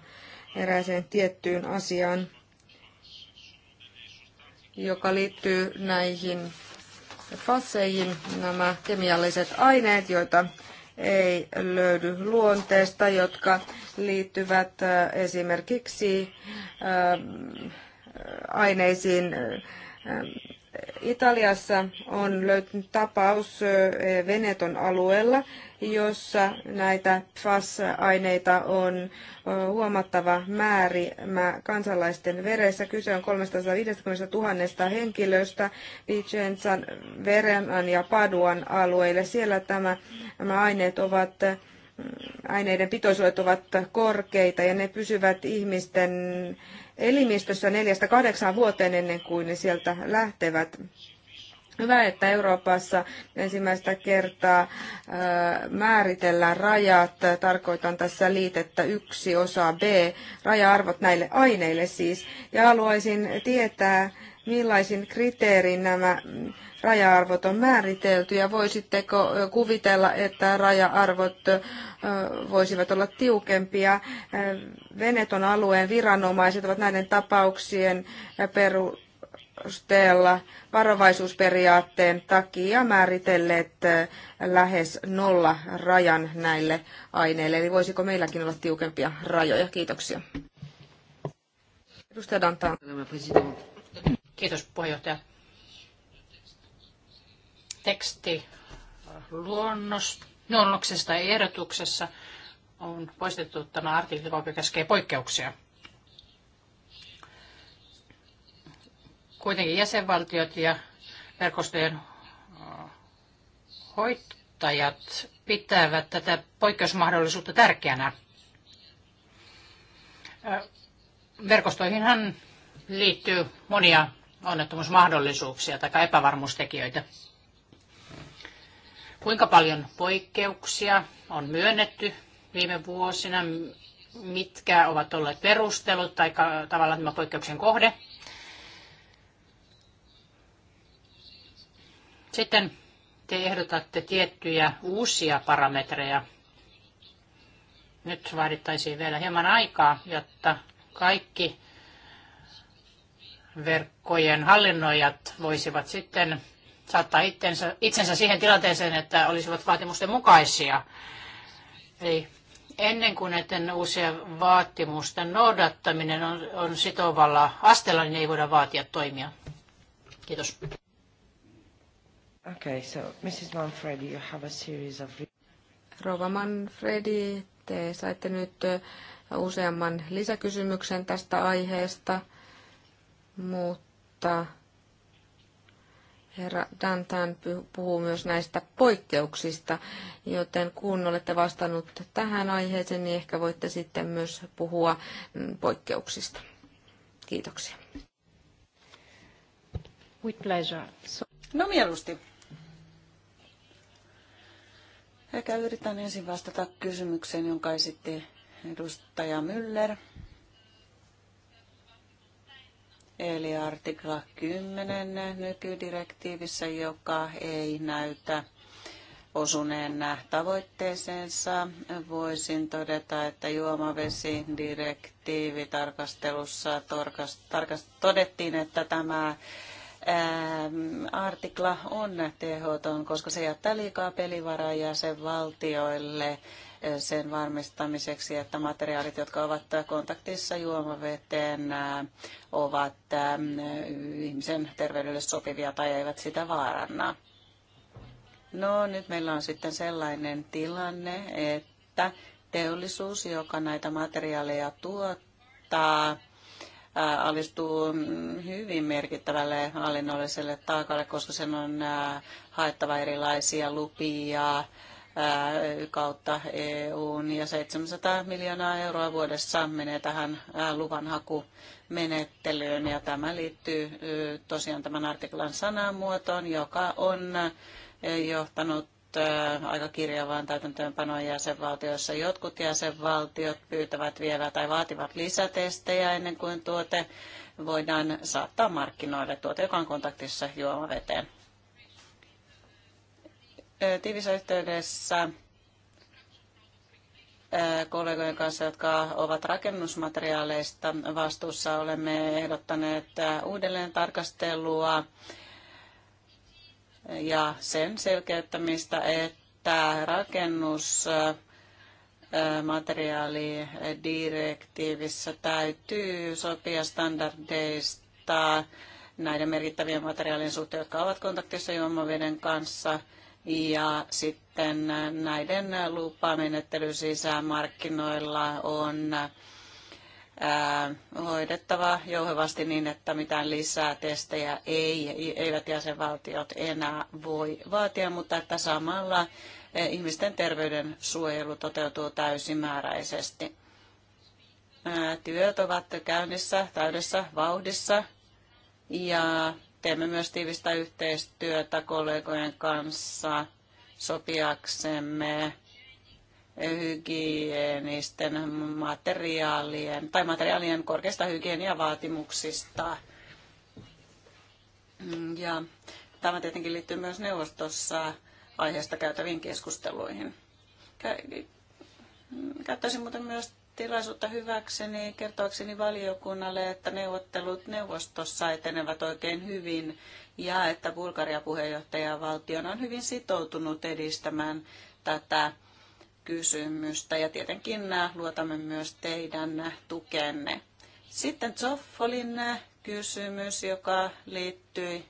erääseen tiettyyn asiaan, joka liittyy näihin fasseihin, nämä kemialliset aineet, joita ei löydy luonteesta, jotka liittyvät äh, esimerkiksi ähm, äh, aineisiin äh, Italiassa on löytynyt tapaus Veneton alueella, jossa näitä PFAS-aineita on huomattava määrä kansalaisten veressä. Kyse on 350 000 henkilöstä Vicenzan, Verenan ja Paduan alueille. Siellä tämä, nämä aineet ovat aineiden pitoisuudet ovat korkeita ja ne pysyvät ihmisten elimistössä neljästä kahdeksaan vuoteen ennen kuin ne sieltä lähtevät. Hyvä, että Euroopassa ensimmäistä kertaa määritellään rajat. Tarkoitan tässä liitettä yksi osa B, raja-arvot näille aineille siis. Ja haluaisin tietää, millaisin kriteerin nämä raja-arvot on määritelty ja voisitteko kuvitella, että raja-arvot voisivat olla tiukempia. Veneton alueen viranomaiset ovat näiden tapauksien perusteella varovaisuusperiaatteen takia määritelleet lähes nolla rajan näille aineille. Eli voisiko meilläkin olla tiukempia rajoja? Kiitoksia. Edustaja Dantan. Kiitos puheenjohtaja teksti luonnos, luonnoksesta ja ehdotuksessa on poistettu tämä artikli, joka käskee poikkeuksia. Kuitenkin jäsenvaltiot ja verkostojen hoitajat pitävät tätä poikkeusmahdollisuutta tärkeänä. Verkostoihinhan liittyy monia onnettomuusmahdollisuuksia tai epävarmuustekijöitä. Kuinka paljon poikkeuksia on myönnetty viime vuosina? Mitkä ovat olleet perustelut tai tavallaan tämä poikkeuksen kohde? Sitten te ehdotatte tiettyjä uusia parametreja. Nyt vaadittaisiin vielä hieman aikaa, jotta kaikki verkkojen hallinnoijat voisivat sitten saattaa itsensä, itsensä siihen tilanteeseen, että olisivat vaatimusten mukaisia. Eli ennen kuin näiden uusien vaatimusten noudattaminen on, on sitovalla astella niin ei voida vaatia toimia. Kiitos. Okay, so Mrs. Manfredi, you have a series of... Rova Manfredi, te saitte nyt äh, useamman lisäkysymyksen tästä aiheesta, mutta Herra Dantan puhuu myös näistä poikkeuksista, joten kun olette vastannut tähän aiheeseen, niin ehkä voitte sitten myös puhua mm, poikkeuksista. Kiitoksia. With pleasure. So... No mieluusti. Ehkä yritän ensin vastata kysymykseen, jonka esitti edustaja Müller eli artikla 10 nykydirektiivissä, joka ei näytä osuneen tavoitteeseensa. Voisin todeta, että juomavesidirektiivi tarkastelussa todettiin, että tämä ähm, artikla on tehoton, koska se jättää liikaa pelivaraa jäsenvaltioille sen varmistamiseksi, että materiaalit, jotka ovat kontaktissa juomaveteen, ovat ihmisen terveydelle sopivia tai eivät sitä vaaranna. No nyt meillä on sitten sellainen tilanne, että teollisuus, joka näitä materiaaleja tuottaa, alistuu hyvin merkittävälle hallinnolliselle taakalle, koska sen on haettava erilaisia lupia, kautta EUn ja 700 miljoonaa euroa vuodessa menee tähän luvanhakumenettelyyn ja tämä liittyy tosiaan tämän artiklan sanamuotoon, joka on johtanut aika kirjavaan täytäntöönpanoon jäsenvaltioissa. Jotkut jäsenvaltiot pyytävät vielä tai vaativat lisätestejä ennen kuin tuote voidaan saattaa markkinoille, tuote, joka on kontaktissa juomaveteen tiivissä yhteydessä kollegojen kanssa, jotka ovat rakennusmateriaaleista vastuussa. Olemme ehdottaneet uudelleen tarkastelua ja sen selkeyttämistä, että rakennusmateriaalidirektiivissä täytyy sopia standardeista näiden merkittävien materiaalien suhteen, jotka ovat kontaktissa juomaveden kanssa – ja sitten näiden lupamenettelyn sisämarkkinoilla on hoidettava jouhevasti niin, että mitään lisää testejä ei, eivät jäsenvaltiot enää voi vaatia, mutta että samalla ihmisten terveyden suojelu toteutuu täysimääräisesti. Työt ovat käynnissä täydessä vauhdissa ja Teemme myös tiivistä yhteistyötä kollegojen kanssa sopiaksemme hygienisten materiaalien tai materiaalien korkeista hygieniavaatimuksista. Ja tämä tietenkin liittyy myös neuvostossa aiheesta käytäviin keskusteluihin. Käyttäisin muuten myös tilaisuutta hyväkseni kertoakseni valiokunnalle, että neuvottelut neuvostossa etenevät oikein hyvin ja että Bulgaria puheenjohtajavaltiona on hyvin sitoutunut edistämään tätä kysymystä ja tietenkin äh, luotamme myös teidän tukenne. Sitten Zoffolin äh, kysymys, joka liittyi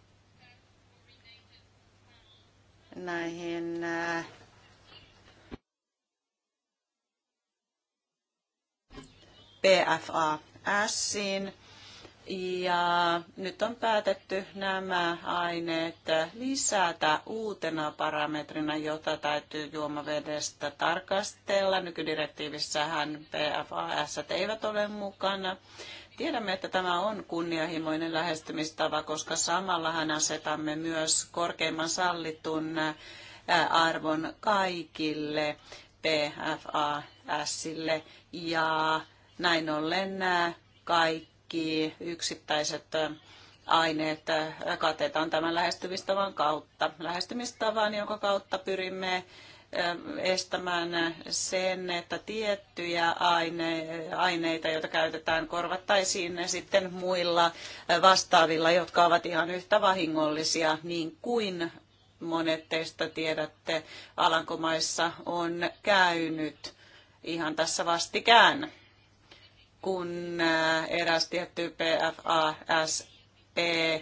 näihin äh, PFASiin. Ja nyt on päätetty nämä aineet lisätä uutena parametrina, jota täytyy juomavedestä tarkastella. Nykydirektiivissähän PFAS eivät ole mukana. Tiedämme, että tämä on kunnianhimoinen lähestymistava, koska samallahan asetamme myös korkeimman sallitun arvon kaikille PFASille ja näin ollen äh, kaikki yksittäiset äh, aineet äh, katetaan tämän lähestymistavan kautta. Lähestymistavan, jonka kautta pyrimme estämään sen, että tiettyjä aine- aineita, joita käytetään, korvattaisiin sitten muilla vastaavilla, jotka ovat ihan yhtä vahingollisia, niin kuin monet teistä tiedätte, Alankomaissa on käynyt ihan tässä vastikään kun äh, eräs tietty PFAS, e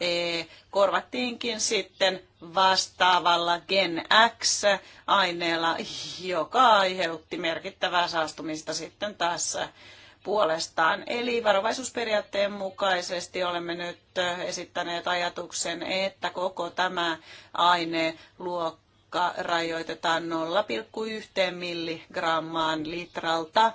e korvattiinkin sitten vastaavalla Gen X-aineella, joka aiheutti merkittävää saastumista sitten tässä puolestaan. Eli varovaisuusperiaatteen mukaisesti olemme nyt äh, esittäneet ajatuksen, että koko tämä aineluokka rajoitetaan 0,1 milligrammaan litralta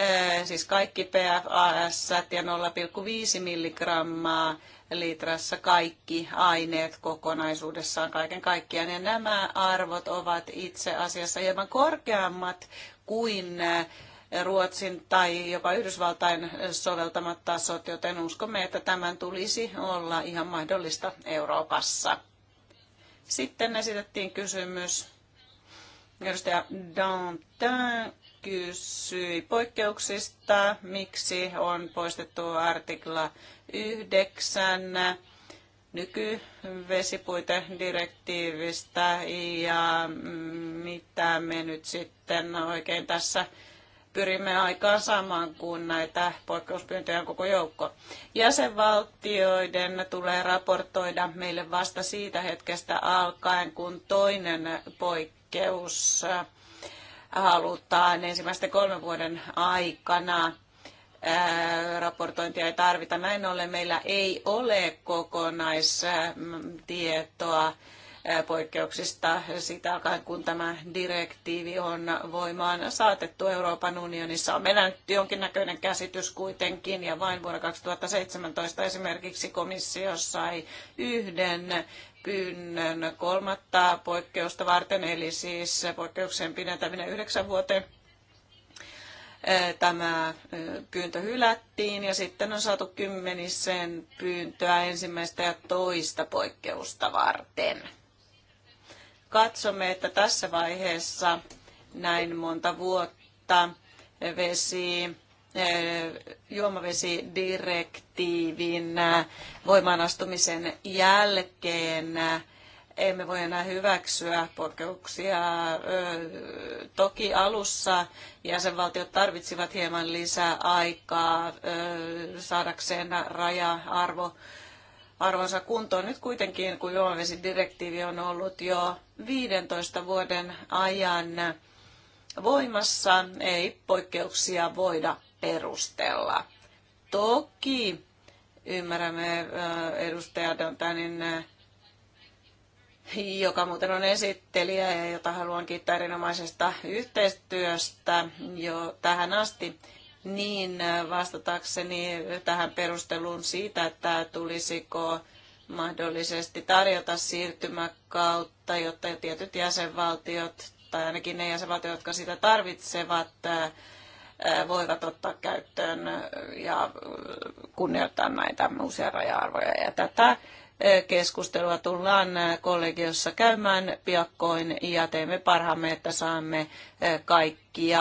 Äh, siis kaikki PFAS ja 0,5 milligrammaa litrassa kaikki aineet kokonaisuudessaan kaiken kaikkiaan. Ja nämä arvot ovat itse asiassa hieman korkeammat kuin äh, Ruotsin tai jopa Yhdysvaltain soveltamat tasot, joten uskomme, että tämän tulisi olla ihan mahdollista Euroopassa. Sitten esitettiin kysymys edustaja Dantin kysyi poikkeuksista, miksi on poistettu artikla 9 nykyvesipuitedirektiivistä ja mitä me nyt sitten oikein tässä pyrimme aikaan saamaan, kuin näitä poikkeuspyyntöjä on koko joukko. Jäsenvaltioiden tulee raportoida meille vasta siitä hetkestä alkaen, kun toinen poikkeus halutaan ensimmäisten kolmen vuoden aikana raportointia ei tarvita. Näin ollen meillä ei ole kokonaistietoa poikkeuksista sitä alkaen, kun tämä direktiivi on voimaan saatettu Euroopan unionissa. On meillä nyt jonkinnäköinen käsitys kuitenkin, ja vain vuonna 2017 esimerkiksi komissio sai yhden pyynnön kolmatta poikkeusta varten, eli siis poikkeuksen pidentäminen yhdeksän vuoteen. Tämä pyyntö hylättiin ja sitten on saatu kymmenisen pyyntöä ensimmäistä ja toista poikkeusta varten. Katsomme, että tässä vaiheessa näin monta vuotta vesi Eh, juomavesidirektiivin eh, voimaanastumisen jälkeen eh, emme voi enää hyväksyä poikkeuksia. Toki alussa jäsenvaltiot tarvitsivat hieman lisää aikaa saadakseen raja-arvo arvonsa kuntoon. Nyt kuitenkin, kun juomavesidirektiivi on ollut jo 15 vuoden ajan voimassa, ei poikkeuksia voida perustella. Toki ymmärrämme äh, edustaja Dantanin, äh, joka muuten on esittelijä ja jota haluan kiittää erinomaisesta yhteistyöstä jo tähän asti, niin äh, vastatakseni tähän perusteluun siitä, että tulisiko mahdollisesti tarjota siirtymäkautta, jotta tietyt jäsenvaltiot tai ainakin ne jäsenvaltiot, jotka sitä tarvitsevat, voivat ottaa käyttöön ja kunnioittaa näitä uusia raja-arvoja. Ja tätä keskustelua tullaan kollegiossa käymään piakkoin ja teemme parhaamme, että saamme kaikkia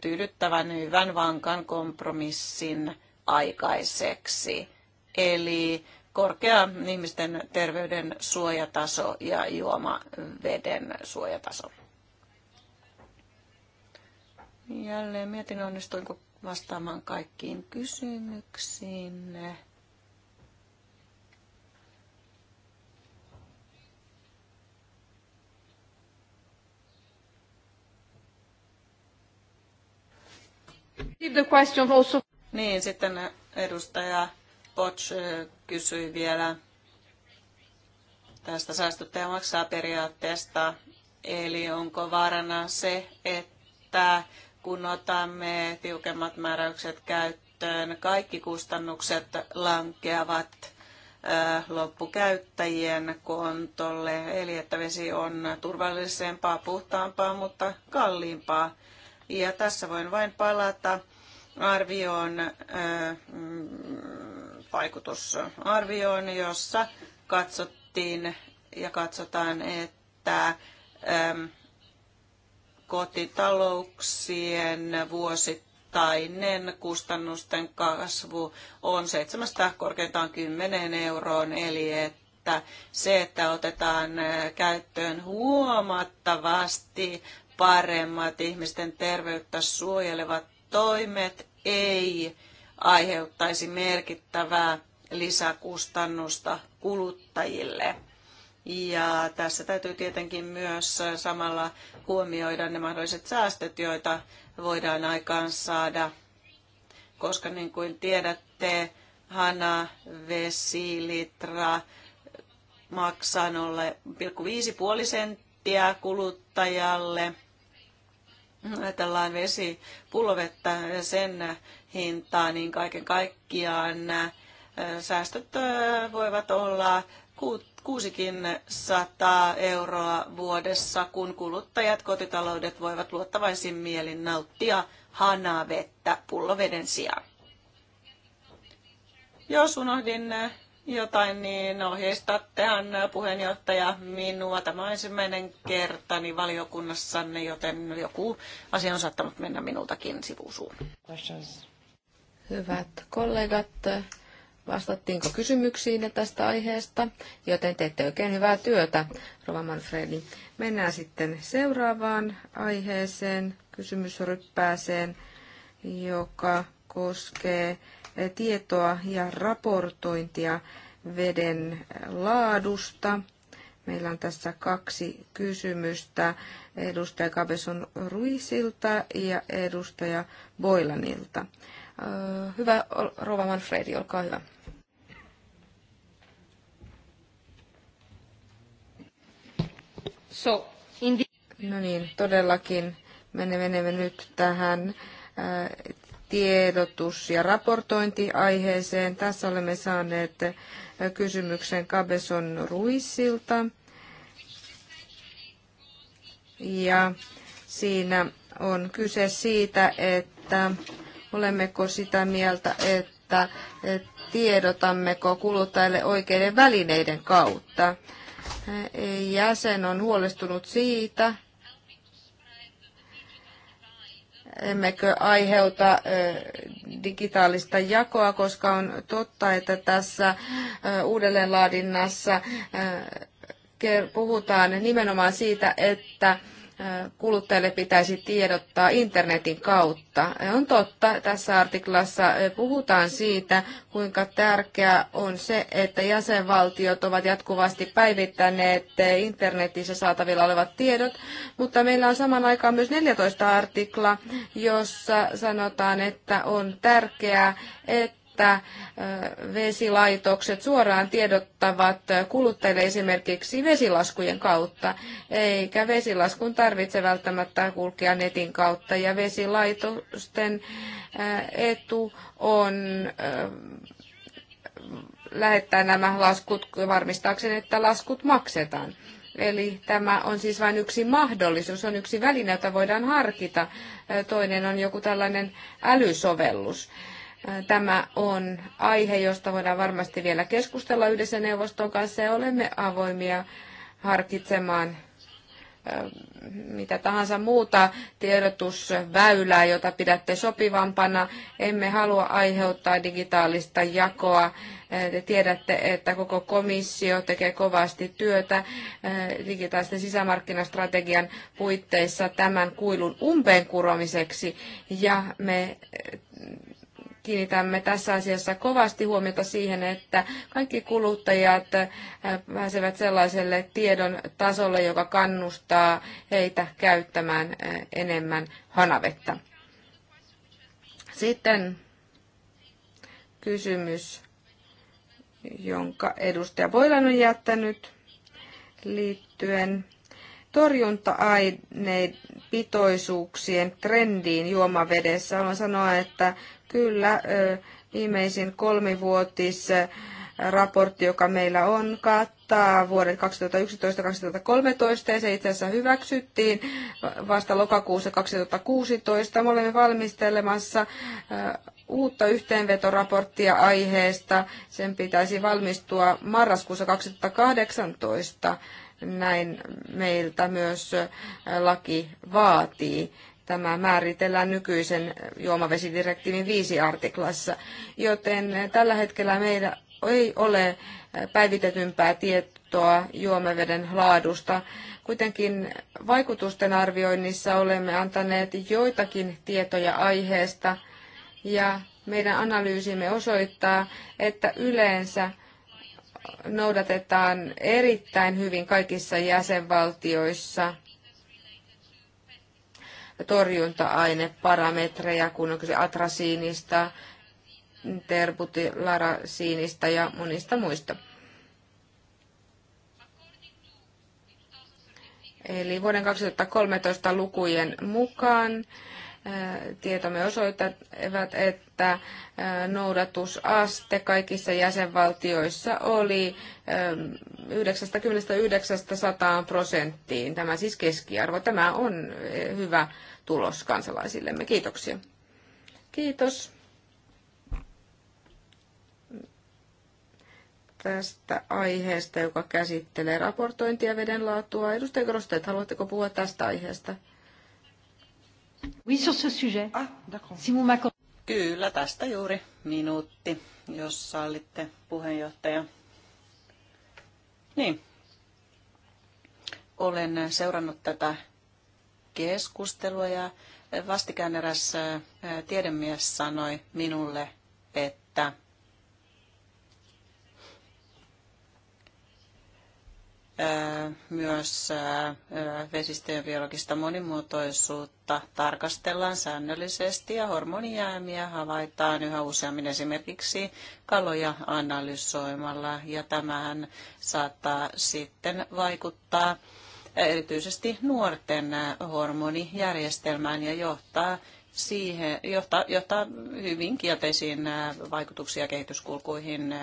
tyydyttävän hyvän vankan kompromissin aikaiseksi. Eli korkea ihmisten terveyden suojataso ja juomaveden suojataso. Jälleen mietin, onnistuinko vastaamaan kaikkiin kysymyksiin. The question also. Niin, sitten edustaja Potts kysyi vielä tästä säästöttäjä maksaa periaatteesta. Eli onko vaarana se, että kun otamme tiukemmat määräykset käyttöön, kaikki kustannukset lankeavat loppukäyttäjien kontolle, eli että vesi on turvallisempaa, puhtaampaa, mutta kalliimpaa. Ja tässä voin vain palata arvioon, mm, vaikutusarvioon, jossa katsottiin ja katsotaan, että kotitalouksien vuosittainen kustannusten kasvu on 700 korkeintaan 10 euroon, eli että se, että otetaan käyttöön huomattavasti paremmat ihmisten terveyttä suojelevat toimet, ei aiheuttaisi merkittävää lisäkustannusta kuluttajille. Ja tässä täytyy tietenkin myös samalla huomioida ne mahdolliset säästöt, joita voidaan aikaan saada, koska niin kuin tiedätte, hana, vesi, litra maksaa 0,5 senttiä kuluttajalle. Ajatellaan vesipulvettä sen hintaa, niin kaiken kaikkiaan säästöt voivat olla 6 kuusikin sataa euroa vuodessa, kun kuluttajat, kotitaloudet voivat luottavaisin mielin nauttia hanaa vettä pulloveden sijaan. Jos unohdin jotain, niin ohjeistattehan puheenjohtaja minua. Tämä on ensimmäinen kertani valiokunnassanne, joten joku asia on saattanut mennä minultakin sivusuun. Hyvät kollegat, Vastattiinko kysymyksiin tästä aiheesta, joten teette oikein hyvää työtä, Rova Manfredi. Mennään sitten seuraavaan aiheeseen, kysymysryppääseen, joka koskee tietoa ja raportointia veden laadusta. Meillä on tässä kaksi kysymystä edustaja Cabeson Ruisilta ja edustaja Boilanilta. Äh, hyvä, Rova Manfredi, olkaa hyvä. So, the... no niin, todellakin menemme nyt tähän äh, tiedotus- ja raportointiaiheeseen. Tässä olemme saaneet äh, kysymyksen Cabeson Ruissilta. Ja siinä on kyse siitä, että Olemmeko sitä mieltä, että tiedotammeko kuluttajille oikeiden välineiden kautta? Jäsen on huolestunut siitä, emmekö aiheuta digitaalista jakoa, koska on totta, että tässä uudelleenlaadinnassa puhutaan nimenomaan siitä, että kuluttajille pitäisi tiedottaa internetin kautta. On totta, tässä artiklassa puhutaan siitä, kuinka tärkeää on se, että jäsenvaltiot ovat jatkuvasti päivittäneet internetissä saatavilla olevat tiedot, mutta meillä on saman aikaan myös 14 artikla, jossa sanotaan, että on tärkeää, että että vesilaitokset suoraan tiedottavat kuluttajille esimerkiksi vesilaskujen kautta, eikä vesilaskun tarvitse välttämättä kulkea netin kautta. Ja vesilaitosten etu on lähettää nämä laskut varmistaakseen, että laskut maksetaan. Eli tämä on siis vain yksi mahdollisuus, on yksi väline, jota voidaan harkita. Toinen on joku tällainen älysovellus. Tämä on aihe, josta voidaan varmasti vielä keskustella yhdessä neuvoston kanssa ja olemme avoimia harkitsemaan mitä tahansa muuta tiedotusväylää, jota pidätte sopivampana. Emme halua aiheuttaa digitaalista jakoa. Te tiedätte, että koko komissio tekee kovasti työtä digitaalisten sisämarkkinastrategian puitteissa tämän kuilun umpeen kuromiseksi, ja me kiinnitämme tässä asiassa kovasti huomiota siihen, että kaikki kuluttajat äh, pääsevät sellaiselle tiedon tasolle, joka kannustaa heitä käyttämään äh, enemmän hanavettä. Sitten kysymys, jonka edustaja Boilan on jättänyt liittyen torjunta-aineen pitoisuuksien trendiin juomavedessä. Haluan sanoa, että Kyllä, viimeisin kolmivuotis raportti, joka meillä on, kattaa vuodet 2011-2013 ja se itse asiassa hyväksyttiin vasta lokakuussa 2016. Me olemme valmistelemassa uutta yhteenvetoraporttia aiheesta. Sen pitäisi valmistua marraskuussa 2018. Näin meiltä myös laki vaatii. Tämä määritellään nykyisen juomavesidirektiivin 5 artiklassa, joten tällä hetkellä meillä ei ole päivitetympää tietoa juomaveden laadusta. Kuitenkin vaikutusten arvioinnissa olemme antaneet joitakin tietoja aiheesta ja meidän analyysimme osoittaa, että yleensä noudatetaan erittäin hyvin kaikissa jäsenvaltioissa torjunta-aineparametreja, kun on kyse atrasiinista, terbutilarasiinista ja monista muista. Eli vuoden 2013 lukujen mukaan tietomme osoittavat, että noudatusaste kaikissa jäsenvaltioissa oli 99-100 prosenttiin. Tämä siis keskiarvo. Tämä on hyvä tulos kansalaisillemme. Kiitoksia. Kiitos. tästä aiheesta, joka käsittelee raportointia ja vedenlaatua. Edustaja Grosteet, haluatteko puhua tästä aiheesta? Oui, sur ce sujet. Ah, d'accord. Si vous Kyllä, tästä juuri minuutti, jos sallitte puheenjohtaja. Niin. Olen seurannut tätä keskustelua ja vastikään eräs tiedemies sanoi minulle, että myös vesistöjen biologista monimuotoisuutta tarkastellaan säännöllisesti ja hormonijäämiä havaitaan yhä useammin esimerkiksi kaloja analysoimalla ja tämähän saattaa sitten vaikuttaa erityisesti nuorten hormonijärjestelmään ja johtaa siihen, johtaa, johtaa hyvin kielteisiin vaikutuksia kehityskulkuihin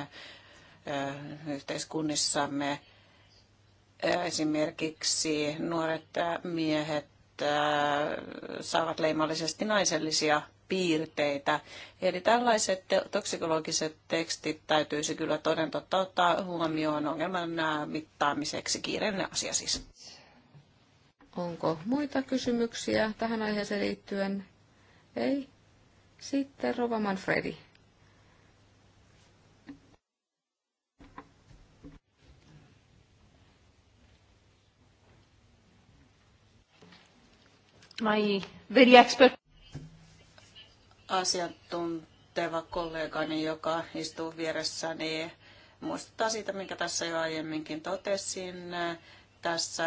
yhteiskunnissamme esimerkiksi nuoret miehet saavat leimallisesti naisellisia piirteitä. Eli tällaiset toksikologiset tekstit täytyisi kyllä toden totta ottaa huomioon ongelman mittaamiseksi. Kiireinen asia siis. Onko muita kysymyksiä tähän aiheeseen liittyen? Ei. Sitten Rova Manfredi. my very expert asiantunteva kollegani, joka istuu vieressäni, muistuttaa siitä, minkä tässä jo aiemminkin totesin. Tässä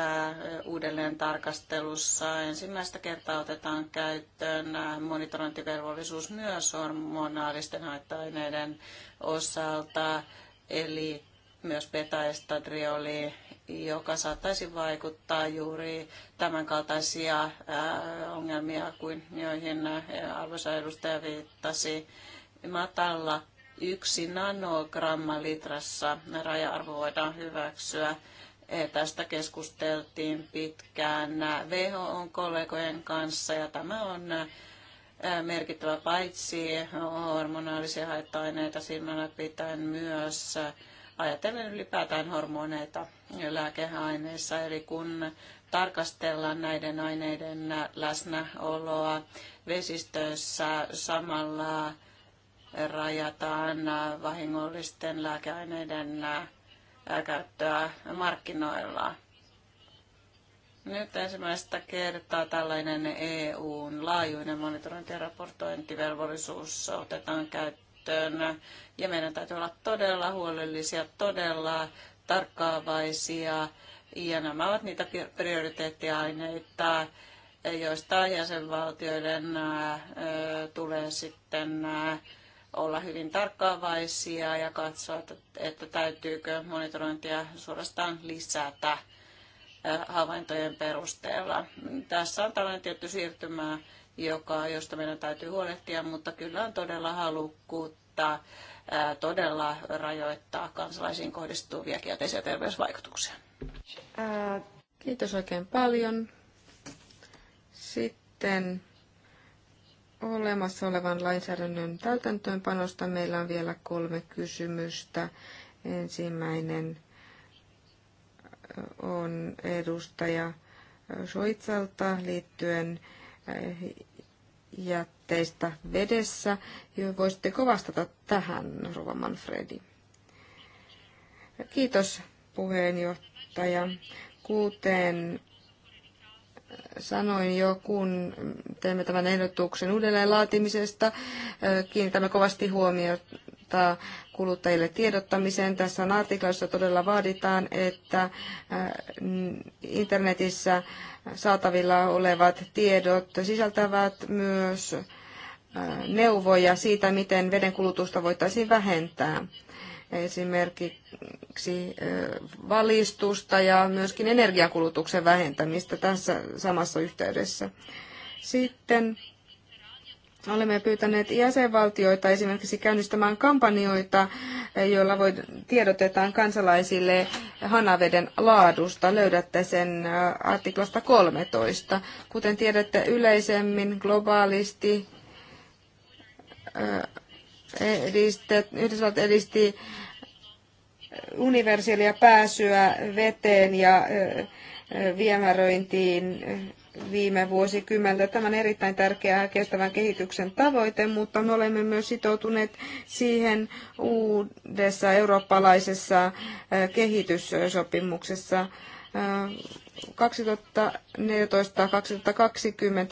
uudelleen tarkastelussa ensimmäistä kertaa otetaan käyttöön monitorointivelvollisuus myös hormonaalisten haitta-aineiden osalta, eli myös beta-estadrioli joka saattaisi vaikuttaa juuri tämänkaltaisia ongelmia kuin joihin arvoisa edustaja viittasi. Matalla yksi nanogramma litrassa raja-arvo voidaan hyväksyä. E, tästä keskusteltiin pitkään WHO-kollegojen kanssa ja tämä on merkittävä paitsi hormonaalisia haitta-aineita silmällä pitäen myös ajatellen ylipäätään hormoneita lääkeaineissa, eli kun tarkastellaan näiden aineiden läsnäoloa vesistöissä samalla rajataan vahingollisten lääkeaineiden käyttöä markkinoilla. Nyt ensimmäistä kertaa tällainen EUn laajuinen monitorointi- ja raportointivelvollisuus otetaan käyttöön käyttöön. Ja meidän täytyy olla todella huolellisia, todella tarkkaavaisia. Ja nämä ovat niitä prioriteettiaineita, joista jäsenvaltioiden tulee sitten olla hyvin tarkkaavaisia ja katsoa, että, että täytyykö monitorointia suorastaan lisätä havaintojen perusteella. Tässä on tällainen tietty siirtymä joka, josta meidän täytyy huolehtia, mutta kyllä on todella halukkuutta todella rajoittaa kansalaisiin kohdistuvia kielteisiä terveysvaikutuksia. Kiitos oikein paljon. Sitten olemassa olevan lainsäädännön täytäntöönpanosta meillä on vielä kolme kysymystä. Ensimmäinen on edustaja Soitsalta liittyen jätteistä vedessä. Voisitteko vastata tähän, Rova Manfredi? Kiitos puheenjohtaja. Kuten sanoin jo, kun teemme tämän ehdotuksen uudelleen laatimisesta, kiinnitämme kovasti huomiota kuluttajille tiedottamiseen. Tässä artiklassa todella vaaditaan, että internetissä saatavilla olevat tiedot sisältävät myös äh, neuvoja siitä, miten vedenkulutusta voitaisiin vähentää. Esimerkiksi äh, valistusta ja myöskin energiakulutuksen vähentämistä tässä samassa yhteydessä. Sitten Olemme pyytäneet jäsenvaltioita esimerkiksi käynnistämään kampanjoita, joilla voi, tiedotetaan kansalaisille hanaveden laadusta. Löydätte sen äh, artiklasta 13. Kuten tiedätte yleisemmin globaalisti, äh, Yhdysvallat edisti äh, universaalia pääsyä veteen ja viemäröintiin viime vuosikymmentä. Tämä on erittäin tärkeä kestävän kehityksen tavoite, mutta me olemme myös sitoutuneet siihen uudessa eurooppalaisessa eh, kehityssopimuksessa eh, 2014-2020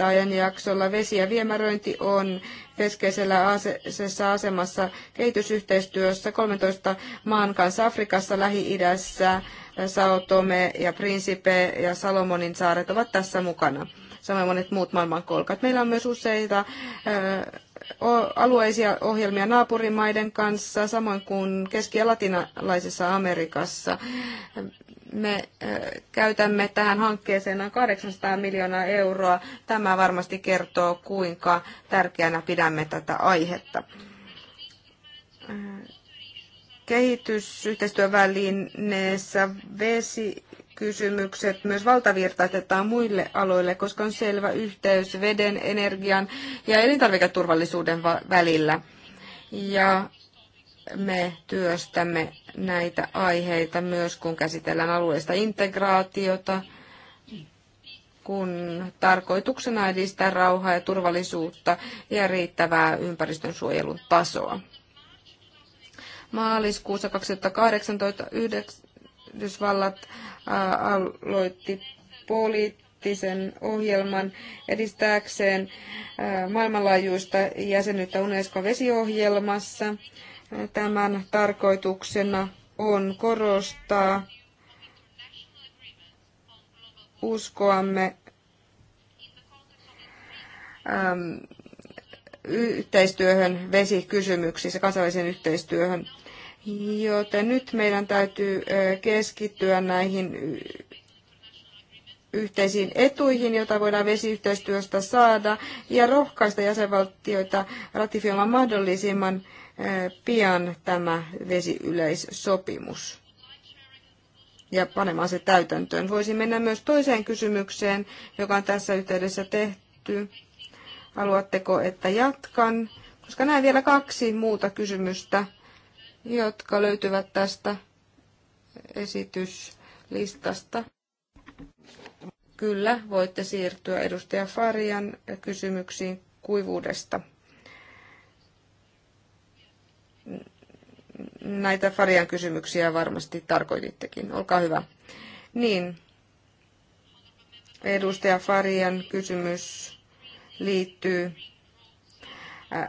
ajanjaksolla vesi- ja viemäröinti on keskeisessä asemassa kehitysyhteistyössä 13 maan kanssa Afrikassa, Lähi-idässä, Sao Tome ja Principe ja Salomonin saaret ovat tässä mukana. Samoin monet muut maailmankolkat. Meillä on myös useita alueisia ohjelmia naapurimaiden kanssa, samoin kuin Keski- ja Latinalaisessa Amerikassa me käytämme tähän hankkeeseen noin 800 miljoonaa euroa. Tämä varmasti kertoo, kuinka tärkeänä pidämme tätä aihetta. Kehitysyhteistyövälineessä vesi kysymykset myös valtavirtaistetaan muille aloille, koska on selvä yhteys veden, energian ja elintarviketurvallisuuden välillä. Ja me työstämme näitä aiheita myös, kun käsitellään alueellista integraatiota, kun tarkoituksena edistää rauhaa ja turvallisuutta ja riittävää ympäristönsuojelun tasoa. Maaliskuussa 2018 Yhdysvallat aloitti poliittisen ohjelman edistääkseen maailmanlaajuista jäsenyyttä Unescon vesiohjelmassa. Tämän tarkoituksena on korostaa uskoamme äm, yhteistyöhön vesikysymyksissä, kansainväliseen yhteistyöhön. Joten nyt meidän täytyy äh, keskittyä näihin yhteisiin etuihin, joita voidaan vesiyhteistyöstä saada, ja rohkaista jäsenvaltioita ratifioimaan mahdollisimman pian tämä vesiyleissopimus ja panemaan se täytäntöön. Voisin mennä myös toiseen kysymykseen, joka on tässä yhteydessä tehty. Haluatteko, että jatkan? Koska näen vielä kaksi muuta kysymystä, jotka löytyvät tästä esityslistasta. Kyllä, voitte siirtyä edustaja Farian kysymyksiin kuivuudesta. näitä Farian kysymyksiä varmasti tarkoitittekin. Olkaa hyvä. Niin, edustaja Farian kysymys liittyy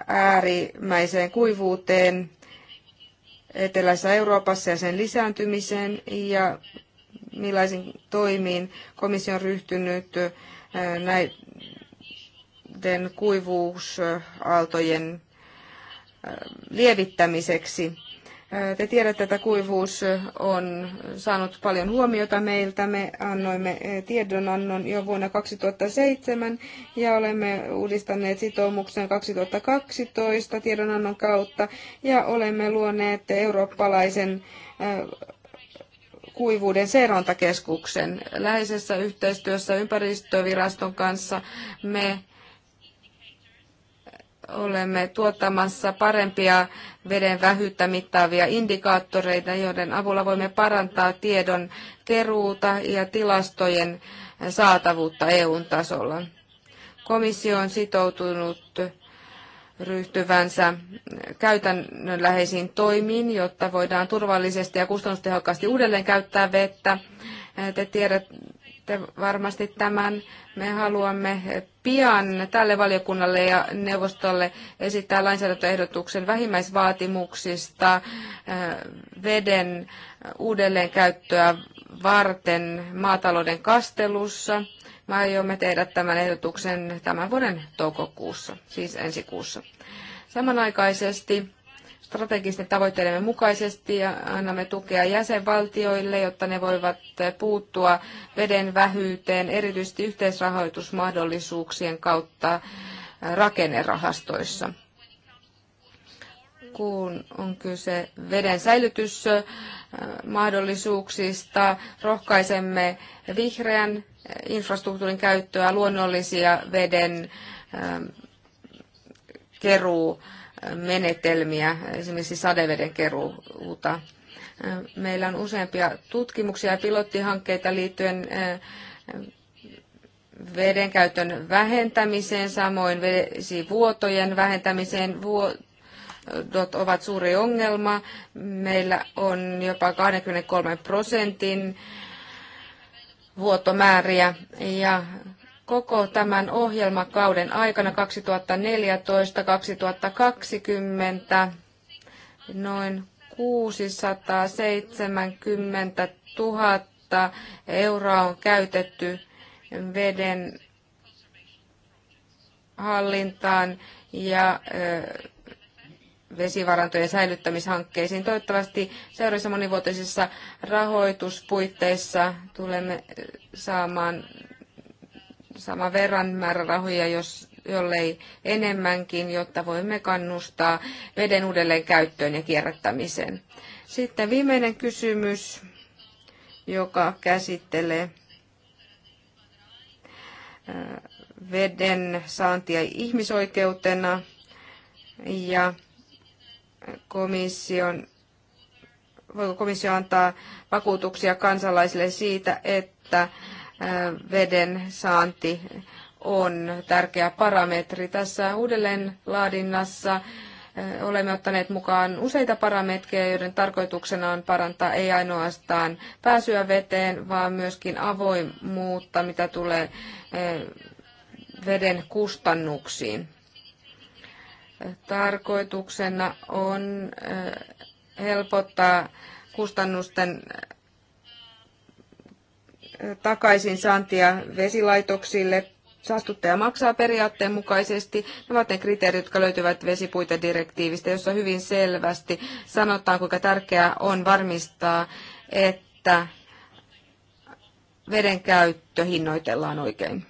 äärimmäiseen kuivuuteen eteläisessä Euroopassa ja sen lisääntymiseen ja millaisiin toimiin komissio on ryhtynyt näiden kuivuusaaltojen lievittämiseksi. Te tiedätte, että kuivuus on saanut paljon huomiota meiltä. Me annoimme tiedonannon jo vuonna 2007 ja olemme uudistaneet sitoumuksen 2012 tiedonannon kautta ja olemme luoneet eurooppalaisen kuivuuden seurantakeskuksen. Läheisessä yhteistyössä ympäristöviraston kanssa me olemme tuottamassa parempia veden vähyyttä mittaavia indikaattoreita, joiden avulla voimme parantaa tiedon keruuta ja tilastojen saatavuutta EUn tasolla. Komissio on sitoutunut ryhtyvänsä käytännönläheisiin toimiin, jotta voidaan turvallisesti ja kustannustehokkaasti uudelleen käyttää vettä. Te tiedätte, te varmasti tämän me haluamme pian tälle valiokunnalle ja neuvostolle esittää lainsäädäntöehdotuksen vähimmäisvaatimuksista äh, veden uudelleenkäyttöä varten maatalouden kastelussa. Me aiomme tehdä tämän ehdotuksen tämän vuoden toukokuussa, siis ensi kuussa. Samanaikaisesti strategisten tavoitteidemme mukaisesti ja annamme tukea jäsenvaltioille, jotta ne voivat puuttua veden vähyyteen, erityisesti yhteisrahoitusmahdollisuuksien kautta rakennerahastoissa. Kun on kyse veden säilytysmahdollisuuksista, rohkaisemme vihreän infrastruktuurin käyttöä, luonnollisia veden ähm, keruu menetelmiä, esimerkiksi sadeveden keruuta. Meillä on useampia tutkimuksia ja pilottihankkeita liittyen eh, vedenkäytön vähentämiseen, samoin vesivuotojen vähentämiseen. Vuodot ovat suuri ongelma. Meillä on jopa 23 prosentin vuotomääriä ja koko tämän ohjelmakauden aikana 2014-2020 noin 670 000 euroa on käytetty veden hallintaan ja vesivarantojen säilyttämishankkeisiin. Toivottavasti seuraavissa monivuotisissa rahoituspuitteissa tulemme saamaan saman verran määrärahoja, jos, jollei enemmänkin, jotta voimme kannustaa veden uudelleen käyttöön ja kierrättämiseen. Sitten viimeinen kysymys, joka käsittelee äh, veden saantia ihmisoikeutena ja komission, voiko komissio antaa vakuutuksia kansalaisille siitä, että veden saanti on tärkeä parametri. Tässä uudelleenlaadinnassa eh, olemme ottaneet mukaan useita parametreja, joiden tarkoituksena on parantaa ei ainoastaan pääsyä veteen, vaan myöskin avoimuutta, mitä tulee eh, veden kustannuksiin. Tarkoituksena on eh, helpottaa kustannusten takaisin saantia vesilaitoksille saastuttaja maksaa periaatteen mukaisesti. Ne ovat ne kriteerit, jotka löytyvät vesipuitedirektiivistä, jossa hyvin selvästi sanotaan, kuinka tärkeää on varmistaa, että veden käyttö hinnoitellaan oikein.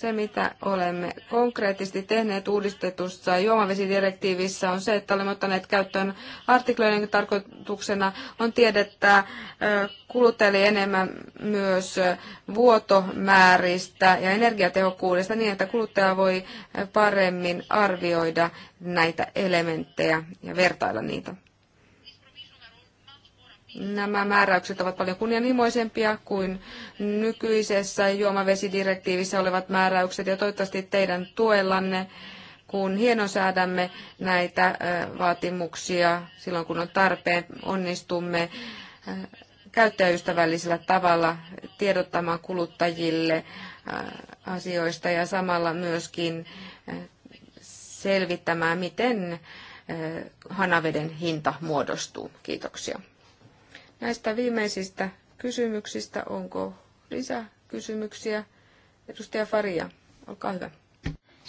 Se, mitä olemme konkreettisesti tehneet uudistetussa juomavesidirektiivissä, on se, että olemme ottaneet käyttöön artikloiden tarkoituksena on tiedettä kuluttajille enemmän myös vuotomääristä ja energiatehokkuudesta niin, että kuluttaja voi paremmin arvioida näitä elementtejä ja vertailla niitä. Nämä määräykset ovat paljon kunnianhimoisempia kuin nykyisessä juomavesidirektiivissä olevat määräykset ja toivottavasti teidän tuellanne kun hienosäädämme näitä vaatimuksia silloin, kun on tarpeen, onnistumme käyttäjäystävällisellä tavalla tiedottamaan kuluttajille asioista ja samalla myöskin selvittämään, miten hanaveden hinta muodostuu. Kiitoksia. Näistä viimeisistä kysymyksistä onko lisäkysymyksiä? Edustaja Faria, olkaa hyvä.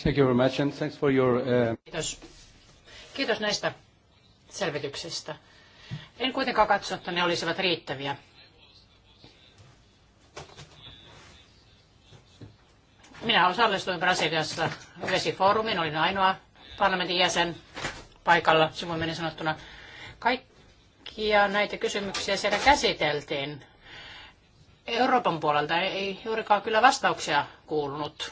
Thank you very much and thanks for your, uh... Kiitos. Kiitos näistä selvityksistä. En kuitenkaan katso, että ne olisivat riittäviä. Minä osallistuin Brasiliassa vesifoorumiin, olin ainoa parlamentin jäsen paikalla, sivuimeni sanottuna. kaik kaikkia näitä kysymyksiä siellä käsiteltiin. Euroopan puolelta ei juurikaan kyllä vastauksia kuulunut.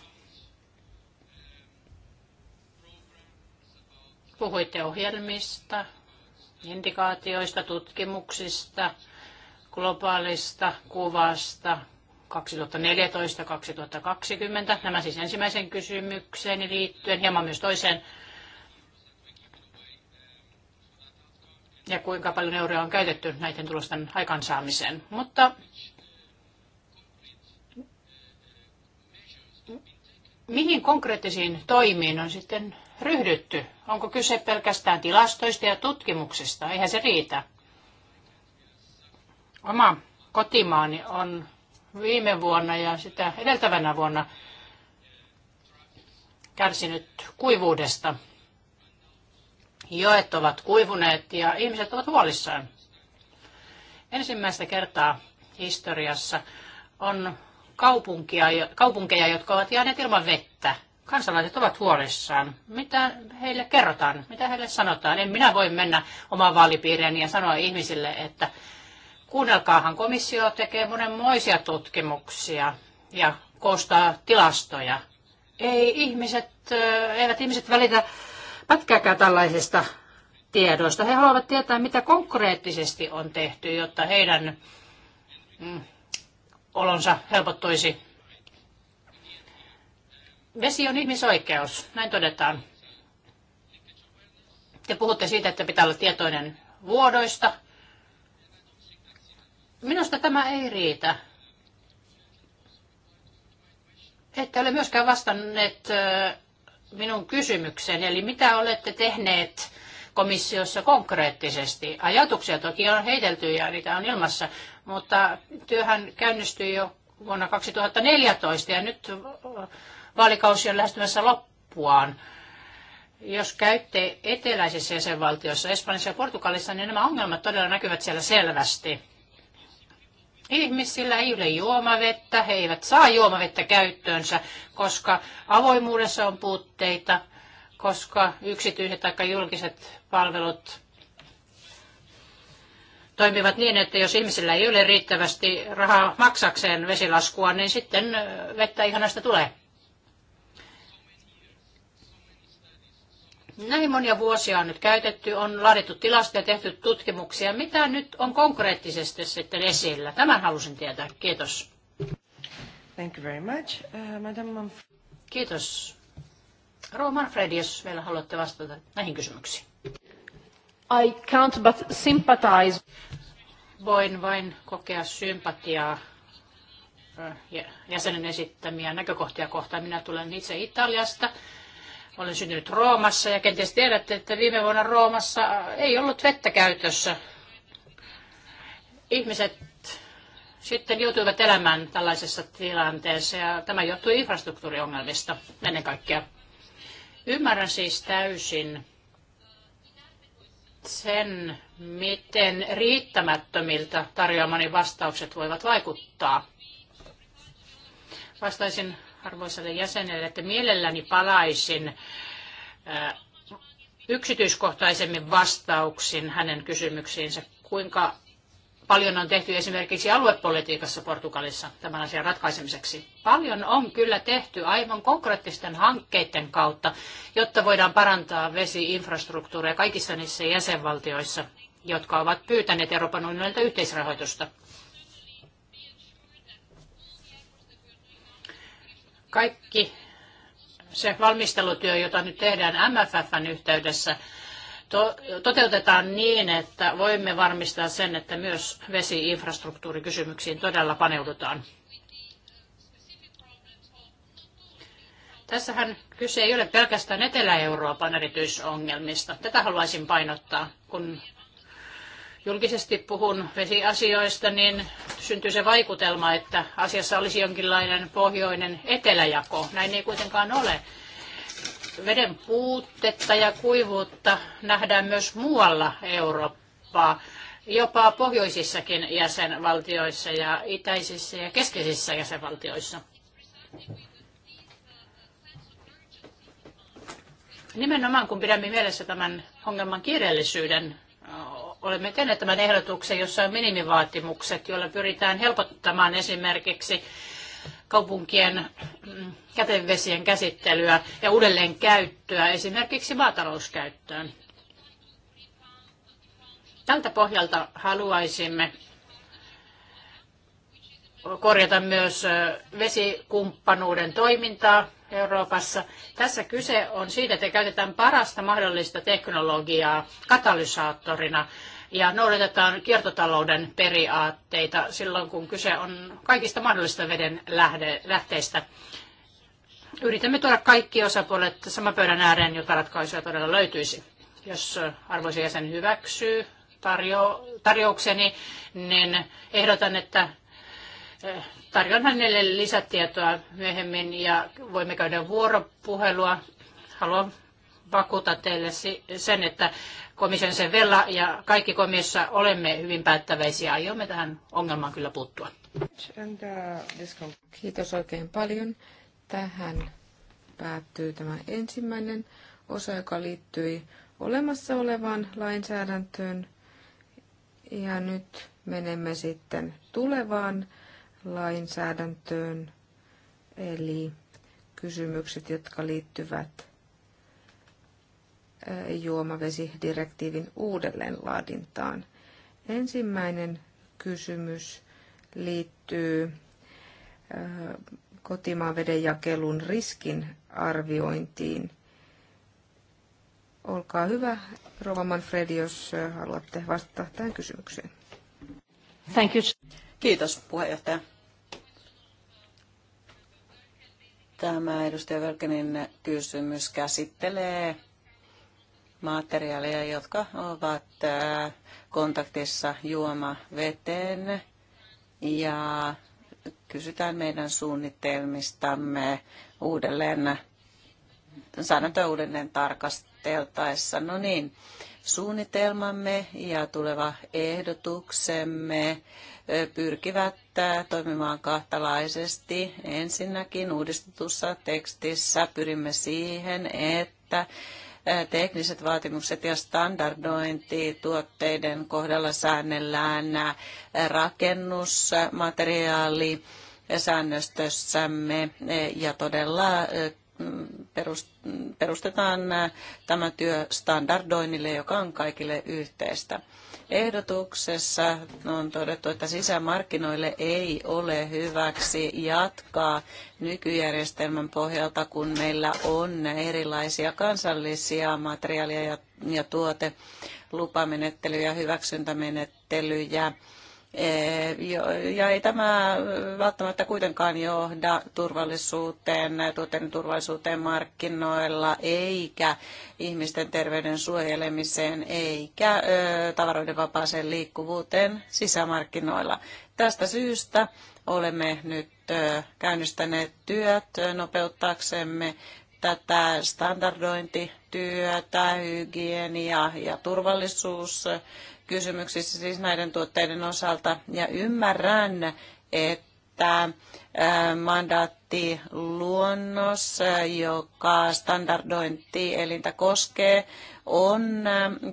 Puhuitte ohjelmista, indikaatioista, tutkimuksista, globaalista kuvasta 2014-2020. Nämä siis ensimmäisen kysymykseen liittyen, hieman myös toiseen ja kuinka paljon euroja on käytetty näiden tulosten aikansaamiseen. Mutta mihin konkreettisiin toimiin on sitten ryhdytty? Onko kyse pelkästään tilastoista ja tutkimuksista? Eihän se riitä. Oma kotimaani on viime vuonna ja sitä edeltävänä vuonna kärsinyt kuivuudesta – Joet ovat kuivuneet ja ihmiset ovat huolissaan. Ensimmäistä kertaa historiassa on kaupunkia, kaupunkeja, jotka ovat jääneet ilman vettä. Kansalaiset ovat huolissaan. Mitä heille kerrotaan? Mitä heille sanotaan? En minä voi mennä omaan vaalipiireeni ja sanoa ihmisille, että kuunnelkaahan komissio tekee monenmoisia tutkimuksia ja koostaa tilastoja. Ei ihmiset, eivät ihmiset välitä pätkääkään tällaisista tiedoista. He haluavat tietää, mitä konkreettisesti on tehty, jotta heidän mm, olonsa helpottuisi. Vesi on ihmisoikeus, näin todetaan. Te puhutte siitä, että pitää olla tietoinen vuodoista. Minusta tämä ei riitä. Ette ole myöskään vastanneet minun kysymykseen, eli mitä olette tehneet komissiossa konkreettisesti? Ajatuksia toki on heitelty ja niitä on ilmassa, mutta työhän käynnistyi jo vuonna 2014 ja nyt vaalikausi on lähestymässä loppuaan. Jos käytte eteläisissä jäsenvaltioissa, Espanjassa ja Portugalissa, niin nämä ongelmat todella näkyvät siellä selvästi. Ihmisillä ei ole juomavettä, he eivät saa juomavettä käyttöönsä, koska avoimuudessa on puutteita, koska yksityiset tai julkiset palvelut toimivat niin, että jos ihmisillä ei ole riittävästi rahaa maksakseen vesilaskua, niin sitten vettä ihanasta tulee. Näin monia vuosia on nyt käytetty, on laadittu tilastoja, tehty tutkimuksia. Mitä nyt on konkreettisesti sitten esillä? Tämän halusin tietää. Kiitos. Thank you very much. Uh, Madame Kiitos. Rouva Manfred, jos vielä haluatte vastata näihin kysymyksiin. I can't but sympathize. Voin vain kokea sympatiaa uh, jäsenen esittämiä näkökohtia kohtaan. Minä tulen itse Italiasta olen syntynyt Roomassa ja kenties tiedätte, että viime vuonna Roomassa äh, ei ollut vettä käytössä. Ihmiset sitten joutuivat elämään tällaisessa tilanteessa ja tämä johtui infrastruktuuriongelmista ennen kaikkea. Ymmärrän siis täysin sen, miten riittämättömiltä tarjoamani vastaukset voivat vaikuttaa. Vastaisin arvoisalle jäsenelle, että mielelläni palaisin yksityiskohtaisemmin vastauksin hänen kysymyksiinsä, kuinka paljon on tehty esimerkiksi aluepolitiikassa Portugalissa tämän asian ratkaisemiseksi. Paljon on kyllä tehty aivan konkreettisten hankkeiden kautta, jotta voidaan parantaa vesiinfrastruktuuria kaikissa niissä jäsenvaltioissa, jotka ovat pyytäneet Euroopan unionilta yhteisrahoitusta. Kaikki se valmistelutyö, jota nyt tehdään MFFn yhteydessä, to- toteutetaan niin, että voimme varmistaa sen, että myös vesi-infrastruktuurikysymyksiin todella paneudutaan. Tässähän kyse ei ole pelkästään Etelä-Euroopan erityisongelmista. Tätä haluaisin painottaa, kun julkisesti puhun vesiasioista, niin syntyy se vaikutelma, että asiassa olisi jonkinlainen pohjoinen eteläjako. Näin ei kuitenkaan ole. Veden puutetta ja kuivuutta nähdään myös muualla Eurooppaa, jopa pohjoisissakin jäsenvaltioissa ja itäisissä ja keskeisissä jäsenvaltioissa. Nimenomaan kun pidämme mielessä tämän ongelman kiireellisyyden, olemme tehneet tämän ehdotuksen, jossa on minimivaatimukset, joilla pyritään helpottamaan esimerkiksi kaupunkien mm, kätevesien käsittelyä ja uudelleen käyttöä esimerkiksi maatalouskäyttöön. Tältä pohjalta haluaisimme korjata myös vesikumppanuuden toimintaa, Euroopassa. Tässä kyse on siitä, että käytetään parasta mahdollista teknologiaa katalysaattorina ja noudatetaan kiertotalouden periaatteita silloin, kun kyse on kaikista mahdollisista veden lähde, lähteistä. Yritämme tuoda kaikki osapuolet saman pöydän ääreen, jotta ratkaisuja todella löytyisi. Jos arvoisa jäsen hyväksyy tarjo, tarjoukseni, niin ehdotan, että eh, tarjoan hänelle lisätietoa myöhemmin ja voimme käydä vuoropuhelua. Haluan vakuuttaa teille sen, että komission sen Vella ja kaikki komissa olemme hyvin päättäväisiä. Aiomme tähän ongelmaan kyllä puuttua. Kiitos oikein paljon. Tähän päättyy tämä ensimmäinen osa, joka liittyi olemassa olevaan lainsäädäntöön. Ja nyt menemme sitten tulevaan lainsäädäntöön, eli kysymykset, jotka liittyvät juomavesidirektiivin uudelleenlaadintaan. Ensimmäinen kysymys liittyy kotimaan vedenjakelun riskin arviointiin. Olkaa hyvä, Rova Manfredi, jos haluatte vastata tähän kysymykseen. Thank you. Kiitos puheenjohtaja. Tämä edustaja Velkenin kysymys käsittelee materiaaleja, jotka ovat äh, kontaktissa juomaveteen ja kysytään meidän suunnitelmistamme uudelleen, säännöntö uudelleen tarkasteltaessa. No niin, suunnitelmamme ja tuleva ehdotuksemme pyrkivät toimimaan kahtalaisesti. Ensinnäkin uudistetussa tekstissä pyrimme siihen, että tekniset vaatimukset ja standardointi tuotteiden kohdalla säännellään rakennusmateriaali säännöstössämme ja todella perustetaan tämä työ standardoinnille, joka on kaikille yhteistä. Ehdotuksessa on todettu, että sisämarkkinoille ei ole hyväksi jatkaa nykyjärjestelmän pohjalta, kun meillä on erilaisia kansallisia materiaaleja ja tuotelupamenettelyjä, hyväksyntämenettelyjä Eh, ja ei tämä välttämättä kuitenkaan johda turvallisuuteen, tuotteiden turvallisuuteen markkinoilla, eikä ihmisten terveyden suojelemiseen, eikä tavaroiden vapaaseen liikkuvuuteen sisämarkkinoilla. Tästä syystä olemme nyt käynnistäneet työt nopeuttaaksemme tätä standardointityötä, hygienia ja turvallisuus kysymyksissä siis näiden tuotteiden osalta. Ja ymmärrän, että mandaattiluonnos, joka standardointi elintä koskee, on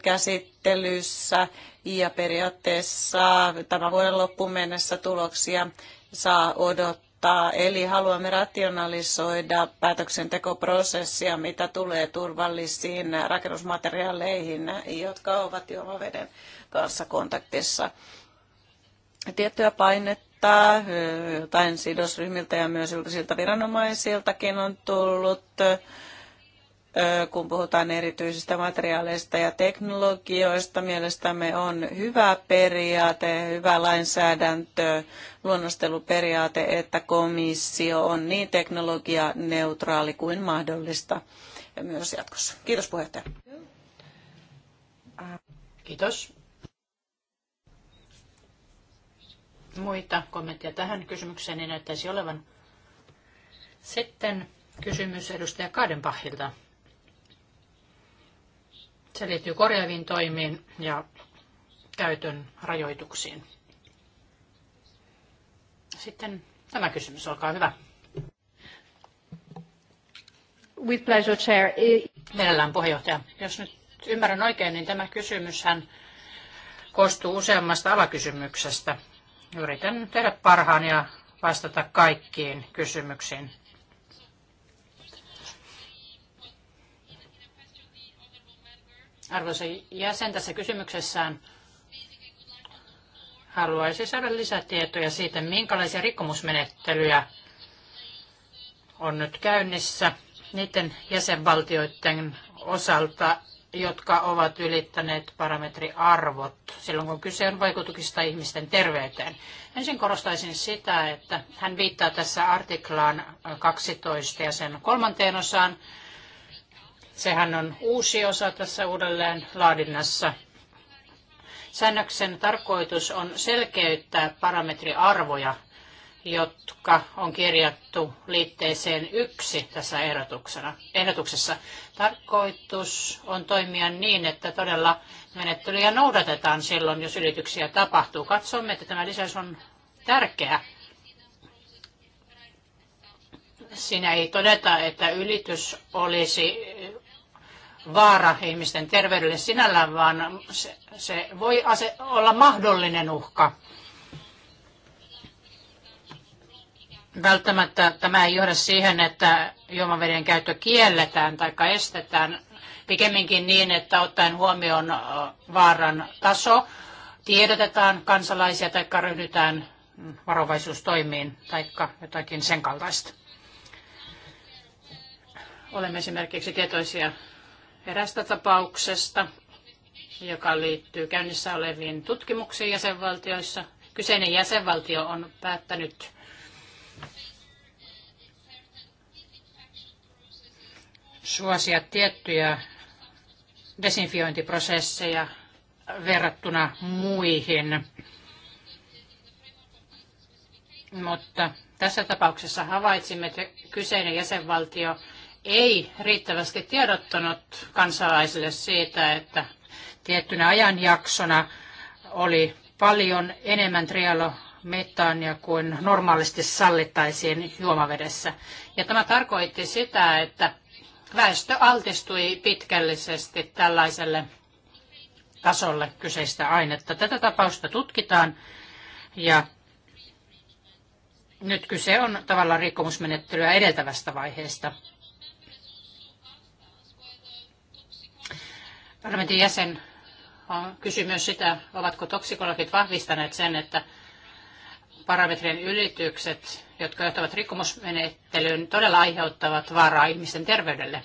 käsittelyssä ja periaatteessa tämän vuoden loppuun mennessä tuloksia saa odottaa muuttaa, eli haluamme rationalisoida päätöksentekoprosessia, mitä tulee turvallisiin rakennusmateriaaleihin, jotka ovat juomaveden kanssa kontaktissa. Tiettyä painetta jotain sidosryhmiltä ja myös julkisilta viranomaisiltakin on tullut kun puhutaan erityisistä materiaaleista ja teknologioista. Mielestämme on hyvä periaate, hyvä lainsäädäntö, luonnosteluperiaate, että komissio on niin teknologianeutraali kuin mahdollista myös jatkossa. Kiitos puheenjohtaja. Kiitos. Muita kommentteja tähän kysymykseen ei näyttäisi olevan. Sitten kysymys edustaja Kadenpahilta. Se liittyy korjaaviin toimiin ja käytön rajoituksiin. Sitten tämä kysymys, olkaa hyvä. With pleasure, Chair. Mielellään puheenjohtaja. Jos nyt ymmärrän oikein, niin tämä kysymyshän koostuu useammasta alakysymyksestä. Yritän tehdä parhaan ja vastata kaikkiin kysymyksiin. arvoisa jäsen tässä kysymyksessään haluaisi saada lisätietoja siitä, minkälaisia rikkomusmenettelyjä on nyt käynnissä niiden jäsenvaltioiden osalta, jotka ovat ylittäneet parametriarvot silloin, kun kyse on vaikutuksista ihmisten terveyteen. Ensin korostaisin sitä, että hän viittaa tässä artiklaan 12 ja sen kolmanteen osaan, Sehän on uusi osa tässä uudelleen laadinnassa. Säännöksen tarkoitus on selkeyttää parametriarvoja, jotka on kirjattu liitteeseen yksi tässä ehdotuksena, ehdotuksessa. Tarkoitus on toimia niin, että todella menettelyjä noudatetaan silloin, jos ylityksiä tapahtuu. Katsomme, että tämä lisäys on tärkeä. Siinä ei todeta, että ylitys olisi vaara ihmisten terveydelle sinällään, vaan se, se voi ase- olla mahdollinen uhka. Välttämättä tämä ei johda siihen, että juomaveden käyttö kielletään tai estetään, pikemminkin niin, että ottaen huomioon vaaran taso, tiedotetaan kansalaisia tai ryhdytään varovaisuustoimiin tai jotakin sen kaltaista. Olemme esimerkiksi tietoisia erästä tapauksesta, joka liittyy käynnissä oleviin tutkimuksiin jäsenvaltioissa. Kyseinen jäsenvaltio on päättänyt suosia tiettyjä desinfiointiprosesseja verrattuna muihin. Mutta tässä tapauksessa havaitsimme, että kyseinen jäsenvaltio ei riittävästi tiedottanut kansalaisille siitä, että tiettynä ajanjaksona oli paljon enemmän trialometaania kuin normaalisti sallittaisiin juomavedessä. Ja tämä tarkoitti sitä, että väestö altistui pitkällisesti tällaiselle tasolle kyseistä ainetta. Tätä tapausta tutkitaan ja nyt kyse on tavallaan rikkomusmenettelyä edeltävästä vaiheesta. Parlamentin jäsen kysyi myös sitä, ovatko toksikologit vahvistaneet sen, että parametrien ylitykset, jotka johtavat rikkomusmenettelyyn, todella aiheuttavat vaaraa ihmisten terveydelle.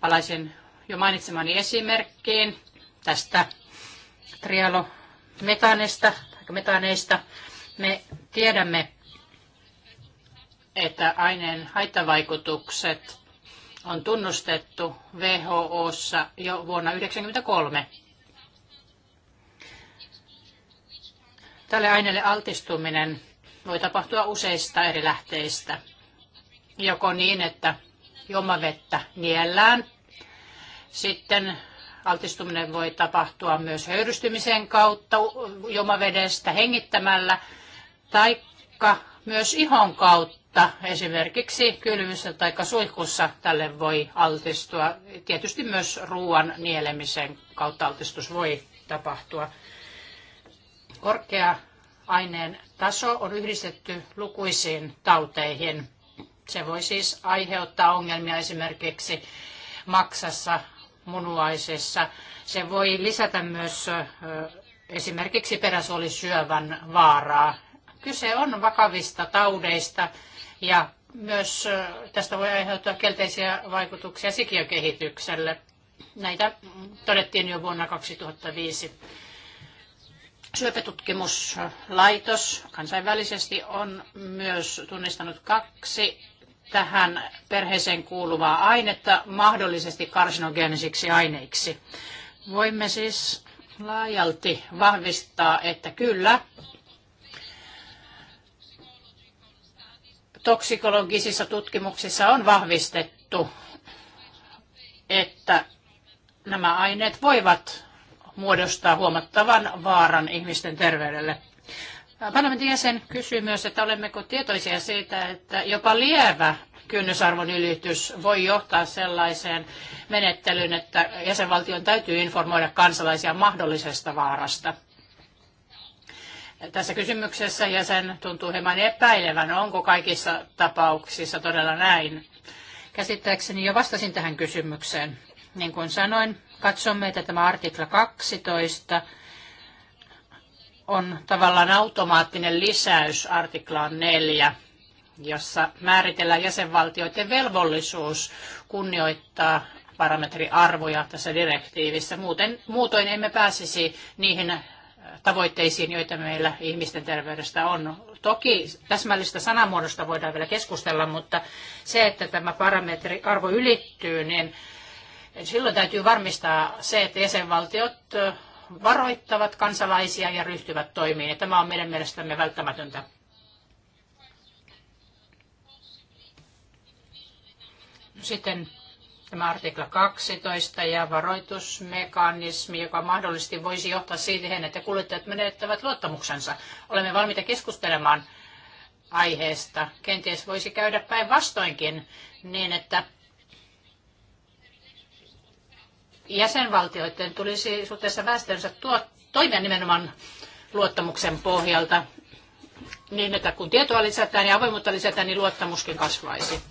Palaisin jo mainitsemani esimerkkiin tästä trialometanista tai metaneista. Me tiedämme, että aineen haittavaikutukset on tunnustettu WHOssa jo vuonna 1993. Tälle aineelle altistuminen voi tapahtua useista eri lähteistä. Joko niin, että juomavettä niellään, sitten altistuminen voi tapahtua myös höyrystymisen kautta juomavedestä hengittämällä, taikka myös ihon kautta mutta esimerkiksi kylvyssä tai suihkussa tälle voi altistua. Tietysti myös ruoan nielemisen kautta altistus voi tapahtua. Korkea aineen taso on yhdistetty lukuisiin tauteihin. Se voi siis aiheuttaa ongelmia esimerkiksi maksassa, munuaisessa. Se voi lisätä myös esimerkiksi peräsuolisyövän vaaraa. Kyse on vakavista taudeista, ja myös tästä voi aiheuttaa kelteisiä vaikutuksia sikiökehitykselle. Näitä todettiin jo vuonna 2005. Syöpätutkimuslaitos kansainvälisesti on myös tunnistanut kaksi tähän perheeseen kuuluvaa ainetta mahdollisesti karsinogeenisiksi aineiksi. Voimme siis laajalti vahvistaa, että kyllä, toksikologisissa tutkimuksissa on vahvistettu, että nämä aineet voivat muodostaa huomattavan vaaran ihmisten terveydelle. Parlamentin jäsen kysyy myös, että olemmeko tietoisia siitä, että jopa lievä kynnysarvon ylitys voi johtaa sellaiseen menettelyyn, että jäsenvaltion täytyy informoida kansalaisia mahdollisesta vaarasta tässä kysymyksessä ja sen tuntuu hieman epäilevän, onko kaikissa tapauksissa todella näin. Käsittääkseni jo vastasin tähän kysymykseen. Niin kuin sanoin, katsomme, että tämä artikla 12 on tavallaan automaattinen lisäys artiklaan 4, jossa määritellään jäsenvaltioiden velvollisuus kunnioittaa parametriarvoja tässä direktiivissä. Muuten, muutoin emme pääsisi niihin tavoitteisiin, joita meillä ihmisten terveydestä on. Toki täsmällistä sanamuodosta voidaan vielä keskustella, mutta se, että tämä parametriarvo ylittyy, niin silloin täytyy varmistaa se, että jäsenvaltiot varoittavat kansalaisia ja ryhtyvät toimiin. Ja tämä on meidän mielestämme välttämätöntä. Sitten Tämä artikla 12 ja varoitusmekanismi, joka mahdollisesti voisi johtaa siihen, että kuluttajat menettävät luottamuksensa. Olemme valmiita keskustelemaan aiheesta. Kenties voisi käydä päinvastoinkin niin, että jäsenvaltioiden tulisi suhteessa väestönsä tuo, toimia nimenomaan luottamuksen pohjalta niin, että kun tietoa lisätään ja avoimuutta lisätään, niin luottamuskin kasvaisi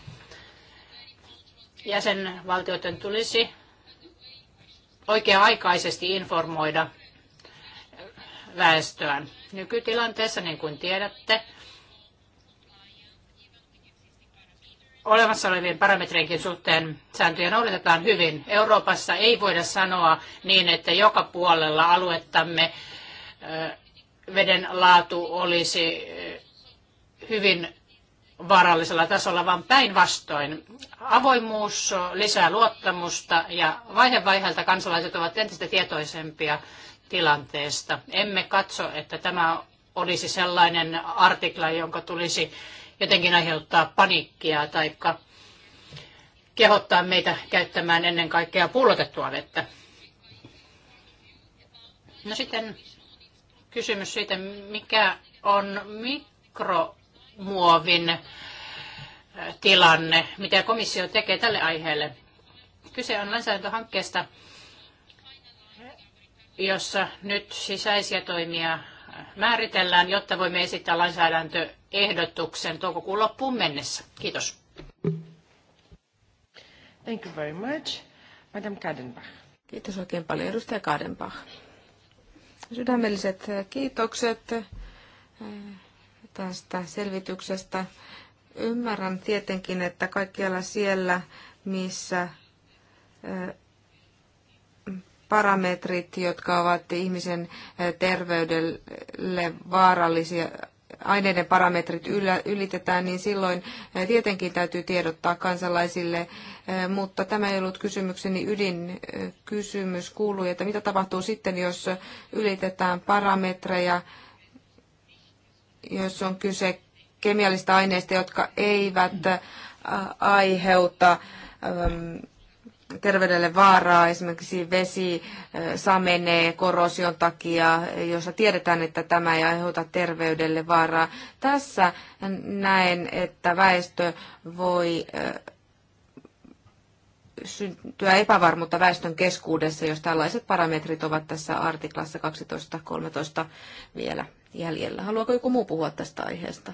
jäsenvaltioiden tulisi oikea-aikaisesti informoida väestöään. Nykytilanteessa, niin kuin tiedätte, olemassa olevien parametreinkin suhteen sääntöjä noudatetaan hyvin. Euroopassa ei voida sanoa niin, että joka puolella aluettamme veden laatu olisi hyvin vaarallisella tasolla, vaan päinvastoin. Avoimuus lisää luottamusta ja vaihe vaiheelta kansalaiset ovat entistä tietoisempia tilanteesta. Emme katso, että tämä olisi sellainen artikla, jonka tulisi jotenkin aiheuttaa paniikkia tai kehottaa meitä käyttämään ennen kaikkea pullotettua vettä. No sitten kysymys siitä, mikä on mikro muovin tilanne, mitä komissio tekee tälle aiheelle. Kyse on lainsäädäntöhankkeesta, jossa nyt sisäisiä toimia määritellään, jotta voimme esittää lainsäädäntöehdotuksen toukokuun loppuun mennessä. Kiitos. Thank you very much. Madam Kadenbach. Kiitos oikein paljon, edustaja Kadenbach. Sydämelliset kiitokset tästä selvityksestä. Ymmärrän tietenkin, että kaikkialla siellä, missä parametrit, jotka ovat ihmisen terveydelle vaarallisia, aineiden parametrit ylitetään, niin silloin tietenkin täytyy tiedottaa kansalaisille. Mutta tämä ei ollut kysymykseni ydinkysymys kuului, että mitä tapahtuu sitten, jos ylitetään parametreja, jos on kyse kemiallista aineista, jotka eivät äh, aiheuta ähm, terveydelle vaaraa, esimerkiksi vesi äh, samenee korosion takia, jossa tiedetään, että tämä ei aiheuta terveydelle vaaraa. Tässä näen, että väestö voi äh, syntyä epävarmuutta väestön keskuudessa, jos tällaiset parametrit ovat tässä artiklassa 12.13 vielä jäljellä. Haluaako joku muu puhua tästä aiheesta?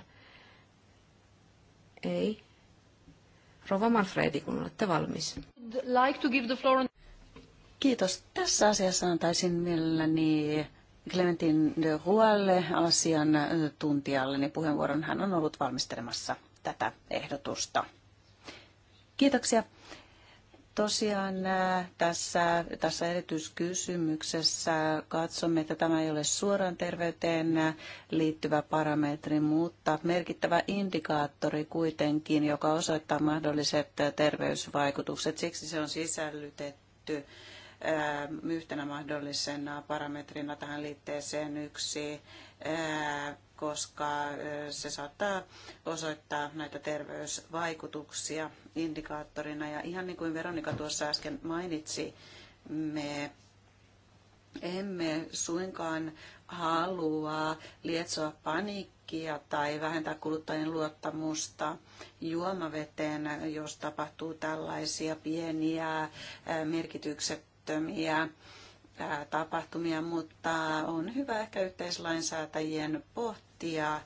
Ei. Rova Manfredi, kun olette valmis. Like to give the floor on... Kiitos. Tässä asiassa antaisin mielelläni Clementin de Rualle, asian tuntijalle, niin puheenvuoron hän on ollut valmistelemassa tätä ehdotusta. Kiitoksia. Tosiaan äh, tässä, tässä erityiskysymyksessä katsomme, että tämä ei ole suoraan terveyteen äh, liittyvä parametri, mutta merkittävä indikaattori kuitenkin, joka osoittaa mahdolliset äh, terveysvaikutukset. Siksi se on sisällytetty yhtenä mahdollisena parametrina tähän liitteeseen yksi koska se saattaa osoittaa näitä terveysvaikutuksia indikaattorina. Ja ihan niin kuin Veronika tuossa äsken mainitsi, me emme suinkaan halua lietsoa paniikkia tai vähentää kuluttajien luottamusta juomaveteen, jos tapahtuu tällaisia pieniä merkityksettömiä tapahtumia, mutta on hyvä ehkä yhteislainsäätäjien pohtia, pohtia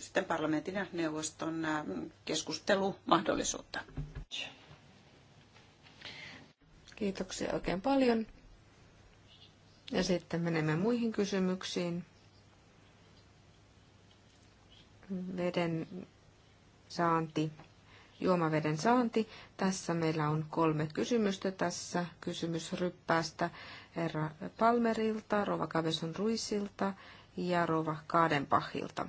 sitten parlamentin ja neuvoston keskustelumahdollisuutta. Kiitoksia oikein paljon. Ja sitten menemme muihin kysymyksiin. Veden saanti, juomaveden saanti. Tässä meillä on kolme kysymystä tässä kysymys ryppäästä herra Palmerilta, Rova Kaveson Ruisilta ja Rova Kaadenpahilta.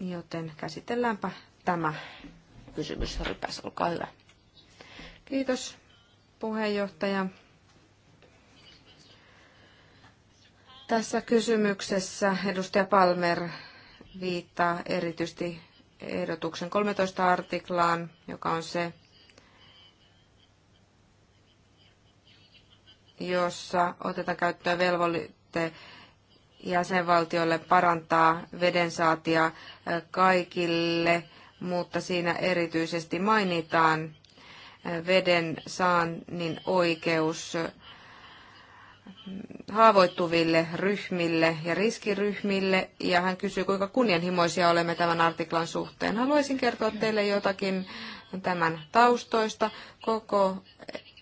Joten käsitelläänpä tämä kysymys. Rypäs, olkaa hyvä. Kiitos puheenjohtaja. Tässä kysymyksessä edustaja Palmer viittaa erityisesti ehdotuksen 13 artiklaan, joka on se, jossa otetaan käyttöön velvoite jäsenvaltiolle parantaa vedensaatia äh, kaikille, mutta siinä erityisesti mainitaan äh, veden saannin oikeus äh, haavoittuville ryhmille ja riskiryhmille, ja hän kysyy, kuinka kunnianhimoisia olemme tämän artiklan suhteen. Haluaisin kertoa teille jotakin tämän taustoista. Koko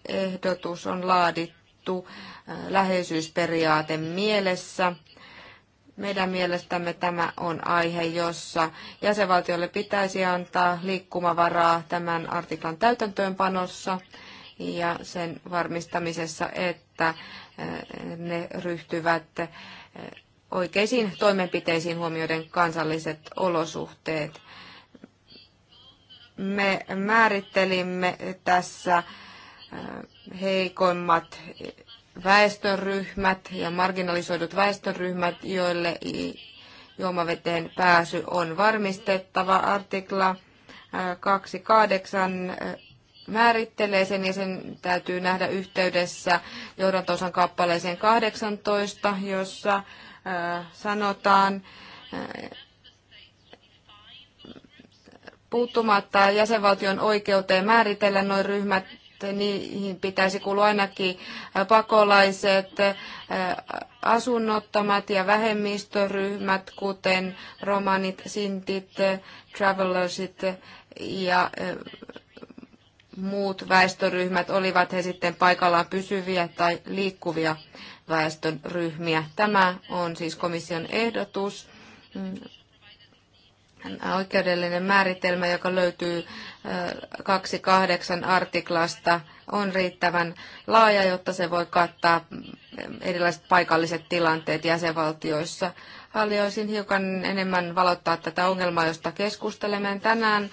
ehdotus on laadittu sovittu äh, läheisyysperiaate mielessä. Meidän mielestämme tämä on aihe, jossa jäsenvaltiolle pitäisi antaa liikkumavaraa tämän artiklan täytäntöönpanossa ja sen varmistamisessa, että äh, ne ryhtyvät äh, oikeisiin toimenpiteisiin huomioiden kansalliset olosuhteet. Me määrittelimme tässä heikoimmat väestöryhmät ja marginalisoidut väestöryhmät, joille juomaveteen pääsy on varmistettava. Artikla 28 määrittelee sen ja sen täytyy nähdä yhteydessä johdantosan kappaleeseen 18, jossa sanotaan puuttumatta jäsenvaltion oikeuteen määritellä noin ryhmät niihin pitäisi kuulua ainakin pakolaiset, äh, asunnottomat ja vähemmistöryhmät, kuten romanit, sintit, äh, travelersit ja äh, muut väestöryhmät, olivat he sitten paikallaan pysyviä tai liikkuvia väestöryhmiä. Tämä on siis komission ehdotus mm, Äh, oikeudellinen määritelmä, joka löytyy 28 äh, artiklasta, on riittävän laaja, jotta se voi kattaa mm, erilaiset paikalliset tilanteet jäsenvaltioissa. Haluaisin hiukan enemmän valottaa tätä ongelmaa, josta keskustelemme. Tänään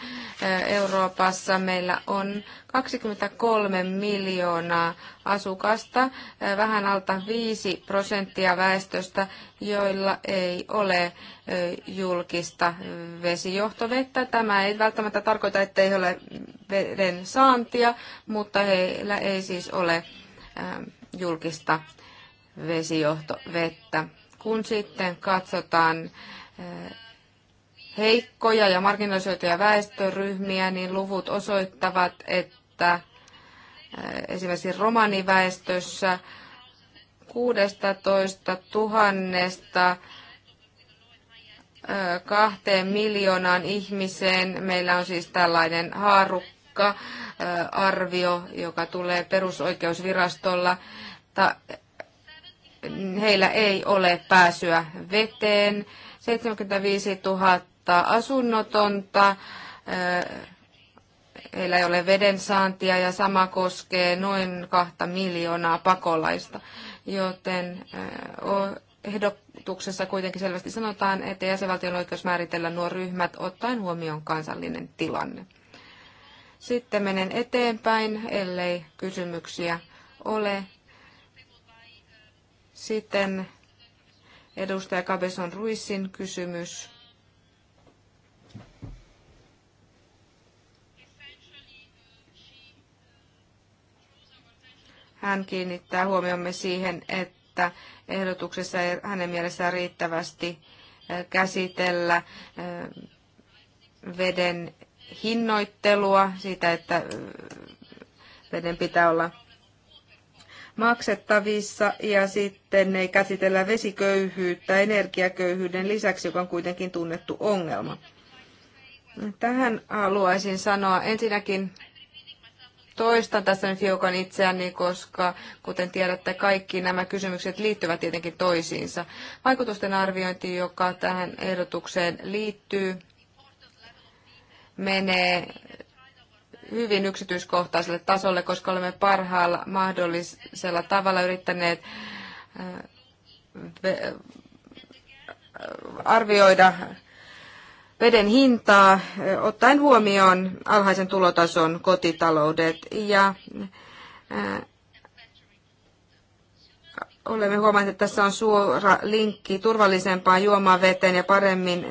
Euroopassa meillä on 23 miljoonaa asukasta, vähän alta 5 prosenttia väestöstä, joilla ei ole julkista vesijohtovettä. Tämä ei välttämättä tarkoita, että ei ole veden saantia, mutta heillä ei siis ole julkista vesijohtovettä. Kun sitten katsotaan eh, heikkoja ja marginalisoituja väestöryhmiä, niin luvut osoittavat, että eh, esimerkiksi romaniväestössä 16 000 eh, kahteen miljoonaan ihmiseen. Meillä on siis tällainen haarukka arvio, joka tulee perusoikeusvirastolla heillä ei ole pääsyä veteen. 75 000 asunnotonta, eh, heillä ei ole veden saantia ja sama koskee noin kahta miljoonaa pakolaista. Joten eh, ehdotuksessa kuitenkin selvästi sanotaan, että jäsenvaltion oikeus määritellä nuo ryhmät ottaen huomioon kansallinen tilanne. Sitten menen eteenpäin, ellei kysymyksiä ole. Sitten edustaja Cabezon Ruissin kysymys. Hän kiinnittää huomiomme siihen, että ehdotuksessa ei hänen mielessään riittävästi käsitellä veden hinnoittelua, siitä, että veden pitää olla maksettavissa ja sitten ei käsitellä vesiköyhyyttä energiaköyhyyden lisäksi, joka on kuitenkin tunnettu ongelma. Tähän haluaisin sanoa ensinnäkin toistan tässä nyt hiukan itseäni, koska kuten tiedätte, kaikki nämä kysymykset liittyvät tietenkin toisiinsa. Vaikutusten arviointi, joka tähän ehdotukseen liittyy, menee hyvin yksityiskohtaiselle tasolle, koska olemme parhaalla mahdollisella tavalla yrittäneet äh, arvioida veden hintaa äh, ottaen huomioon alhaisen tulotason kotitaloudet ja äh, olemme huomanneet, että tässä on suora linkki turvallisempaan juomaveteen ja paremmin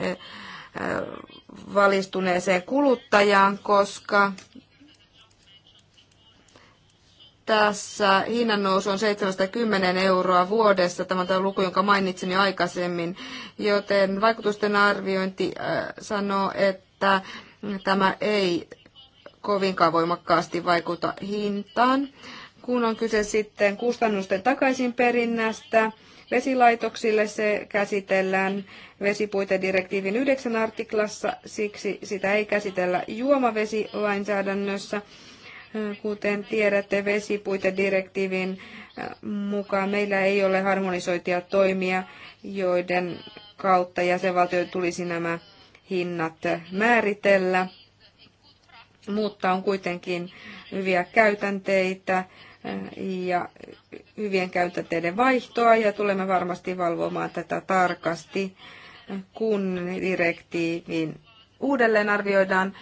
valistuneeseen kuluttajaan, koska tässä hinnan nousu on 710 euroa vuodessa. Tämä on tämä luku, jonka mainitsin jo aikaisemmin. Joten vaikutusten arviointi äh, sanoo, että tämä ei kovinkaan voimakkaasti vaikuta hintaan. Kun on kyse sitten kustannusten takaisinperinnästä, vesilaitoksille se käsitellään vesipuitedirektiivin 9 artiklassa, siksi sitä ei käsitellä juomavesilainsäädännössä. Kuten tiedätte, vesipuitedirektiivin mukaan meillä ei ole harmonisoitia toimia, joiden kautta jäsenvaltioiden tulisi nämä hinnat määritellä. Mutta on kuitenkin hyviä käytänteitä ja hyvien käytänteiden vaihtoa ja tulemme varmasti valvomaan tätä tarkasti, kun direktiivin uudelleen arvioidaan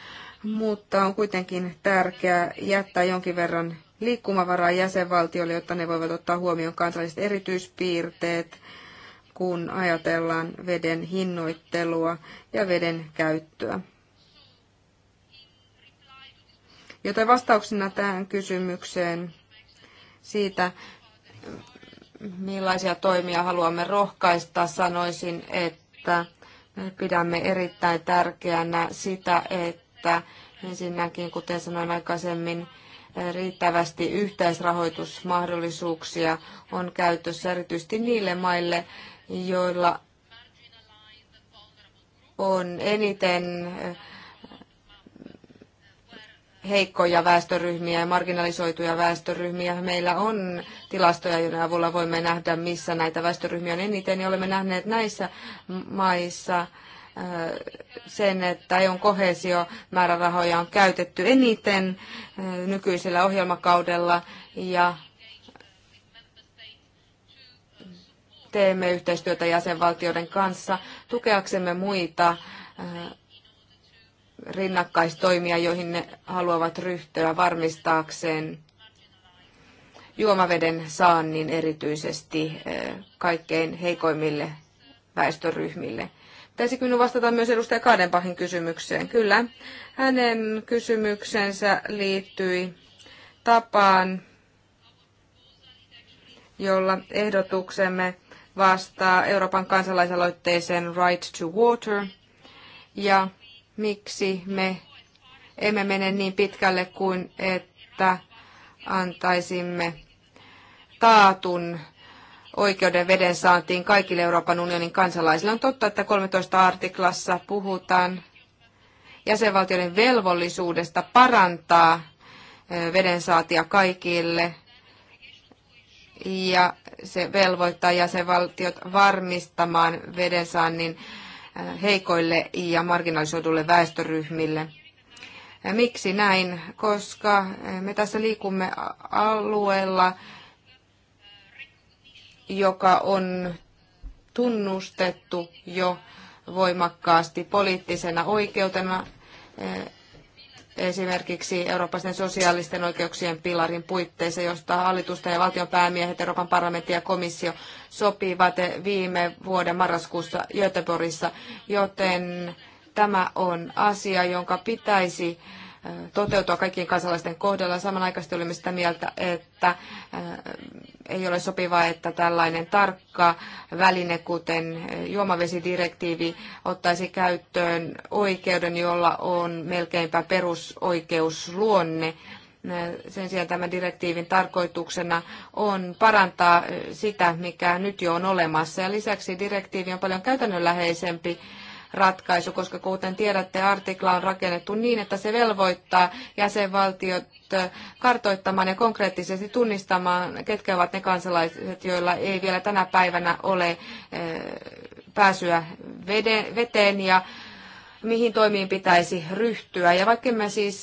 mutta on kuitenkin tärkeää jättää jonkin verran liikkumavaraa jäsenvaltioille, jotta ne voivat ottaa huomioon kansalliset erityispiirteet, kun ajatellaan veden hinnoittelua ja veden käyttöä. Joten vastauksena tähän kysymykseen siitä, millaisia toimia haluamme rohkaista, sanoisin, että me pidämme erittäin tärkeänä sitä, että että ensinnäkin, kuten sanoin aikaisemmin, riittävästi yhteisrahoitusmahdollisuuksia on käytössä erityisesti niille maille, joilla on eniten eh, heikkoja väestöryhmiä ja marginalisoituja väestöryhmiä. Meillä on tilastoja, joiden avulla voimme nähdä, missä näitä väestöryhmiä on eniten, ja olemme nähneet näissä maissa sen, että EUn kohesiomäärärahoja on käytetty eniten nykyisellä ohjelmakaudella ja teemme yhteistyötä jäsenvaltioiden kanssa tukeaksemme muita rinnakkaistoimia, joihin ne haluavat ryhtyä varmistaakseen juomaveden saannin erityisesti kaikkein heikoimmille väestöryhmille. Pitäisikö minun vastata myös edustaja Kadenpahin kysymykseen? Kyllä. Hänen kysymyksensä liittyi tapaan, jolla ehdotuksemme vastaa Euroopan kansalaisaloitteeseen Right to Water ja miksi me emme mene niin pitkälle kuin että antaisimme taatun oikeuden veden saantiin kaikille Euroopan unionin kansalaisille. On totta, että 13 artiklassa puhutaan jäsenvaltioiden velvollisuudesta parantaa vedensaantia kaikille ja se velvoittaa jäsenvaltiot varmistamaan vedensaannin heikoille ja marginalisoidulle väestöryhmille. Miksi näin? Koska me tässä liikumme alueella, joka on tunnustettu jo voimakkaasti poliittisena oikeutena eh, esimerkiksi Euroopan sosiaalisten oikeuksien pilarin puitteissa, josta hallitusta ja valtionpäämiehet, Euroopan parlamentti ja komissio sopivat viime vuoden marraskuussa Göteborgissa, joten tämä on asia, jonka pitäisi toteutua kaikkien kansalaisten kohdalla. Samanaikaisesti olemme sitä mieltä, että äh, ei ole sopivaa, että tällainen tarkka väline, kuten juomavesidirektiivi, ottaisi käyttöön oikeuden, jolla on melkeinpä perusoikeusluonne. Sen sijaan tämän direktiivin tarkoituksena on parantaa sitä, mikä nyt jo on olemassa. Ja lisäksi direktiivi on paljon käytännönläheisempi ratkaisu, koska kuten tiedätte, artikla on rakennettu niin, että se velvoittaa jäsenvaltiot kartoittamaan ja konkreettisesti tunnistamaan, ketkä ovat ne kansalaiset, joilla ei vielä tänä päivänä ole pääsyä veteen ja mihin toimiin pitäisi ryhtyä. Ja vaikka me siis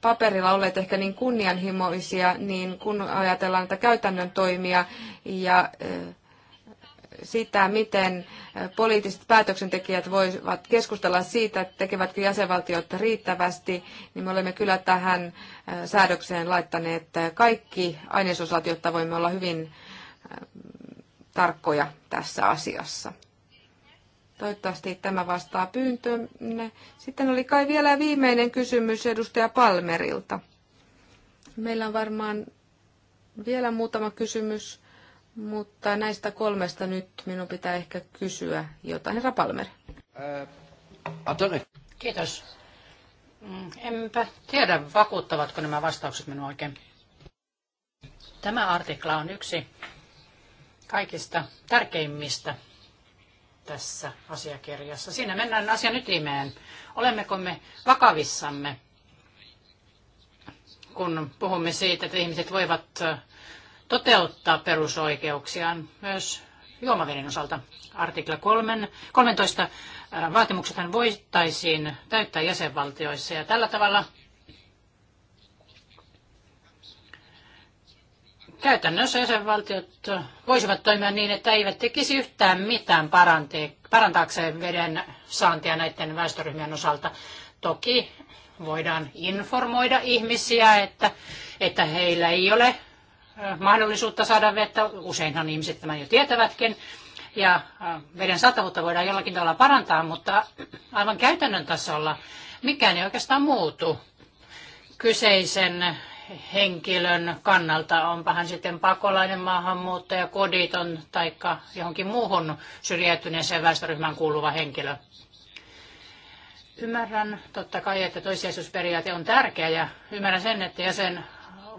paperilla olleet ehkä niin kunnianhimoisia, niin kun ajatellaan näitä käytännön toimia ja sitä, miten poliittiset päätöksentekijät voivat keskustella siitä, tekevätkö jäsenvaltiot riittävästi, niin me olemme kyllä tähän säädökseen laittaneet kaikki ainesosat, jotta voimme olla hyvin tarkkoja tässä asiassa. Toivottavasti tämä vastaa pyyntöönne. Sitten oli kai vielä viimeinen kysymys edustaja Palmerilta. Meillä on varmaan vielä muutama kysymys. Mutta näistä kolmesta nyt minun pitää ehkä kysyä jotain. Herra Palmer. Äh, Kiitos. Mm, enpä tiedä, vakuuttavatko nämä vastaukset minua oikein. Tämä artikla on yksi kaikista tärkeimmistä tässä asiakirjassa. Siinä mennään asian ytimeen. Olemmeko me vakavissamme, kun puhumme siitä, että ihmiset voivat äh, toteuttaa perusoikeuksiaan myös juomaveden osalta. Artikla 3, 13 vaatimuksethan voitaisiin täyttää jäsenvaltioissa ja tällä tavalla käytännössä jäsenvaltiot voisivat toimia niin, että eivät tekisi yhtään mitään parantaakseen veden saantia näiden väestöryhmien osalta. Toki voidaan informoida ihmisiä, että, että heillä ei ole mahdollisuutta saada vettä. Useinhan ihmiset tämän jo tietävätkin. Ja veden saatavuutta voidaan jollakin tavalla parantaa, mutta aivan käytännön tasolla mikään ei oikeastaan muutu kyseisen henkilön kannalta, onpa hän sitten pakolainen maahanmuuttaja, koditon tai johonkin muuhun syrjäytyneeseen väestöryhmään kuuluva henkilö. Ymmärrän totta kai, että toissijaisuusperiaate on tärkeä ja ymmärrän sen, että jäsen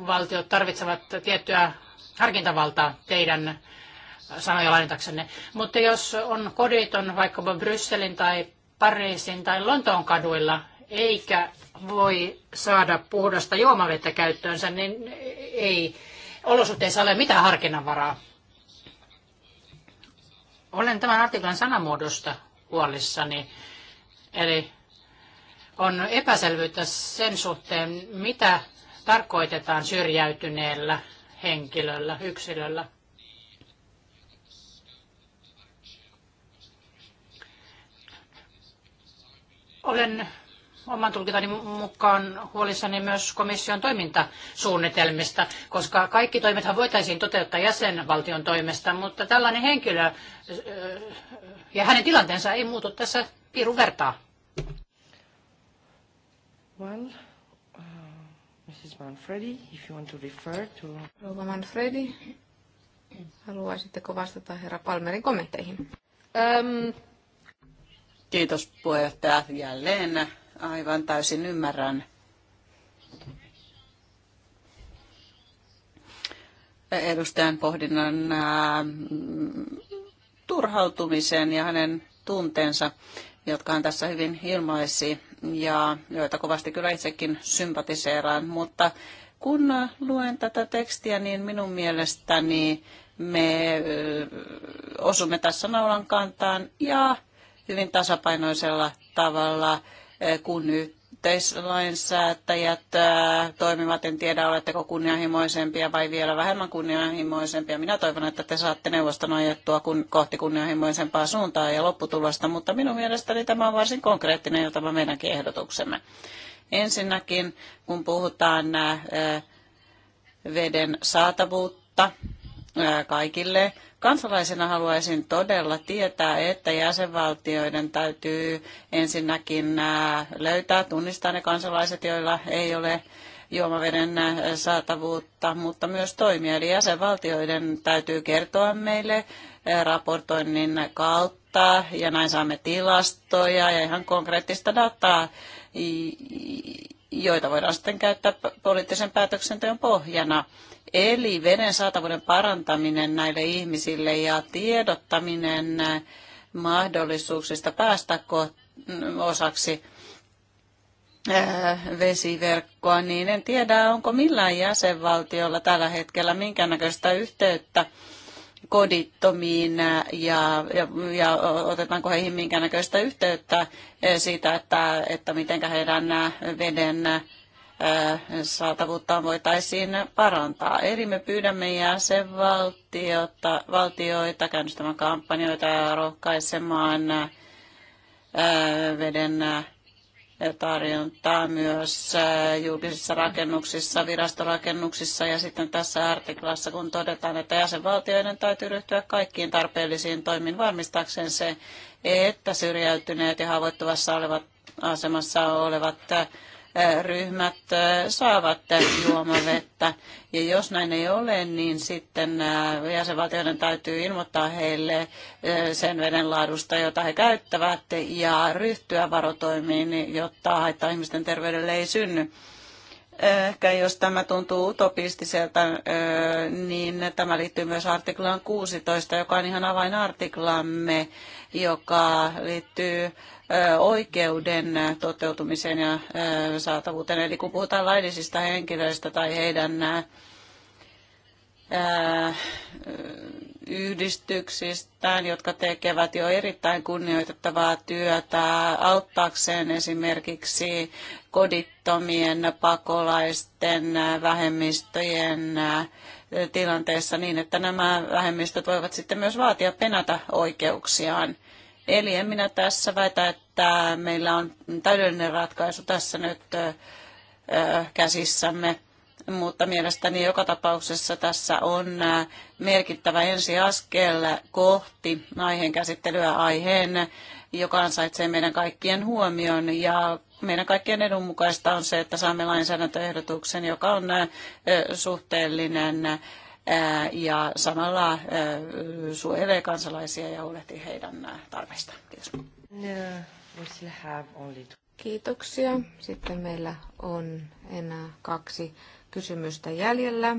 valtiot tarvitsevat tiettyä harkintavaltaa teidän sanoja lainataksenne. Mutta jos on koditon vaikkapa Brysselin tai Pariisin tai Lontoon kaduilla, eikä voi saada puhdasta juomavettä käyttöönsä, niin ei olosuhteissa ole mitään harkinnanvaraa. Olen tämän artiklan sanamuodosta huolissani. Eli on epäselvyyttä sen suhteen, mitä tarkoitetaan syrjäytyneellä henkilöllä, yksilöllä. Olen oman tulkintani mukaan huolissani myös komission toimintasuunnitelmista, koska kaikki toimethan voitaisiin toteuttaa jäsenvaltion toimesta, mutta tällainen henkilö ja hänen tilanteensa ei muutu tässä piirun vertaa. Well. Mrs. Manfredi, if you want to refer to... Rouva Manfredi, haluaisitteko vastata herra Palmerin kommentteihin? Öm, kiitos puheenjohtaja jälleen. Aivan täysin ymmärrän edustajan pohdinnan ää, ähm, turhautumisen ja hänen tunteensa, jotka hän tässä hyvin ilmaisi ja joita kovasti kyllä itsekin sympatiseeraan, mutta kun luen tätä tekstiä, niin minun mielestäni me osumme tässä naulan kantaan ja hyvin tasapainoisella tavalla, kun nyt yhteislainsäätäjät toimivat. En tiedä, oletteko kunnianhimoisempia vai vielä vähemmän kunnianhimoisempia. Minä toivon, että te saatte neuvoston ajettua kun, kohti kunnianhimoisempaa suuntaa ja lopputulosta, mutta minun mielestäni tämä on varsin konkreettinen jo tämä meidänkin ehdotuksemme. Ensinnäkin, kun puhutaan veden saatavuutta, kaikille. Kansalaisena haluaisin todella tietää, että jäsenvaltioiden täytyy ensinnäkin löytää, tunnistaa ne kansalaiset, joilla ei ole juomaveden saatavuutta, mutta myös toimia. Eli jäsenvaltioiden täytyy kertoa meille raportoinnin kautta, ja näin saamme tilastoja ja ihan konkreettista dataa, joita voidaan sitten käyttää poliittisen päätöksenteon pohjana. Eli veden saatavuuden parantaminen näille ihmisille ja tiedottaminen mahdollisuuksista päästä osaksi äh, vesiverkkoa, niin en tiedä, onko millään jäsenvaltiolla tällä hetkellä minkäännäköistä yhteyttä kodittomiin äh, ja, ja, ja otetaanko heihin minkäännäköistä yhteyttä äh, siitä, että, että miten heidän veden saatavuutta voitaisiin parantaa. Eli me pyydämme jäsenvaltioita valtioita käynnistämään kampanjoita ja rohkaisemaan veden tarjontaa myös julkisissa rakennuksissa, virastorakennuksissa ja sitten tässä artiklassa, kun todetaan, että jäsenvaltioiden täytyy ryhtyä kaikkiin tarpeellisiin toimiin varmistaakseen se, että syrjäytyneet ja haavoittuvassa olevat, asemassa olevat ryhmät saavat juomavettä. Ja jos näin ei ole, niin sitten jäsenvaltioiden täytyy ilmoittaa heille sen veden laadusta, jota he käyttävät, ja ryhtyä varotoimiin, jotta haittaa ihmisten terveydelle ei synny ehkä jos tämä tuntuu utopistiselta, niin tämä liittyy myös artiklaan 16, joka on ihan avainartiklamme, joka liittyy oikeuden toteutumiseen ja saatavuuteen. Eli kun puhutaan laillisista henkilöistä tai heidän yhdistyksistään, jotka tekevät jo erittäin kunnioitettavaa työtä auttaakseen esimerkiksi kodittomien pakolaisten vähemmistöjen tilanteessa niin, että nämä vähemmistöt voivat sitten myös vaatia penätä oikeuksiaan. Eli en minä tässä väitä, että meillä on täydellinen ratkaisu tässä nyt käsissämme, mutta mielestäni joka tapauksessa tässä on merkittävä ensiaskel kohti aiheen käsittelyä aiheen, joka ansaitsee meidän kaikkien huomion ja meidän kaikkien edun mukaista on se, että saamme lainsäädäntöehdotuksen, joka on suhteellinen ja samalla suojelee kansalaisia ja huolehtii heidän tarpeistaan. Kiitos. Kiitoksia. Sitten meillä on enää kaksi kysymystä jäljellä.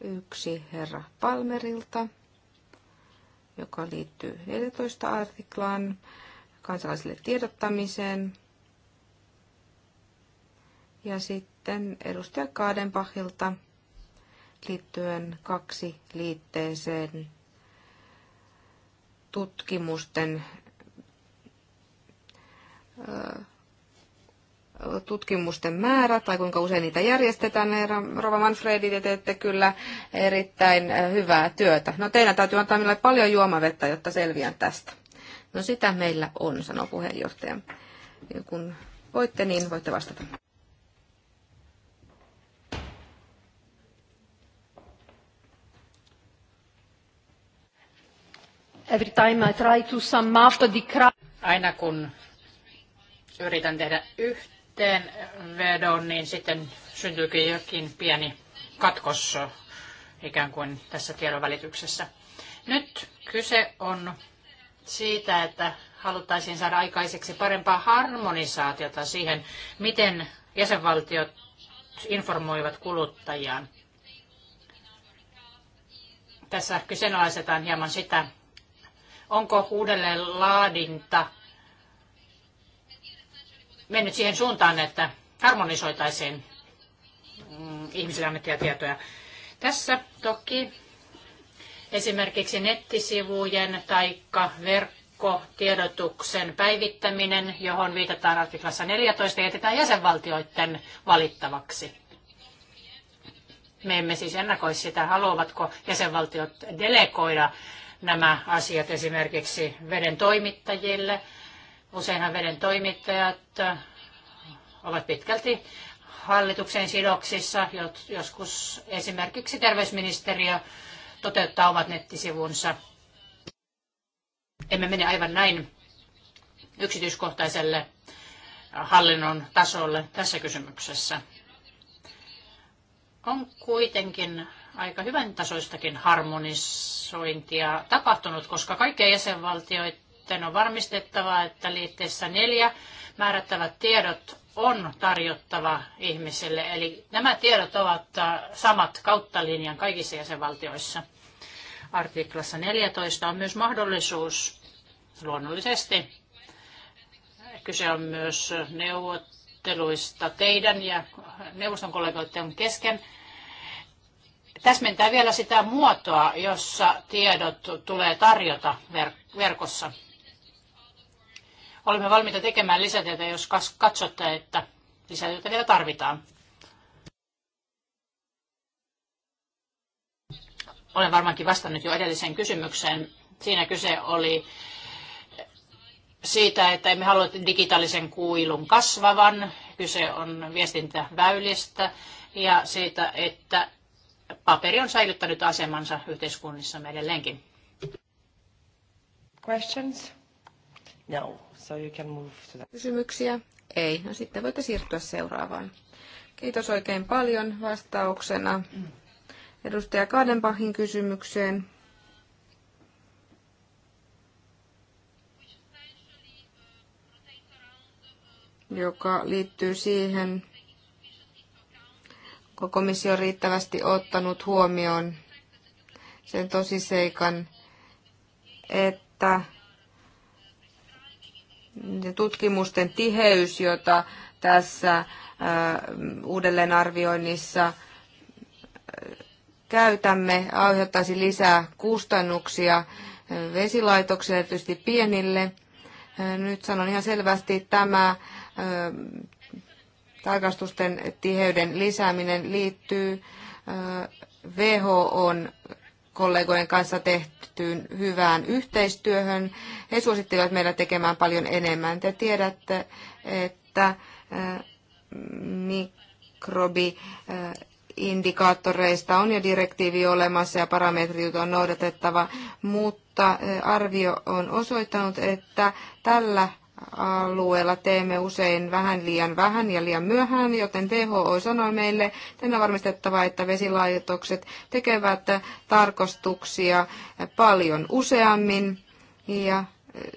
Yksi herra Palmerilta, joka liittyy 14 artiklaan kansalaisille tiedottamiseen. Ja sitten edustaja Kaadenpahilta liittyen kaksi liitteeseen tutkimusten tutkimusten määrä tai kuinka usein niitä järjestetään. Rova Manfredi, te teette kyllä erittäin hyvää työtä. No teidän täytyy antaa minulle paljon juomavettä, jotta selviän tästä. No sitä meillä on, sanoo puheenjohtaja. Kun voitte, niin voitte vastata. every time I try to sum up the crowd. Aina kun yritän tehdä yhteen, vedon niin sitten syntyykin jokin pieni katkos ikään kuin tässä tiedonvälityksessä. Nyt kyse on siitä, että haluttaisiin saada aikaiseksi parempaa harmonisaatiota siihen, miten jäsenvaltiot informoivat kuluttajiaan. Tässä kyseenalaistetaan hieman sitä, Onko uudelleen laadinta mennyt siihen suuntaan, että harmonisoitaisiin mm, ihmisille annettuja tietoja? Tässä toki esimerkiksi nettisivujen tai verkkotiedotuksen päivittäminen, johon viitataan artiklassa 14, jätetään jäsenvaltioiden valittavaksi. Me emme siis ennakoisi sitä, haluavatko jäsenvaltiot delegoida nämä asiat esimerkiksi veden toimittajille. Useinhan veden toimittajat ovat pitkälti hallituksen sidoksissa, joskus esimerkiksi terveysministeriö toteuttaa omat nettisivunsa. Emme mene aivan näin yksityiskohtaiselle hallinnon tasolle tässä kysymyksessä. On kuitenkin aika hyvän tasoistakin harmonisointia tapahtunut, koska kaikkien jäsenvaltioiden on varmistettava, että liitteessä neljä määrättävät tiedot on tarjottava ihmiselle. Eli nämä tiedot ovat samat kautta linjan kaikissa jäsenvaltioissa. Artiklassa 14 on myös mahdollisuus luonnollisesti. Kyse on myös neuvotteluista teidän ja neuvoston kollegoiden kesken täsmentää vielä sitä muotoa, jossa tiedot tulee tarjota verkossa. Olemme valmiita tekemään lisätietoja, jos katsotte, että lisätietoja vielä tarvitaan. Olen varmaankin vastannut jo edelliseen kysymykseen. Siinä kyse oli siitä, että emme halua digitaalisen kuilun kasvavan. Kyse on viestintäväylistä ja siitä, että paperi on säilyttänyt asemansa yhteiskunnissamme edelleenkin. Questions? No, so you can move to that. Kysymyksiä? Ei. No sitten voitte siirtyä seuraavaan. Kiitos oikein paljon vastauksena edustaja Kadenbachin kysymykseen. joka liittyy siihen, komissio riittävästi ottanut huomioon sen tosiseikan, että tutkimusten tiheys, jota tässä uudelleenarvioinnissa käytämme, aiheuttaisi lisää kustannuksia vesilaitoksille, tietysti pienille. Nyt sanon ihan selvästi, tämä tarkastusten tiheyden lisääminen liittyy WHOn kollegojen kanssa tehtyyn hyvään yhteistyöhön. He suosittivat meillä tekemään paljon enemmän. Te tiedätte, että mikrobi indikaattoreista on jo direktiivi olemassa ja parametrit on noudatettava, mutta arvio on osoittanut, että tällä alueella teemme usein vähän liian vähän ja liian myöhään, joten THO sanoi meille, että on varmistettava, että vesilaitokset tekevät tarkastuksia paljon useammin ja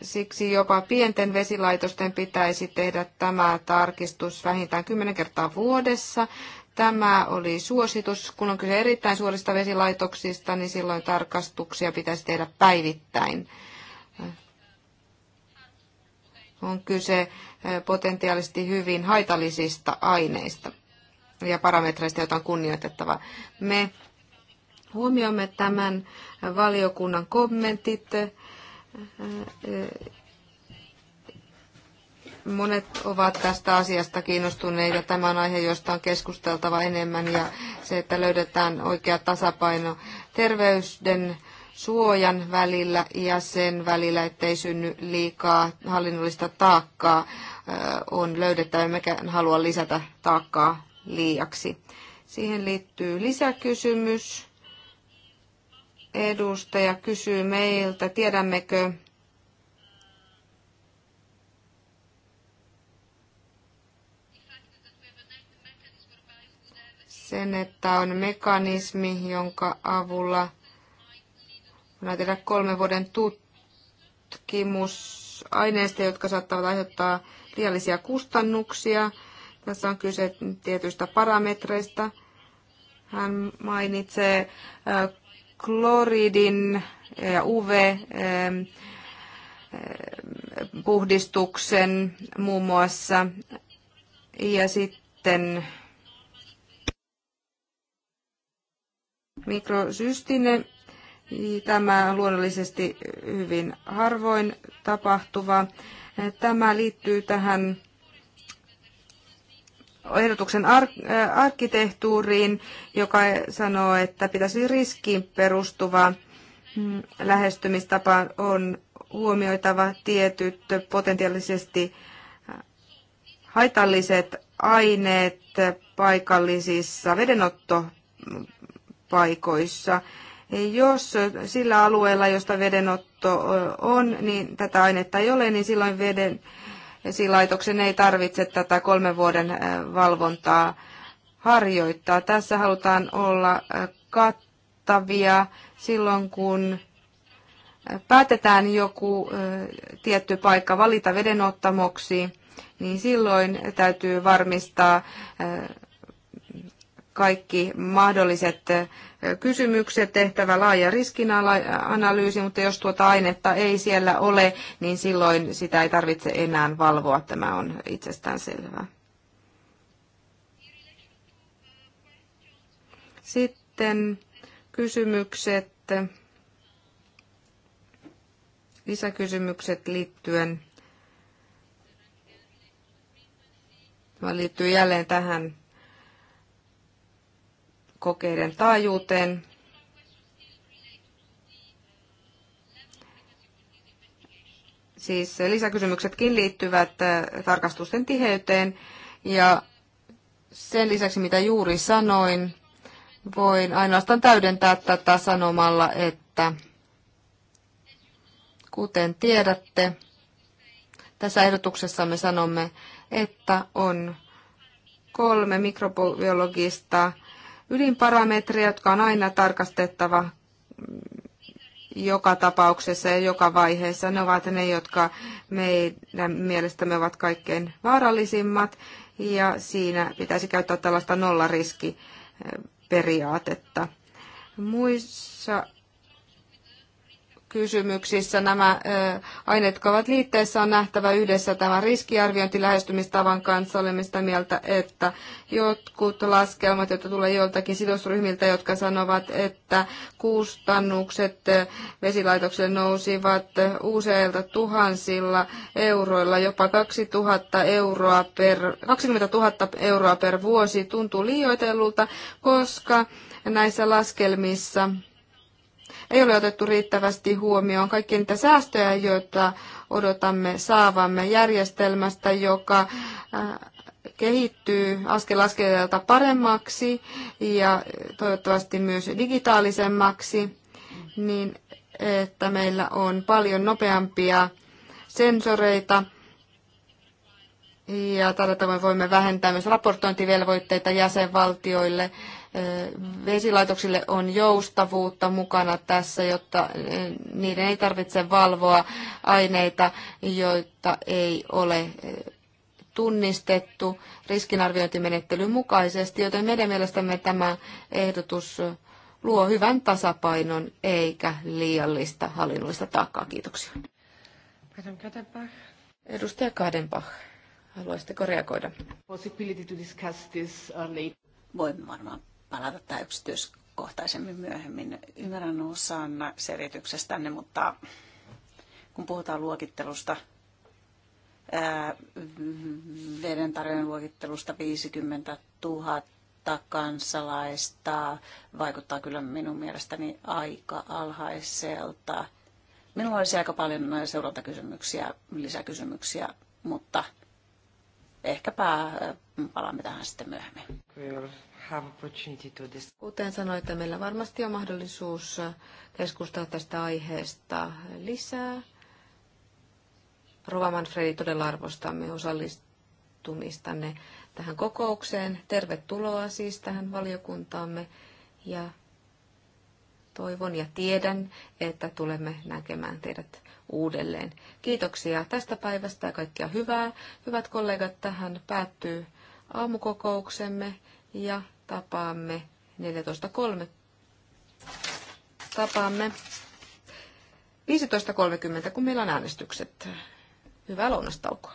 siksi jopa pienten vesilaitosten pitäisi tehdä tämä tarkistus vähintään kymmenen kertaa vuodessa. Tämä oli suositus. Kun on kyse erittäin suorista vesilaitoksista, niin silloin tarkastuksia pitäisi tehdä päivittäin on kyse eh, potentiaalisesti hyvin haitallisista aineista ja parametreista, joita on kunnioitettava. Me huomioimme tämän valiokunnan kommentit. Eh, monet ovat tästä asiasta kiinnostuneita. Tämä on aihe, josta on keskusteltava enemmän ja se, että löydetään oikea tasapaino terveyden suojan välillä ja sen välillä, ettei synny liikaa hallinnollista taakkaa, on löydettävä, emmekä halua lisätä taakkaa liiaksi. Siihen liittyy lisäkysymys. Edustaja kysyy meiltä, tiedämmekö sen, että on mekanismi, jonka avulla Mä tehdä kolme vuoden tutkimusaineista, jotka saattavat aiheuttaa liiallisia kustannuksia. Tässä on kyse tietyistä parametreista. Hän mainitsee äh, kloridin äh, ja UV äh, puhdistuksen muun muassa. Ja sitten mikrosystinen Tämä on luonnollisesti hyvin harvoin tapahtuva. Tämä liittyy tähän ehdotuksen ar- äh, arkkitehtuuriin, joka sanoo, että pitäisi riskiin perustuva mm, lähestymistapa on huomioitava tietyt potentiaalisesti äh, haitalliset aineet paikallisissa vedenottopaikoissa. Jos sillä alueella, josta vedenotto on, niin tätä ainetta ei ole, niin silloin veden laitoksen ei tarvitse tätä kolmen vuoden valvontaa harjoittaa. Tässä halutaan olla kattavia silloin, kun päätetään joku tietty paikka valita vedenottamoksi, niin silloin täytyy varmistaa kaikki mahdolliset kysymykset, tehtävä laaja riskinanalyysi, mutta jos tuota ainetta ei siellä ole, niin silloin sitä ei tarvitse enää valvoa. Tämä on itsestään selvää. Sitten kysymykset, lisäkysymykset liittyen Tämä liittyy jälleen tähän kokeiden taajuuteen. Siis lisäkysymyksetkin liittyvät äh, tarkastusten tiheyteen ja sen lisäksi mitä juuri sanoin, voin ainoastaan täydentää tätä sanomalla, että kuten tiedätte, tässä ehdotuksessa me sanomme, että on kolme mikrobiologista ydinparametreja, jotka on aina tarkastettava joka tapauksessa ja joka vaiheessa. Ne ovat ne, jotka meidän mielestämme ovat kaikkein vaarallisimmat ja siinä pitäisi käyttää tällaista nollariskiperiaatetta. Muissa kysymyksissä nämä aineet, jotka ovat liitteessä, on nähtävä yhdessä tämän riskiarviointilähestymistavan kanssa. Olemme sitä mieltä, että jotkut laskelmat, joita tulee joiltakin sidosryhmiltä, jotka sanovat, että kustannukset vesilaitokselle nousivat useilta tuhansilla euroilla, jopa 2000 euroa per, 20 000 euroa per vuosi, tuntuu liioitellulta, koska näissä laskelmissa ei ole otettu riittävästi huomioon kaikkia niitä säästöjä, joita odotamme saavamme järjestelmästä, joka äh, kehittyy askel askeleelta paremmaksi ja toivottavasti myös digitaalisemmaksi, niin että meillä on paljon nopeampia sensoreita, ja tällä tavoin voimme vähentää myös raportointivelvoitteita jäsenvaltioille Vesilaitoksille on joustavuutta mukana tässä, jotta eh, niiden ei tarvitse valvoa aineita, joita ei ole eh, tunnistettu riskinarviointimenettelyn mukaisesti, joten meidän mielestämme tämä ehdotus luo hyvän tasapainon eikä liiallista hallinnollista taakkaa. Kiitoksia. Edustaja Kadenbach, haluaisitteko reagoida? Uh, Voimme varmaan palata tähän yksityiskohtaisemmin myöhemmin. Ymmärrän osan selityksestänne, mutta kun puhutaan luokittelusta, ää, veden tarjoajan luokittelusta 50 000 kansalaista, vaikuttaa kyllä minun mielestäni aika alhaiselta. Minulla olisi aika paljon seurantakysymyksiä, lisäkysymyksiä, mutta ehkäpä palaamme tähän sitten myöhemmin. Kuten että meillä varmasti on mahdollisuus keskustella tästä aiheesta lisää. Rova Manfredi, todella arvostamme osallistumistanne tähän kokoukseen. Tervetuloa siis tähän valiokuntaamme ja toivon ja tiedän, että tulemme näkemään teidät uudelleen. Kiitoksia tästä päivästä ja kaikkia hyvää. Hyvät kollegat, tähän päättyy aamukokouksemme ja Tapaamme 14.3. Tapaamme 15.30, kun meillä on äänestykset. Hyvää lounastaukoa.